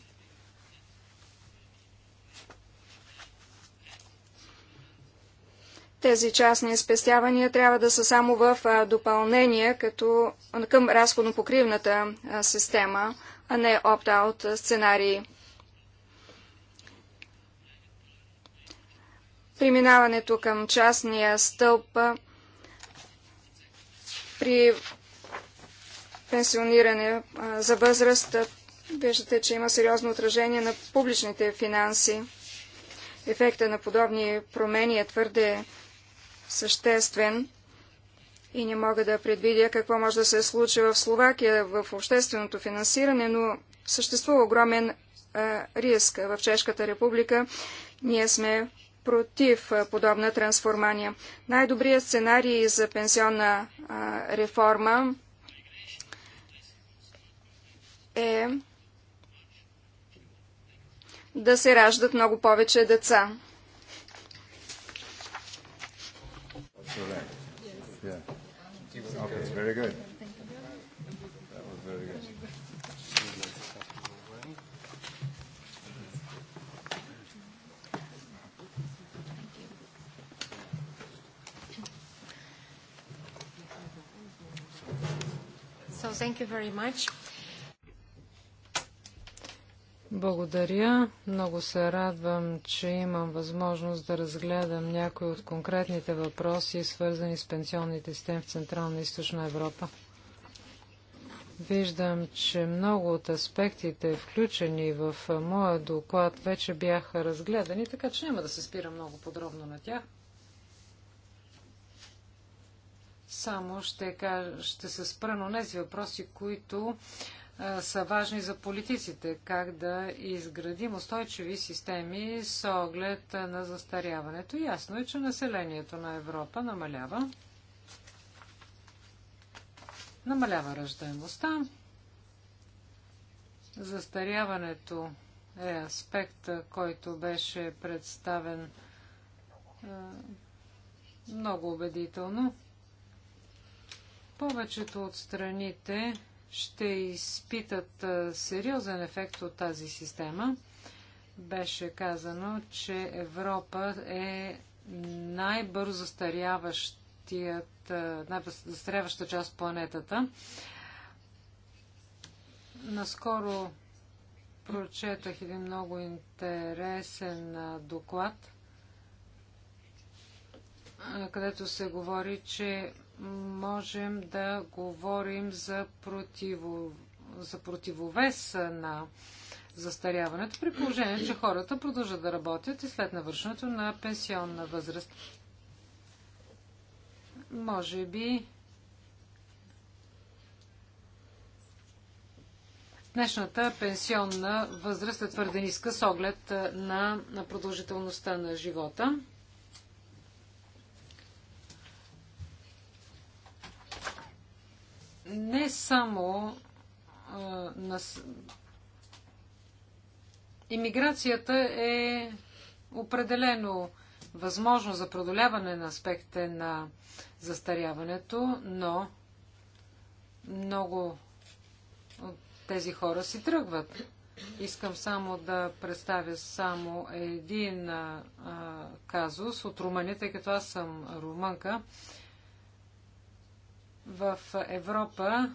Тези частни спестявания трябва да са само в допълнение като, към разходно-покривната система, а не опт-аут сценарии. Преминаването към частния стълб при пенсиониране за възраст, виждате, че има сериозно отражение на публичните финанси. Ефекта на подобни промени е твърде съществен и не мога да предвидя какво може да се случи в Словакия в общественото финансиране, но съществува огромен риск. В Чешката република ние сме против подобна трансформация. Най-добрият сценарий за пенсионна реформа е да се раждат много повече деца. Okay, very good. thank you very much. Благодаря. Много се радвам, че имам възможност да разгледам някои от конкретните въпроси, свързани с пенсионните системи в Централна и Източна Европа. Виждам, че много от аспектите, включени в моя доклад, вече бяха разгледани, така че няма да се спира много подробно на тях. Само ще, кажа, ще се спра на тези въпроси, които а, са важни за политиците. Как да изградим устойчиви системи с оглед на застаряването. Ясно е, че населението на Европа намалява. Намалява ръждаемостта. Застаряването е аспект, който беше представен много убедително. Повечето от страните ще изпитат сериозен ефект от тази система. Беше казано, че Европа е най-бързо застаряващият, най-застаряваща част планетата. Наскоро прочетах един много интересен доклад, където се говори, че можем да говорим за, противо, за противовес на застаряването, при положение, че хората продължат да работят и след навършването на пенсионна възраст. Може би днешната пенсионна възраст е твърде ниска с оглед на, на продължителността на живота. не само а, на... Имиграцията е определено възможно за продоляване на аспекта на застаряването, но много от тези хора си тръгват. Искам само да представя само един а, казус от Румъния, тъй като аз съм румънка. В Европа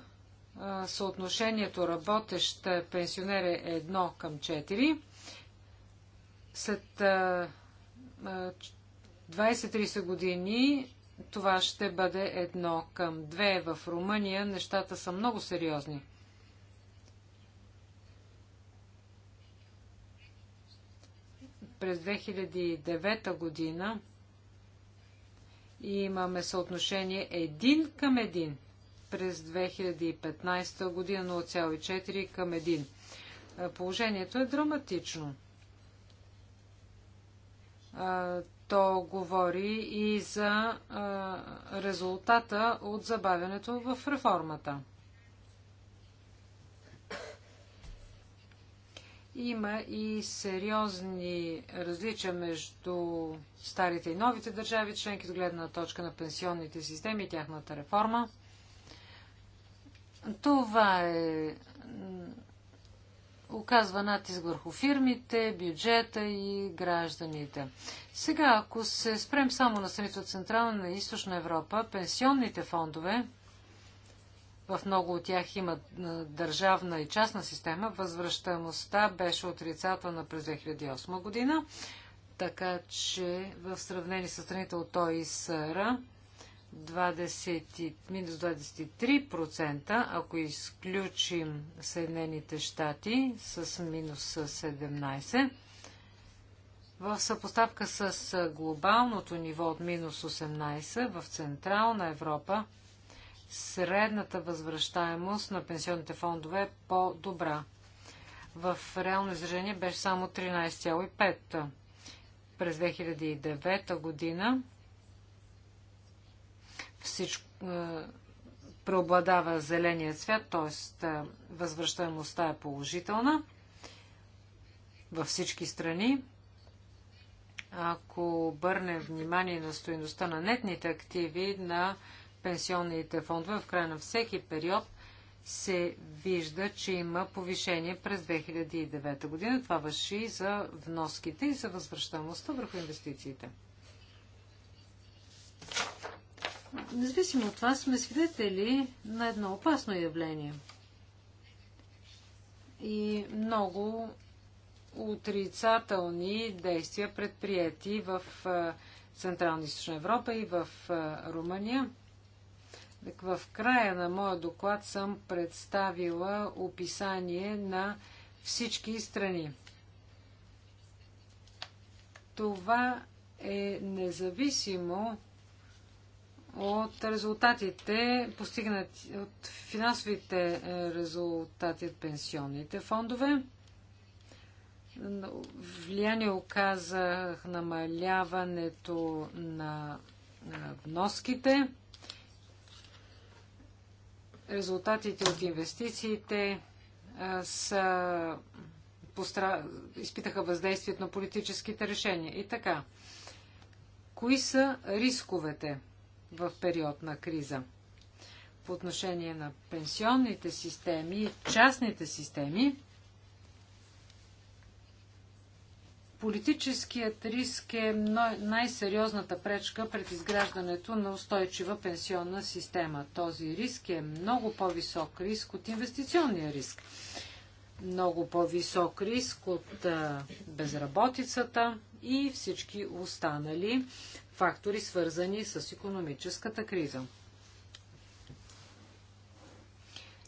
съотношението работещ пенсионер е 1 към 4. След 20-30 години това ще бъде 1 към 2. В Румъния нещата са много сериозни. През 2009 година и имаме съотношение 1 към 1 през 2015 година 0,4 към 1. Е, положението е драматично. Е, то говори и за е, резултата от забавянето в реформата. Има и сериозни различия между старите и новите държави, членки от гледна точка на пенсионните системи и тяхната реформа. Това е оказва натиск върху фирмите, бюджета и гражданите. Сега, ако се спрем само на страните от Централна и Източна Европа, пенсионните фондове в много от тях има държавна и частна система. Възвръщаемостта беше отрицателна през 2008 година, така че в сравнение с страните от ОИСР 20, минус 23%, ако изключим Съединените щати с минус 17%, в съпоставка с глобалното ниво от минус 18% в Централна Европа средната възвръщаемост на пенсионните фондове е по-добра. В реално изражение беше само 13,5 през 2009 година. Всичко е, преобладава зеления цвят, т.е. Е, възвръщаемостта е положителна във всички страни. Ако обърнем внимание на стоеността на нетните активи на пенсионните фондове в края на всеки период се вижда, че има повишение през 2009 година. Това върши и за вноските и за възвръщаемостта върху инвестициите. Независимо от това, сме свидетели на едно опасно явление. И много отрицателни действия предприяти в Централна Източна Европа и в Румъния. В края на моя доклад съм представила описание на всички страни. Това е независимо от резултатите, постигнати от финансовите е, резултати от пенсионните фондове. Влияние оказах намаляването на вноските. Резултатите от инвестициите са, постра... изпитаха въздействието на политическите решения. И така, кои са рисковете в период на криза? По отношение на пенсионните системи и частните системи, политическият риск е най-сериозната пречка пред изграждането на устойчива пенсионна система. Този риск е много по-висок риск от инвестиционния риск. Много по-висок риск от безработицата и всички останали фактори, свързани с економическата криза.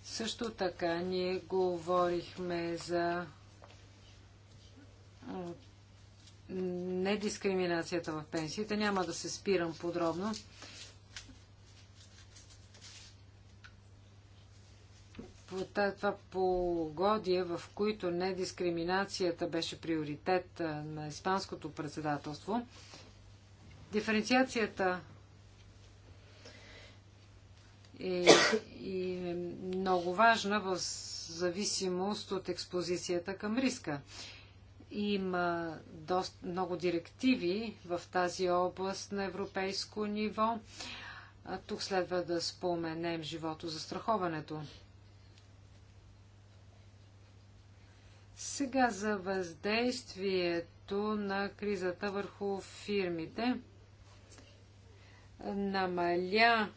Също така ние говорихме за недискриминацията в пенсиите. Няма да се спирам подробно. това полугодие, в които недискриминацията беше приоритет на Испанското председателство, диференциацията е, е много важна в зависимост от експозицията към риска. Има доста, много директиви в тази област на европейско ниво. А тук следва да споменем живото за страховането. Сега за въздействието на кризата върху фирмите. Намаля,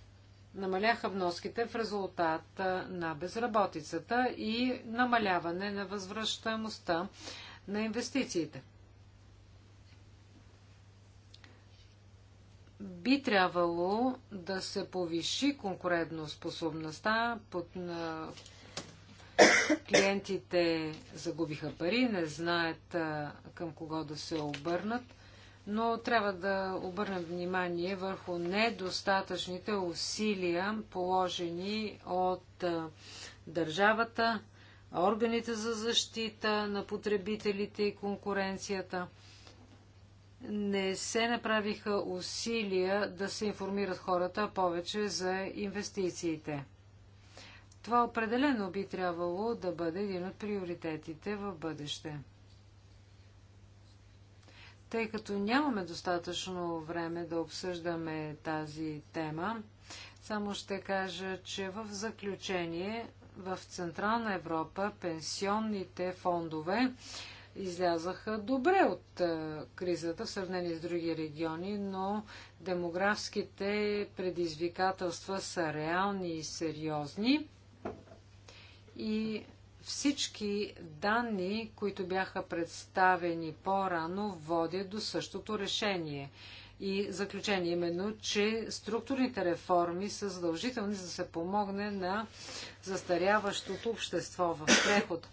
намаляха вноските в резултат на безработицата и намаляване на възвръщаемостта на инвестициите. Би трябвало да се повиши конкурентоспособността под на клиентите загубиха пари, не знаят към кого да се обърнат, но трябва да обърнем внимание върху недостатъчните усилия, положени от държавата, органите за защита на потребителите и конкуренцията. Не се направиха усилия да се информират хората повече за инвестициите. Това определено би трябвало да бъде един от приоритетите в бъдеще. Тъй като нямаме достатъчно време да обсъждаме тази тема, само ще кажа, че в заключение в Централна Европа пенсионните фондове излязаха добре от е, кризата в сравнение с други региони, но демографските предизвикателства са реални и сериозни. И всички данни, които бяха представени по-рано, водят до същото решение и заключение, именно, че структурните реформи са задължителни за да се помогне на застаряващото общество в преход.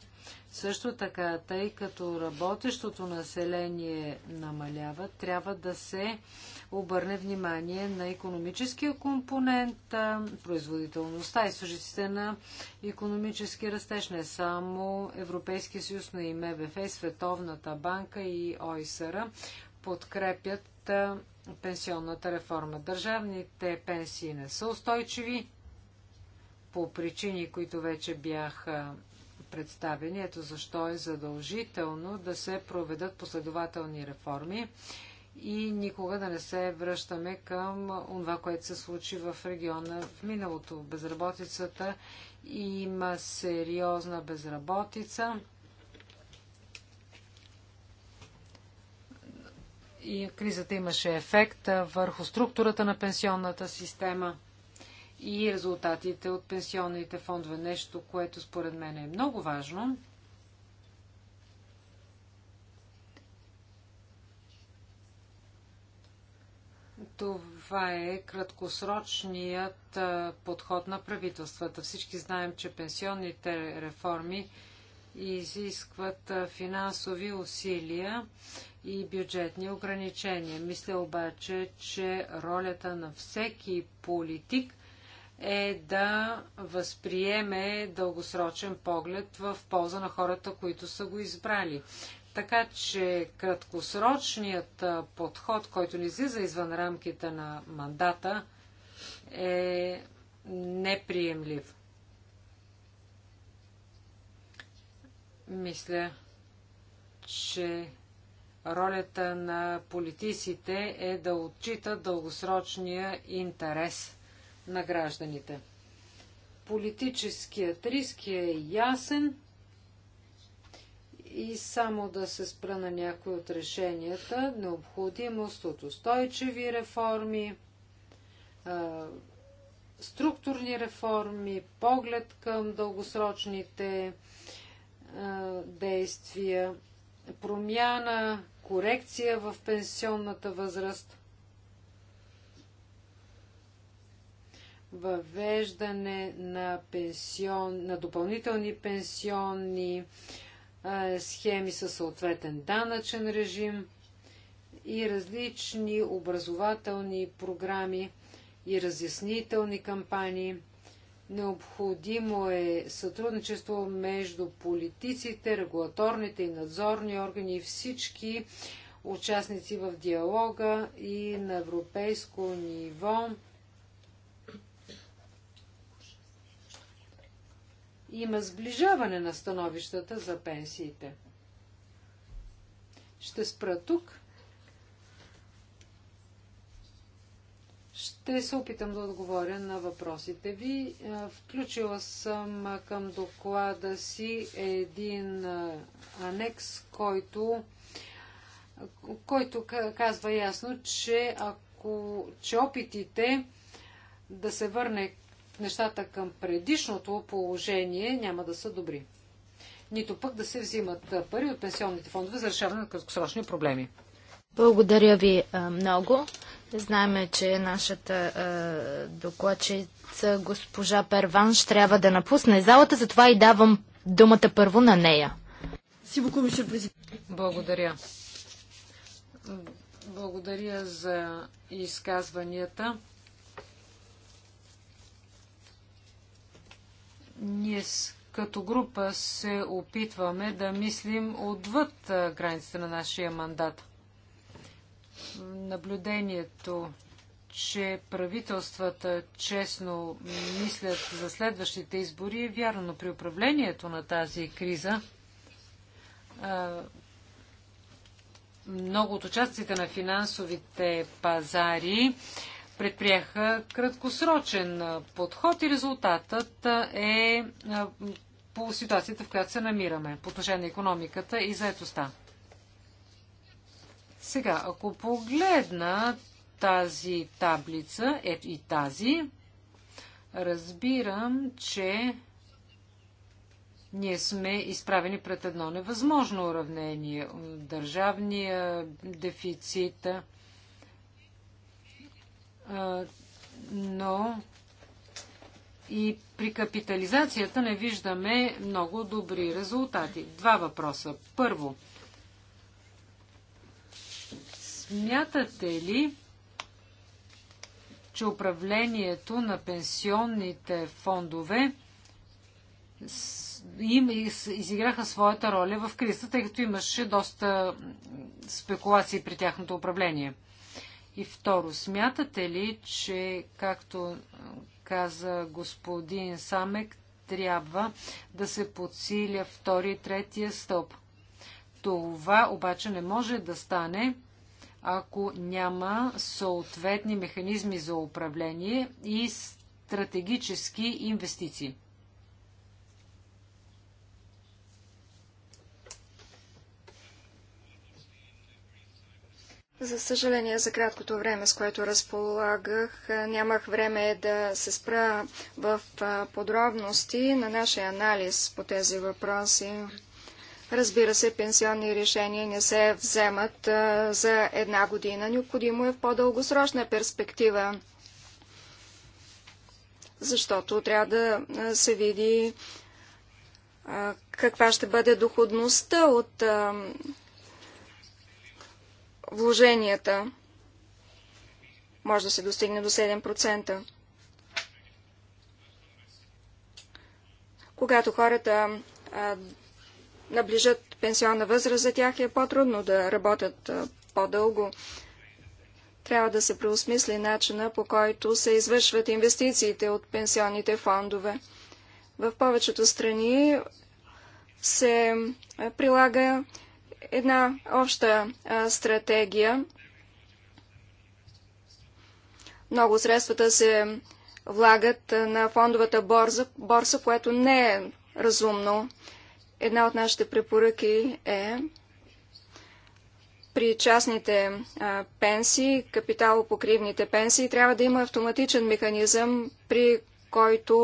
Също така, тъй като работещото население намалява, трябва да се обърне внимание на економическия компонент, производителността и служиците на економически растеж, не само Европейския съюз, но и МВФ, Световната банка и ОИСР подкрепят пенсионната реформа. Държавните пенсии не са устойчиви по причини, които вече бяха представени. Ето защо е задължително да се проведат последователни реформи и никога да не се връщаме към това, което се случи в региона в миналото. Безработицата има сериозна безработица. и кризата имаше ефект върху структурата на пенсионната система и резултатите от пенсионните фондове. Нещо, което според мен е много важно. Това е краткосрочният подход на правителствата. Всички знаем, че пенсионните реформи изискват финансови усилия и бюджетни ограничения. Мисля обаче, че ролята на всеки политик е да възприеме дългосрочен поглед в полза на хората, които са го избрали. Така че краткосрочният подход, който не излиза извън рамките на мандата, е неприемлив. Мисля, че Ролята на политиците е да отчитат дългосрочния интерес на гражданите. Политическият риск е ясен и само да се спра на някои от решенията, необходимост от устойчиви реформи, структурни реформи, поглед към дългосрочните действия промяна, корекция в пенсионната възраст, въвеждане на, пенсион, на допълнителни пенсионни е, схеми със съответен данъчен режим и различни образователни програми и разяснителни кампании – Необходимо е сътрудничество между политиците, регулаторните и надзорни органи и всички участници в диалога и на европейско ниво. Има сближаване на становищата за пенсиите. Ще спра тук. Ще се опитам да отговоря на въпросите ви. Е, включила съм към доклада си един е, анекс, който, който казва ясно, че, ако, че опитите да се върне нещата към предишното положение няма да са добри. Нито пък да се взимат пари от пенсионните фондове за решаване на краткосрочни проблеми. Благодаря ви е, много. Знаеме, че нашата е, докладчица госпожа Перванш трябва да напусне залата, затова и давам думата първо на нея. Благодаря. Благодаря за изказванията. Ние като група се опитваме да мислим отвъд границите на нашия мандат наблюдението, че правителствата честно мислят за следващите избори е вярно, но при управлението на тази криза много от участците на финансовите пазари предприеха краткосрочен подход и резултатът е по ситуацията, в която се намираме по отношение на економиката и заетостта. Сега, ако погледна тази таблица е и тази, разбирам, че ние сме изправени пред едно невъзможно уравнение. Държавния дефицит, но и при капитализацията не виждаме много добри резултати. Два въпроса. Първо, Смятате ли, че управлението на пенсионните фондове им изиграха своята роля в кризата, тъй като имаше доста спекулации при тяхното управление. И второ, смятате ли, че, както каза господин Самек, трябва да се подсиля втори и третия стълб? Това обаче не може да стане ако няма съответни механизми за управление и стратегически инвестиции. За съжаление, за краткото време, с което разполагах, нямах време да се спра в подробности на нашия анализ по тези въпроси. Разбира се, пенсионни решения не се вземат за една година. Необходимо е в по-дългосрочна перспектива, защото трябва да се види каква ще бъде доходността от вложенията. Може да се достигне до 7%. Когато хората наближат пенсионна възраст, за тях е по-трудно да работят по-дълго. Трябва да се преосмисли начина, по който се извършват инвестициите от пенсионните фондове. В повечето страни се прилага една обща стратегия. Много средствата се влагат на фондовата борза, борса, което не е разумно. Една от нашите препоръки е при частните а, пенсии, капиталопокривните пенсии, трябва да има автоматичен механизъм, при който,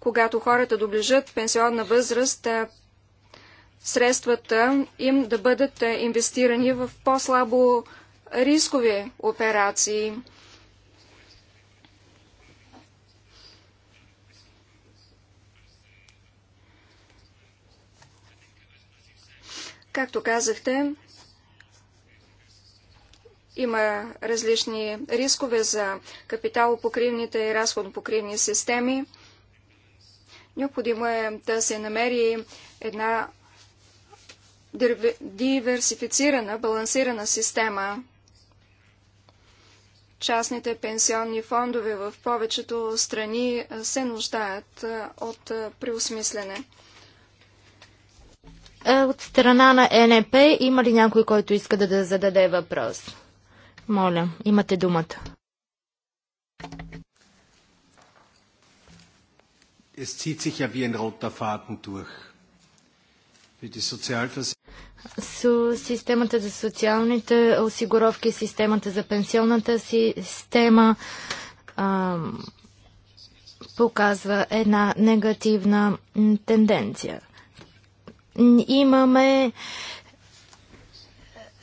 когато хората доближат пенсионна възраст, а, средствата им да бъдат инвестирани в по-слабо рискови операции Както казахте, има различни рискове за капиталопокривните и разходопокривни системи. Необходимо е да се намери една диверсифицирана, балансирана система. Частните пенсионни фондове в повечето страни се нуждаят от преосмислене. Е, от страна на ЕНП има ли някой, който иска да, да зададе въпрос? Моля, имате думата. Es zieht sich ja wie ein roter Faden durch. Системата за социалните осигуровки, системата за пенсионната система показва една негативна тенденция имаме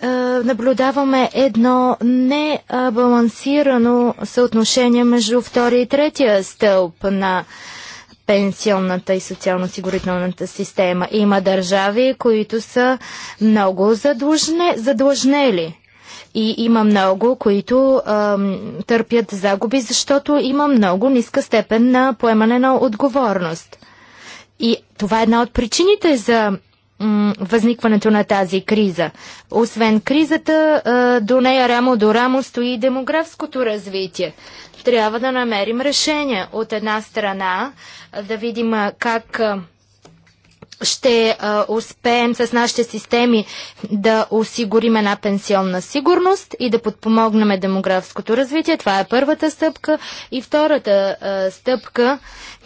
е, наблюдаваме едно небалансирано съотношение между втория и третия стълб на пенсионната и социално-осигурителната система. Има държави, които са много задлъжне, задлъжнели. И има много, които ам, търпят загуби, защото има много ниска степен на поемане на отговорност. Това е една от причините за възникването на тази криза. Освен кризата, до нея рамо до рамо стои демографското развитие. Трябва да намерим решение. От една страна да видим как ще а, успеем с нашите системи да осигурим една пенсионна сигурност и да подпомогнем демографското развитие. Това е първата стъпка. И втората а, стъпка,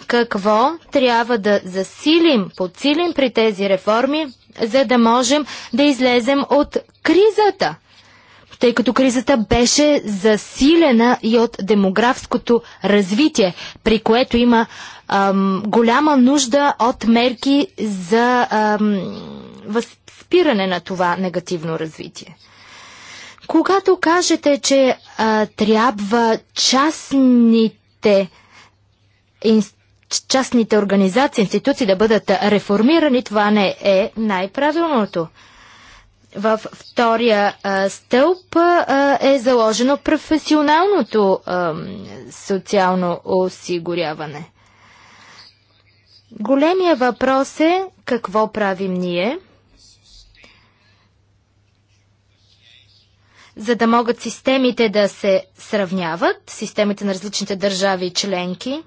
какво трябва да засилим, подсилим при тези реформи, за да можем да излезем от кризата тъй като кризата беше засилена и от демографското развитие, при което има ам, голяма нужда от мерки за ам, възпиране на това негативно развитие. Когато кажете, че а, трябва частните инст, частните организации, институции да бъдат реформирани, това не е най-правилното. Във втория а, стълб а, е заложено професионалното а, социално осигуряване. Големия въпрос е какво правим ние, за да могат системите да се сравняват, системите на различните държави и членки,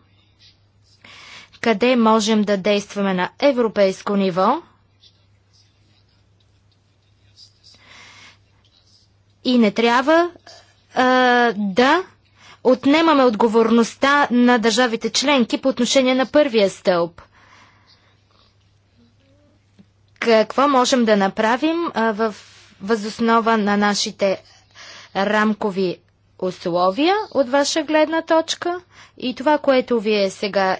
къде можем да действаме на европейско ниво – и не трябва а, да отнемаме отговорността на държавите членки по отношение на първия стълб. Какво можем да направим а, в възоснова на нашите рамкови условия от ваша гледна точка и това, което вие сега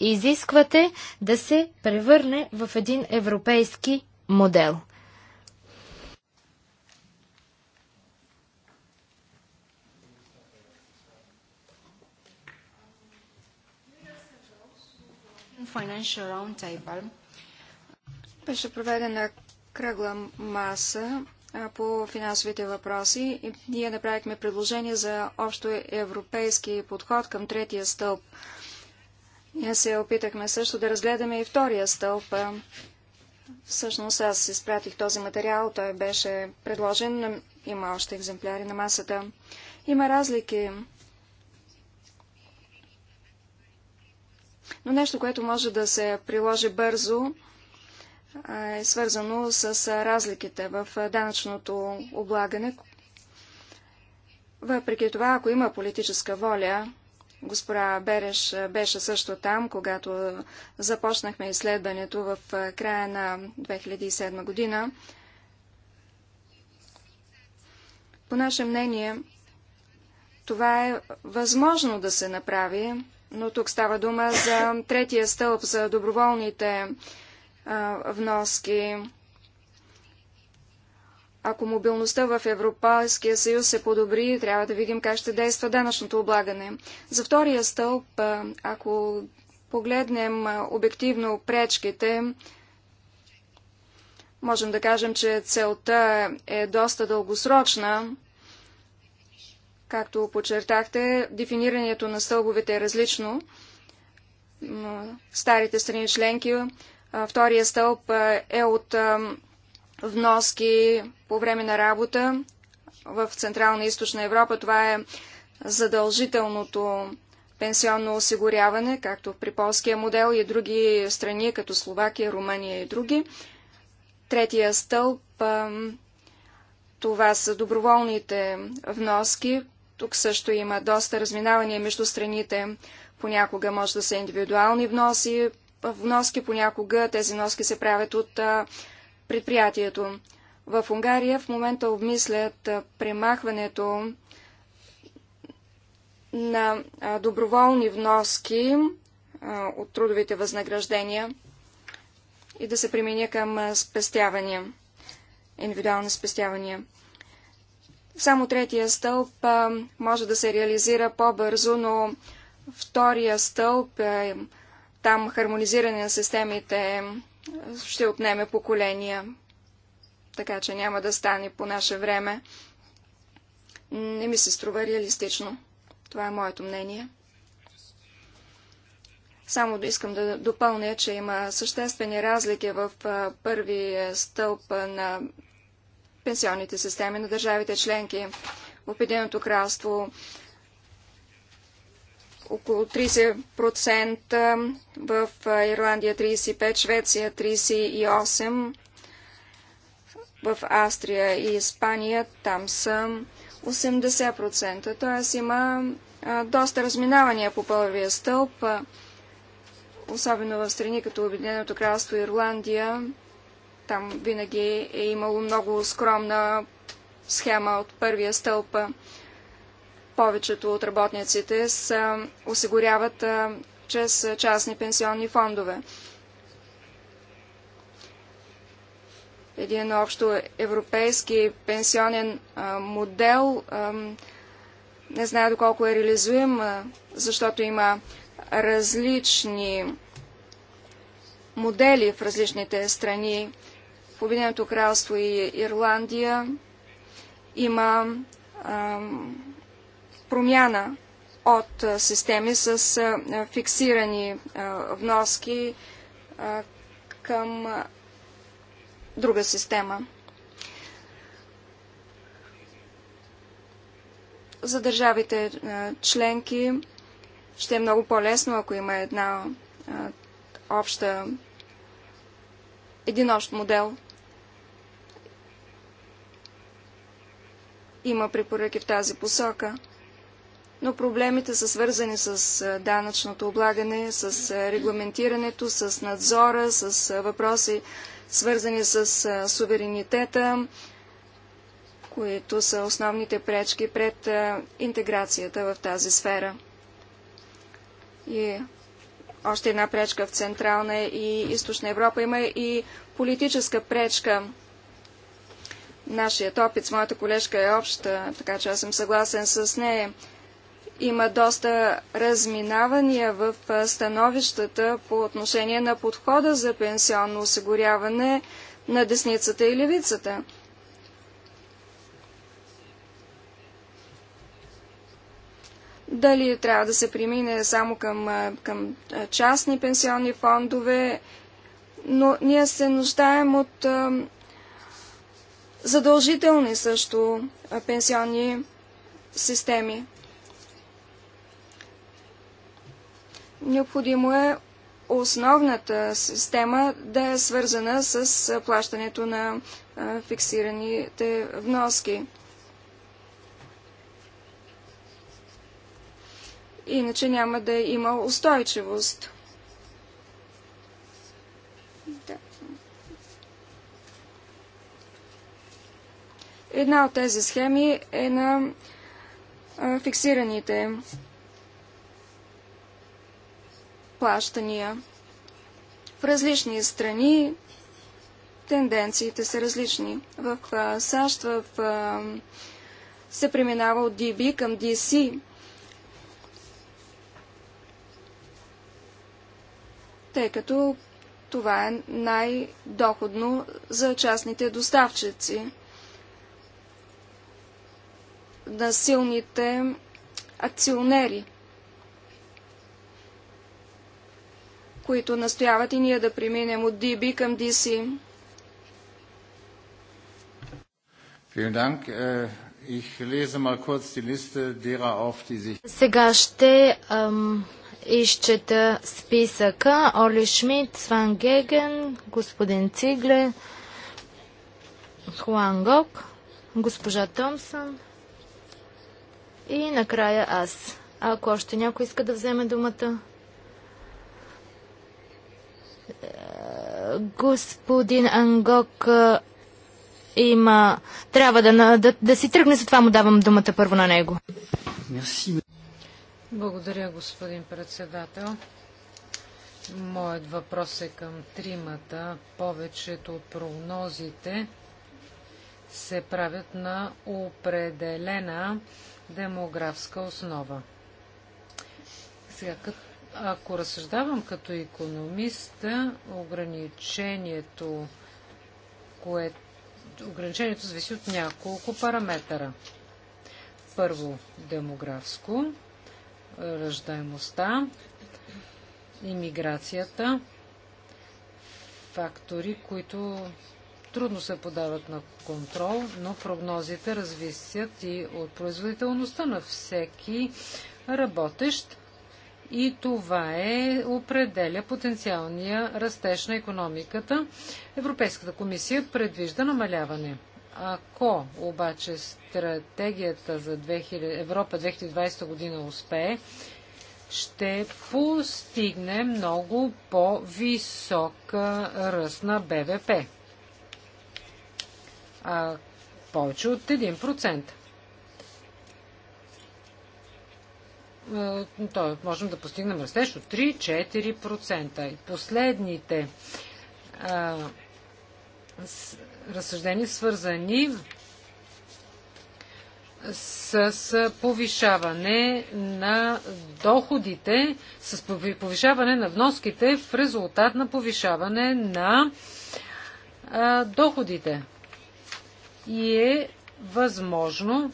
изисквате да се превърне в един европейски модел. Financial Roundtable. Беше проведена кръгла маса по финансовите въпроси и ние направихме предложение за общо европейски подход към третия стълб. Ние се опитахме също да разгледаме и втория стълб. Всъщност аз изпратих този материал, той беше предложен, има още екземпляри на масата. Има разлики Но нещо, което може да се приложи бързо, е свързано с разликите в данъчното облагане. Въпреки това, ако има политическа воля, госпожа Береш беше също там, когато започнахме изследването в края на 2007 година. По наше мнение, това е възможно да се направи но тук става дума за третия стълб, за доброволните вноски. Ако мобилността в Европейския съюз се подобри, трябва да видим как ще действа данъчното облагане. За втория стълб, ако погледнем обективно пречките, можем да кажем, че целта е доста дългосрочна, Както подчертахте, дефинирането на стълбовете е различно. Старите страни членки, втория стълб е от вноски по време на работа. В Централна и Източна Европа това е задължителното пенсионно осигуряване, както при полския модел и други страни, като Словакия, Румъния и други. Третия стълб това са доброволните вноски тук също има доста разминавания между страните. Понякога може да са индивидуални вноси, вноски, понякога тези вноски се правят от предприятието. В Унгария в момента обмислят премахването на доброволни вноски от трудовите възнаграждения и да се премине към спестявания, индивидуални спестявания. Само третия стълб може да се реализира по-бързо, но втория стълб, там хармонизиране на системите ще отнеме поколения, така че няма да стане по наше време. Не ми се струва реалистично. Това е моето мнение. Само искам да допълня, че има съществени разлики в първи стълб на пенсионните системи на държавите членки. В Обединеното кралство около 30%, в Ирландия 35%, Швеция 38%, в Австрия и Испания там са 80%. Т.е. има доста разминавания по първия стълб, особено в страни като Обединеното кралство и Ирландия. Там винаги е имало много скромна схема от първия стълб. Повечето от работниците са, осигуряват а, чрез частни пенсионни фондове. Един общо европейски пенсионен а, модел а, не знае доколко е реализуем, защото има различни модели в различните страни в Обединеното кралство и Ирландия има промяна от системи с фиксирани вноски към друга система. За държавите членки ще е много по-лесно, ако има една обща един общ модел – Има препоръки в тази посока. Но проблемите са свързани с данъчното облагане, с регламентирането, с надзора, с въпроси, свързани с суверенитета, които са основните пречки пред интеграцията в тази сфера. И още една пречка в Централна и Източна Европа има и политическа пречка – Нашият опит с моята колежка е обща, така че аз съм съгласен с нея. Има доста разминавания в становищата по отношение на подхода за пенсионно осигуряване на десницата и левицата. Дали трябва да се премине само към, към частни пенсионни фондове, но ние се нуждаем от задължителни също пенсионни системи. Необходимо е основната система да е свързана с плащането на фиксираните вноски. Иначе няма да има устойчивост. Една от тези схеми е на фиксираните плащания. В различни страни тенденциите са различни. В САЩ в, се преминава от DB към DC. Тъй като това е най-доходно за частните доставчици на силните акционери, които настояват и ние да преминем от DB към DC. Äh, Сега ще ам, изчета списъка. Оли Шмидт, Сван Геген, господин Цигле, Хуан Гок, госпожа Томсън, и накрая аз. Ако още някой иска да вземе думата. Е, господин Ангок е, има... Трябва да, да, да си тръгне, затова му давам думата първо на него. Благодаря, господин председател. Моят въпрос е към тримата. Повечето от прогнозите се правят на определена демографска основа. Сега, ако разсъждавам като економист, ограничението, кое, ограничението зависи от няколко параметъра. Първо, демографско, ръждаемостта, иммиграцията, фактори, които трудно се подават на контрол, но прогнозите развисят и от производителността на всеки работещ и това е определя потенциалния растеж на економиката. Европейската комисия предвижда намаляване. Ако обаче стратегията за 2000, Европа 2020 година успее, ще постигне много по-висок ръст на БВП а, повече от 1%. То е, можем да постигнем растеж от 3-4%. И последните а, с, разсъждения свързани с, с повишаване на доходите, с повишаване на вноските в резултат на повишаване на а, доходите и е възможно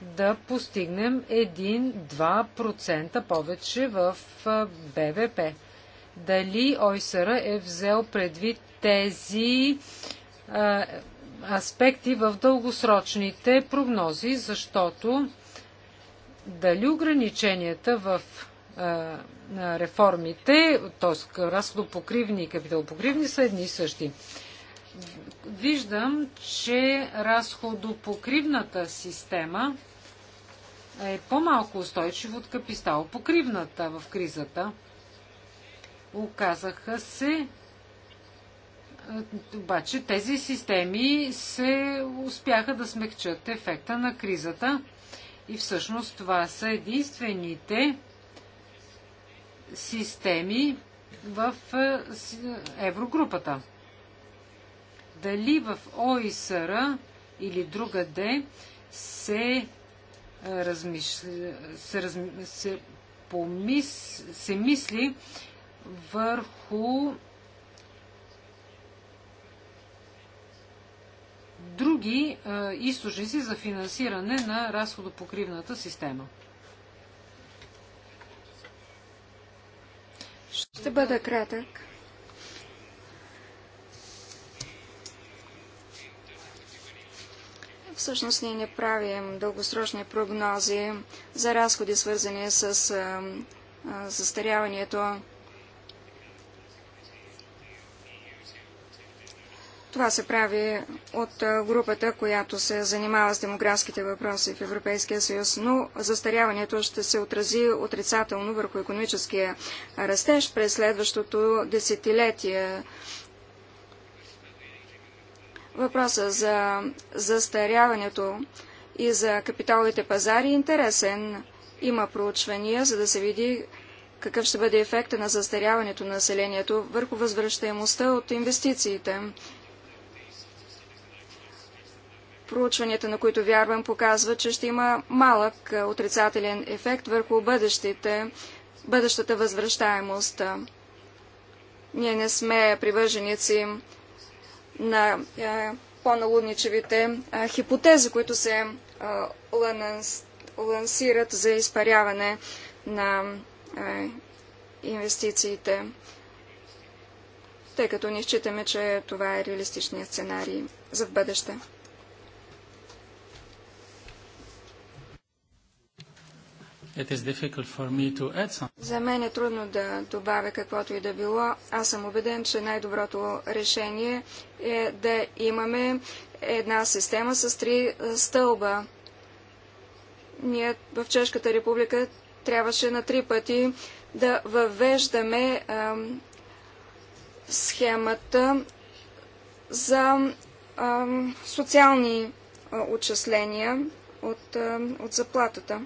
да постигнем 1-2% повече в БВП. Дали ОИСР е взел предвид тези а, аспекти в дългосрочните прогнози, защото дали ограниченията в а, реформите, т.е. разходопокривни и капиталопокривни, са едни и същи виждам, че разходопокривната система е по-малко устойчива от покривната в кризата. Оказаха се е, обаче тези системи се успяха да смекчат ефекта на кризата и всъщност това са единствените системи в е, еврогрупата дали в ОИСР или другаде се, размиш... се, се, помис... се мисли върху други а, източници за финансиране на разходопокривната система. Ще бъда кратък. Всъщност ние не правим дългосрочни прогнози за разходи, свързани с застаряването. Това се прави от групата, която се занимава с демографските въпроси в Европейския съюз, но застаряването ще се отрази отрицателно върху економическия растеж през следващото десетилетие. Въпроса за застаряването и за капиталовите пазари е интересен. Има проучвания, за да се види какъв ще бъде ефекта на застаряването на населението върху възвръщаемостта от инвестициите. Проучванията, на които вярвам, показват, че ще има малък е, отрицателен ефект върху бъдещите, бъдещата възвръщаемост. Ние не сме привърженици на е, по-налудничевите е, хипотези, които се е, лансират за изпаряване на инвестициите, тъй като не считаме, че това е реалистичният сценарий за в бъдеще. За мен е трудно да добавя каквото и да било. Аз съм убеден, че най-доброто решение е да имаме една система с три стълба. Ние в Чешката република трябваше на три пъти да въвеждаме схемата за социални а, отчисления от, от заплатата.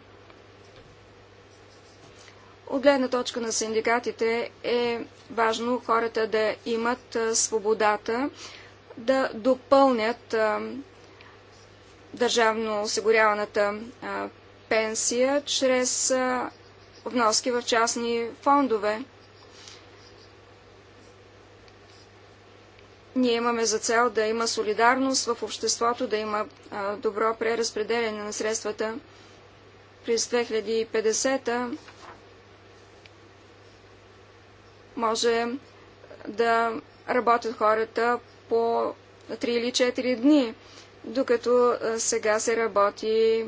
От гледна точка на синдикатите е важно хората да имат свободата да допълнят държавно осигуряваната пенсия чрез вноски в частни фондове. Ние имаме за цел да има солидарност в обществото, да има добро преразпределение на средствата. През 2050 може да работят хората по 3 или 4 дни, докато сега се работи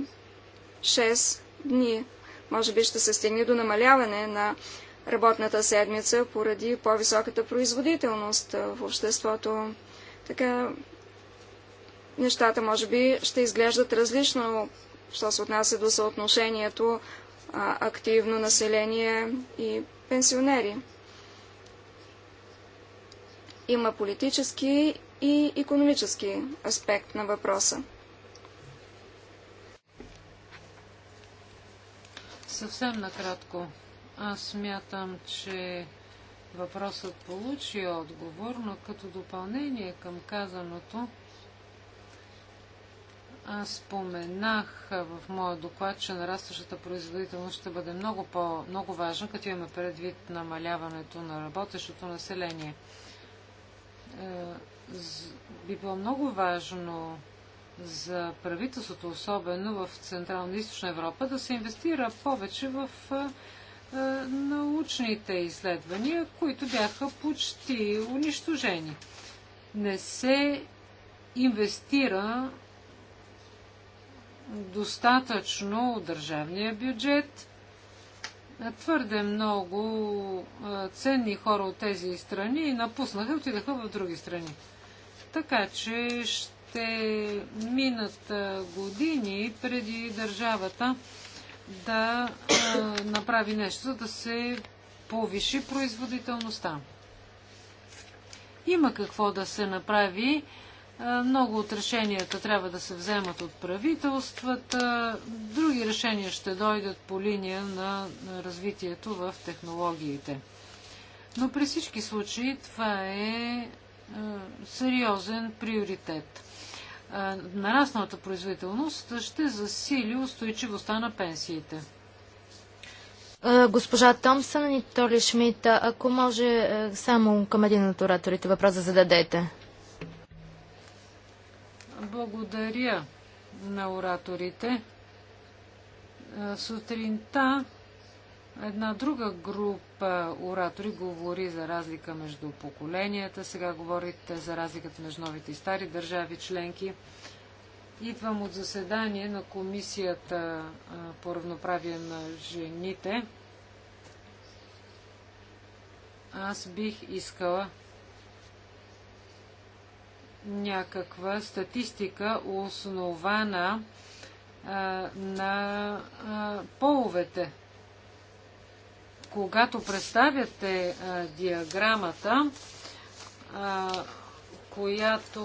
6 дни. Може би ще се стигне до намаляване на работната седмица поради по-високата производителност в обществото. Така нещата може би ще изглеждат различно, що се отнася до съотношението активно население и пенсионери. Има политически и економически аспект на въпроса. Съвсем накратко. Аз смятам, че въпросът получи отговор, но като допълнение към казаното, аз споменах в моя доклад, че нарастващата производителност ще бъде много, по, много важна, като имаме предвид намаляването на работещото население. Е, би било много важно за правителството, особено в Централна и Източна Европа, да се инвестира повече в е, е, научните изследвания, които бяха почти унищожени. Не се инвестира достатъчно от държавния бюджет Твърде много ценни хора от тези страни напуснаха и отидаха в други страни. Така че ще минат години преди държавата да направи нещо, за да се повиши производителността. Има какво да се направи е, много от решенията трябва да се вземат от правителствата. Други решения ще дойдат по линия на развитието в технологиите. Но при всички случаи това е, е сериозен приоритет. Е, нарасналата производителност ще засили устойчивостта на пенсиите. Госпожа Томсън и Толи Шмидт, ако може само към един от ораторите въпрос да зададете. Благодаря на ораторите. Е, сутринта една друга група оратори говори за разлика между поколенията. Сега говорите за разликата между новите и стари държави членки. Идвам от заседание на Комисията е, по равноправие на жените. Аз бих искала някаква статистика, основана а, на а, половете. Когато представяте а, диаграмата, а, която,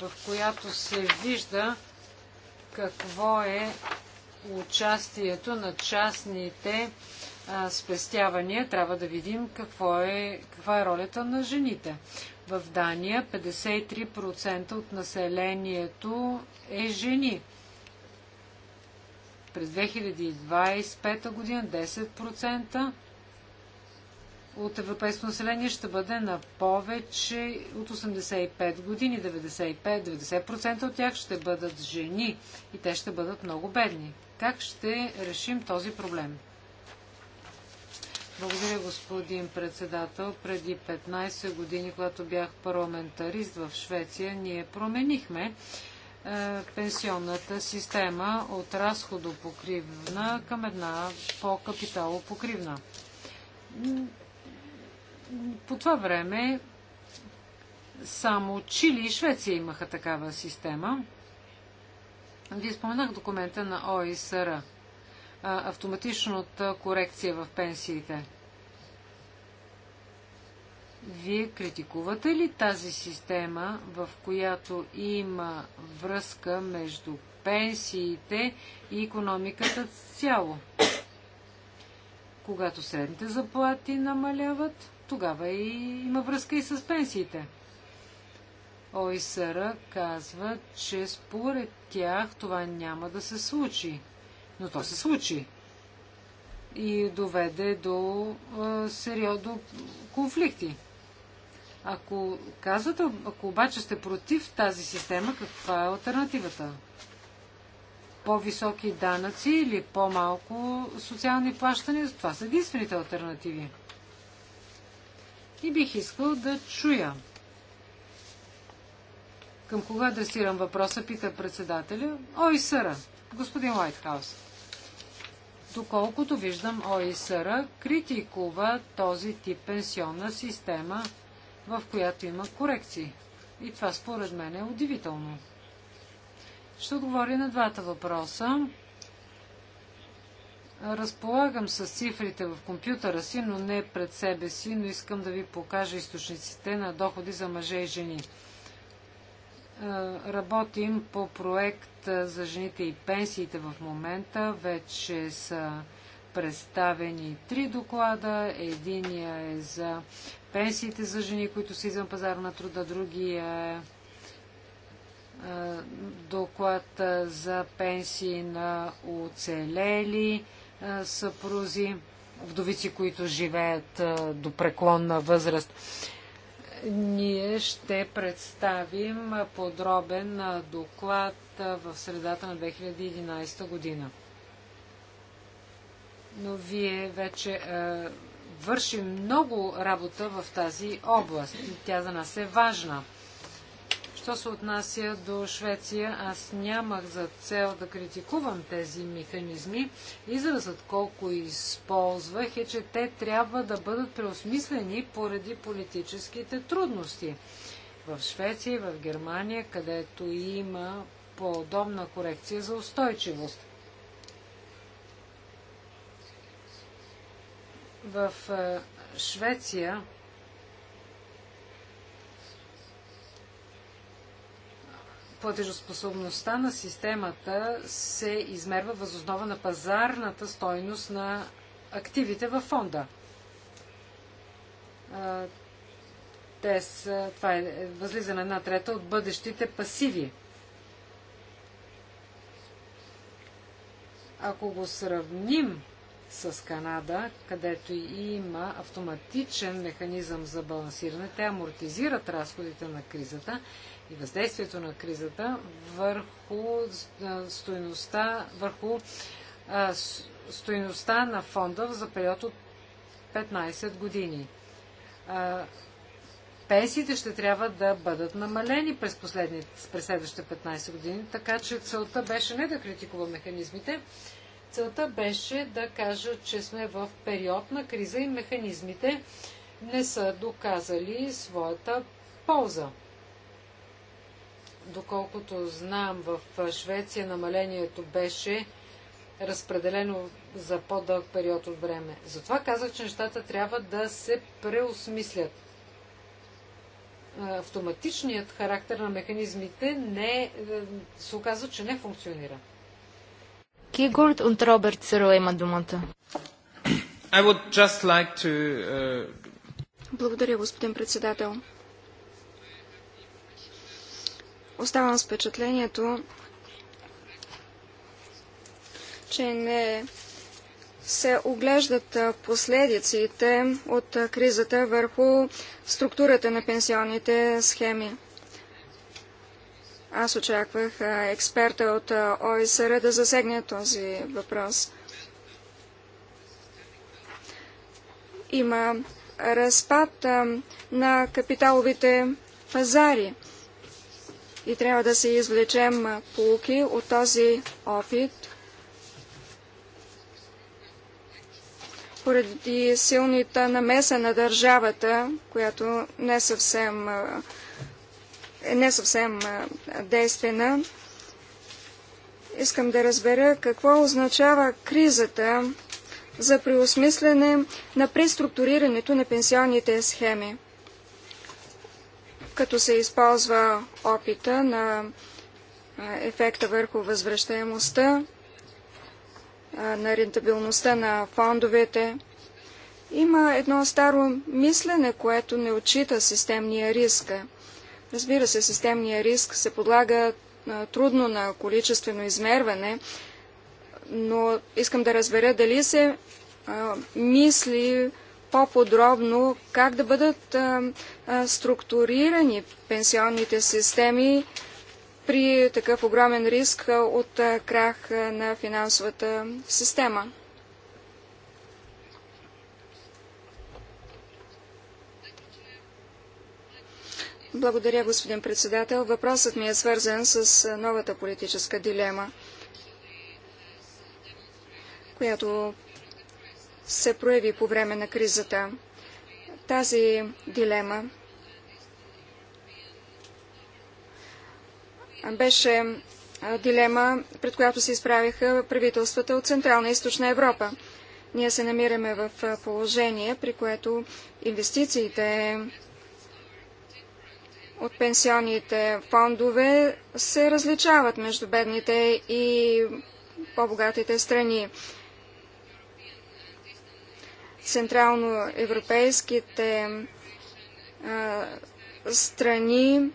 в която се вижда какво е участието на частните а, спестявания, трябва да видим какво е, каква е ролята на жените. В Дания 53% от населението е жени. През 2025 година 10% от европейското население ще бъде на повече от 85 години. 95-90% от тях ще бъдат жени и те ще бъдат много бедни. Как ще решим този проблем? Благодаря, господин председател. Преди 15 години, когато бях парламентарист в Швеция, ние променихме е, пенсионната система от разходопокривна към една по-капиталопокривна. По това време само Чили и Швеция имаха такава система. Ви споменах документа на ОИСР автоматичната корекция в пенсиите. Вие критикувате ли тази система, в която има връзка между пенсиите и економиката цяло? Когато средните заплати намаляват, тогава и има връзка и с пенсиите. ОИСР казва, че според тях това няма да се случи. Но то се случи и доведе до сериозно конфликти. Ако казвате, ако обаче сте против тази система, каква е альтернативата? По-високи данъци или по-малко социални плащания? Това са единствените альтернативи. И бих искал да чуя. Към кога адресирам въпроса, пита председателя. Ой, съра, господин Лайтхаус доколкото виждам ОИСР критикува този тип пенсионна система, в която има корекции. И това според мен е удивително. Ще отговоря на двата въпроса. Разполагам с цифрите в компютъра си, но не пред себе си, но искам да ви покажа източниците на доходи за мъже и жени. Е, работим по проект е, за жените и пенсиите в момента. Вече са представени три доклада. Единия е за пенсиите за жени, които са извън пазара на труда. Другия е, е доклад за пенсии на оцелели съпрузи, вдовици, които живеят до преклонна възраст. Ние ще представим подробен доклад в средата на 2011 година. Но вие вече е, върши много работа в тази област. Тя за нас е важна. Що се отнася до Швеция, аз нямах за цел да критикувам тези механизми. Изразът колко използвах е, че те трябва да бъдат преосмислени поради политическите трудности. В Швеция и в Германия, където има подобна корекция за устойчивост. В е, Швеция платежоспособността на системата се измерва възоснова на пазарната стойност на активите във фонда. Те са, това е възлиза на една трета от бъдещите пасиви. Ако го сравним с Канада, където и има автоматичен механизъм за балансиране, те амортизират разходите на кризата и въздействието на кризата върху стоеността, върху стоеността на фонда за период от 15 години. Пенсиите ще трябва да бъдат намалени през, през следващите 15 години, така че целта беше не да критикува механизмите, целта беше да кажа, че сме в период на криза и механизмите не са доказали своята полза. Доколкото знам, в Швеция намалението беше разпределено за по-дълъг период от време. Затова казах, че нещата трябва да се преосмислят. Автоматичният характер на механизмите не, е, се оказва, че не функционира. Кигурд от Роберт Сърл има думата. I would just like to, uh... Благодаря, господин председател оставам с впечатлението, че не се оглеждат последиците от кризата върху структурата на пенсионните схеми. Аз очаквах експерта от ОИСР да засегне този въпрос. Има разпад на капиталовите пазари – и трябва да се извлечем полуки от този опит. Поради силната намеса на държавата, която не съвсем, е не съвсем действена, искам да разбера какво означава кризата за преосмислене на преструктурирането на пенсионните схеми като се използва опита на ефекта върху възвръщаемостта, на рентабилността на фондовете. Има едно старо мислене, което не отчита системния риск. Разбира се, системния риск се подлага трудно на количествено измерване, но искам да разбера дали се мисли по-подробно как да бъдат а, а, структурирани пенсионните системи при такъв огромен риск от а, крах на финансовата система. Благодаря, господин председател. Въпросът ми е свързан с новата политическа дилема, която се прояви по време на кризата. Тази дилема беше дилема, пред която се изправиха правителствата от Централна и Източна Европа. Ние се намираме в положение, при което инвестициите от пенсионните фондове се различават между бедните и по-богатите страни централноевропейските страни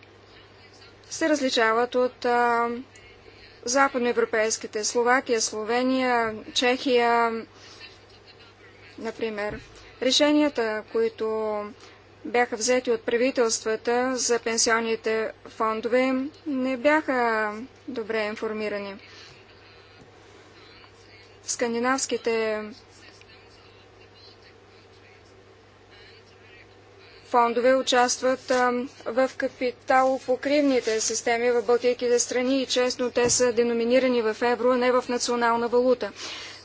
се различават от западноевропейските. Словакия, Словения, Чехия, например. Решенията, които бяха взети от правителствата за пенсионните фондове, не бяха добре информирани. Скандинавските фондове участват в капиталопокривните системи в Балтийските страни и честно те са деноминирани в евро, а не в национална валута.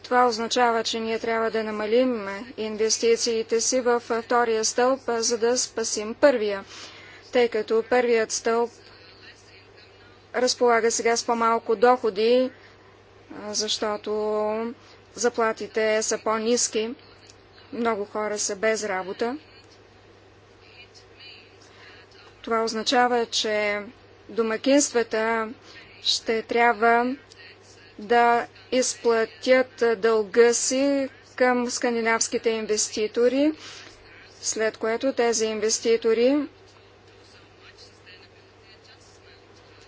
Това означава, че ние трябва да намалим инвестициите си във втория стълб, за да спасим първия, тъй като първият стълб разполага сега с по-малко доходи, защото заплатите са по-низки, много хора са без работа. Това означава, че домакинствата ще трябва да изплатят дълга си към скандинавските инвеститори, след което тези инвеститори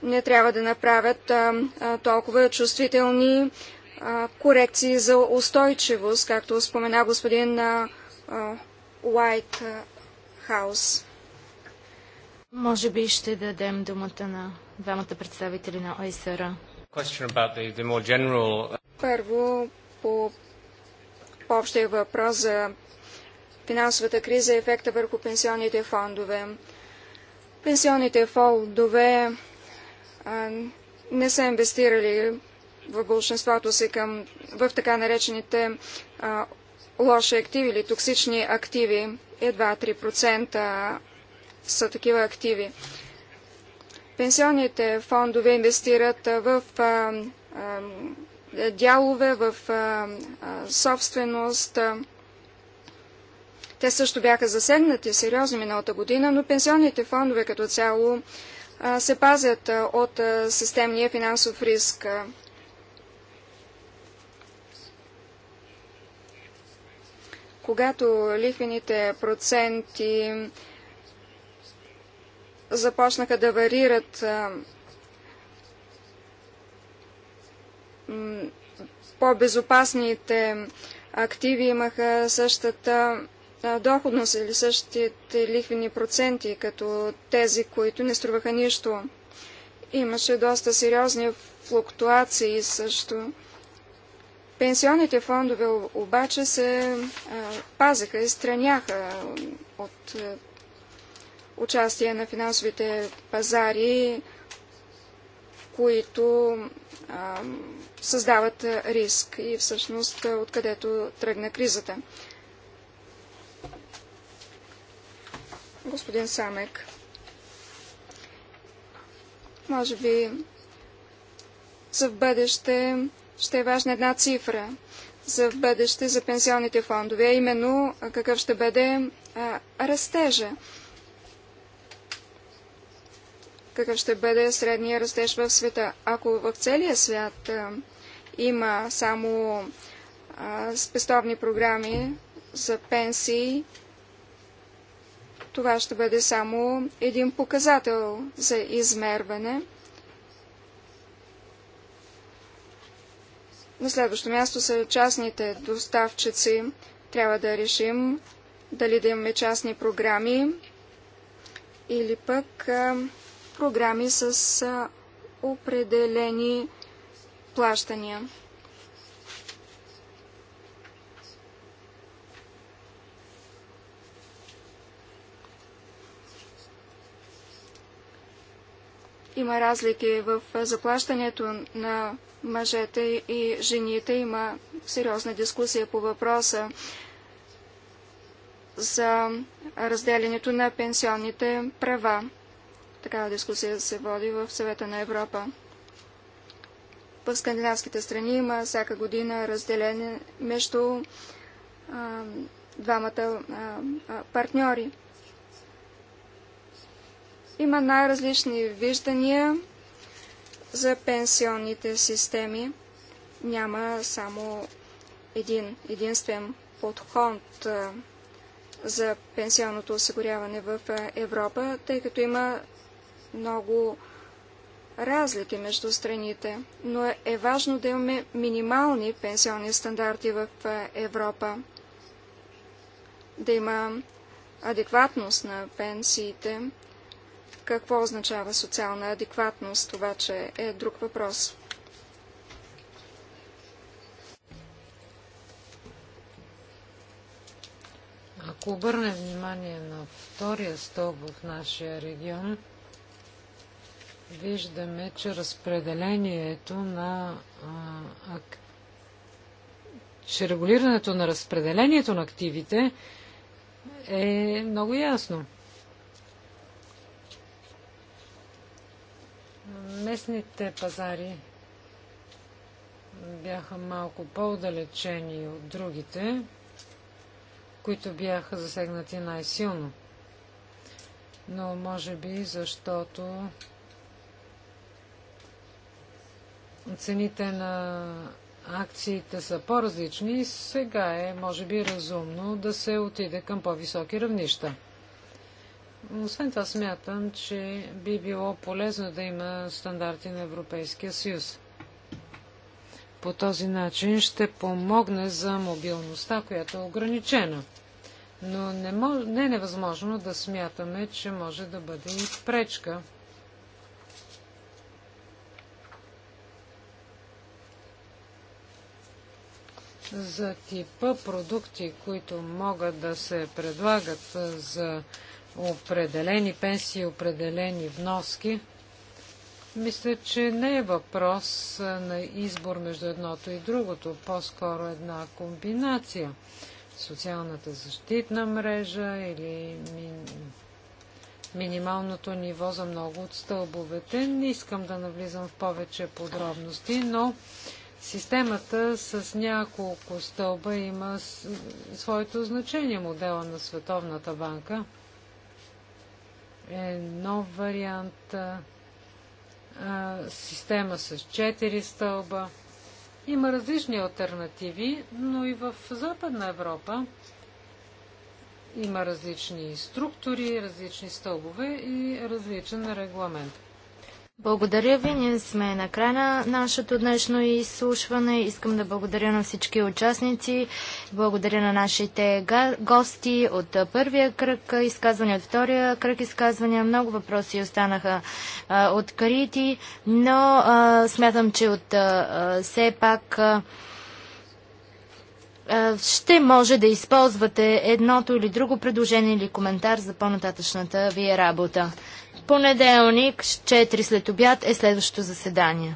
не трябва да направят толкова чувствителни корекции за устойчивост, както спомена господин Уайт Хаус. Може би ще дадем думата на двамата представители на ОСР. General... Uh, Първо, по, по общия въпрос за финансовата криза и ефекта върху пенсионните фондове. Пенсионните фондове а, не са инвестирали в большинството си към, в така наречените а, лоши активи или токсични активи. Едва 3% са такива активи. Пенсионните фондове инвестират в а, а, дялове, в а, собственост. Те също бяха засегнати сериозно миналата година, но пенсионните фондове като цяло се пазят от системния финансов риск. Когато лихвените проценти започнаха да варират по-безопасните активи имаха същата доходност или същите лихвени проценти, като тези, които не струваха нищо. Имаше доста сериозни флуктуации също. Пенсионните фондове обаче се пазиха и страняха от участие на финансовите пазари, които а, създават риск и всъщност откъдето тръгна кризата. Господин Самек, може би за в бъдеще ще е важна една цифра за в бъдеще за пенсионните фондове, а именно какъв ще бъде а, растежа какъв ще бъде средния растеж в света. Ако в целия свят а, има само а, спестовни програми за пенсии, това ще бъде само един показател за измерване. На следващо място са частните доставчици. Трябва да решим дали да имаме частни програми или пък а, програми с определени плащания. Има разлики в заплащането на мъжете и жените. Има сериозна дискусия по въпроса за разделянето на пенсионните права. Такава дискусия се води в съвета на Европа. В скандинавските страни има всяка година разделение между а, двамата а, партньори. Има най-различни виждания за пенсионните системи. Няма само един единствен подход за пенсионното осигуряване в Европа, тъй като има много разлики между страните, но е, е важно да имаме минимални пенсионни стандарти в Европа, да има адекватност на пенсиите. Какво означава социална адекватност? Това, че е друг въпрос. Ако обърнем внимание на втория стол в нашия регион, виждаме, че разпределението на а, че регулирането на разпределението на активите е много ясно. Местните пазари бяха малко по-удалечени от другите, които бяха засегнати най-силно. Но може би защото цените на акциите са по-различни, сега е, може би, разумно да се отиде към по-високи равнища. Освен това смятам, че би било полезно да има стандарти на Европейския съюз. По този начин ще помогне за мобилността, която е ограничена. Но не, мож... не е невъзможно да смятаме, че може да бъде и пречка за типа продукти, които могат да се предлагат за определени пенсии, определени вноски, мисля, че не е въпрос на избор между едното и другото, по-скоро една комбинация. Социалната защитна мрежа или ми... минималното ниво за много от стълбовете. Не искам да навлизам в повече подробности, но Системата с няколко стълба има своето значение. Модела на Световната банка е нов вариант система с 4 стълба. Има различни альтернативи, но и в Западна Европа има различни структури, различни стълбове и различен регламент. Благодаря ви. Ние сме на края на нашето днешно изслушване. Искам да благодаря на всички участници. Благодаря на нашите гости от първия кръг изказвания, от втория кръг изказвания. Много въпроси останаха а, открити, но а, смятам, че от а, все пак ще може да използвате едното или друго предложение или коментар за по-нататъчната ви работа. Понеделник, 4 след обяд е следващото заседание.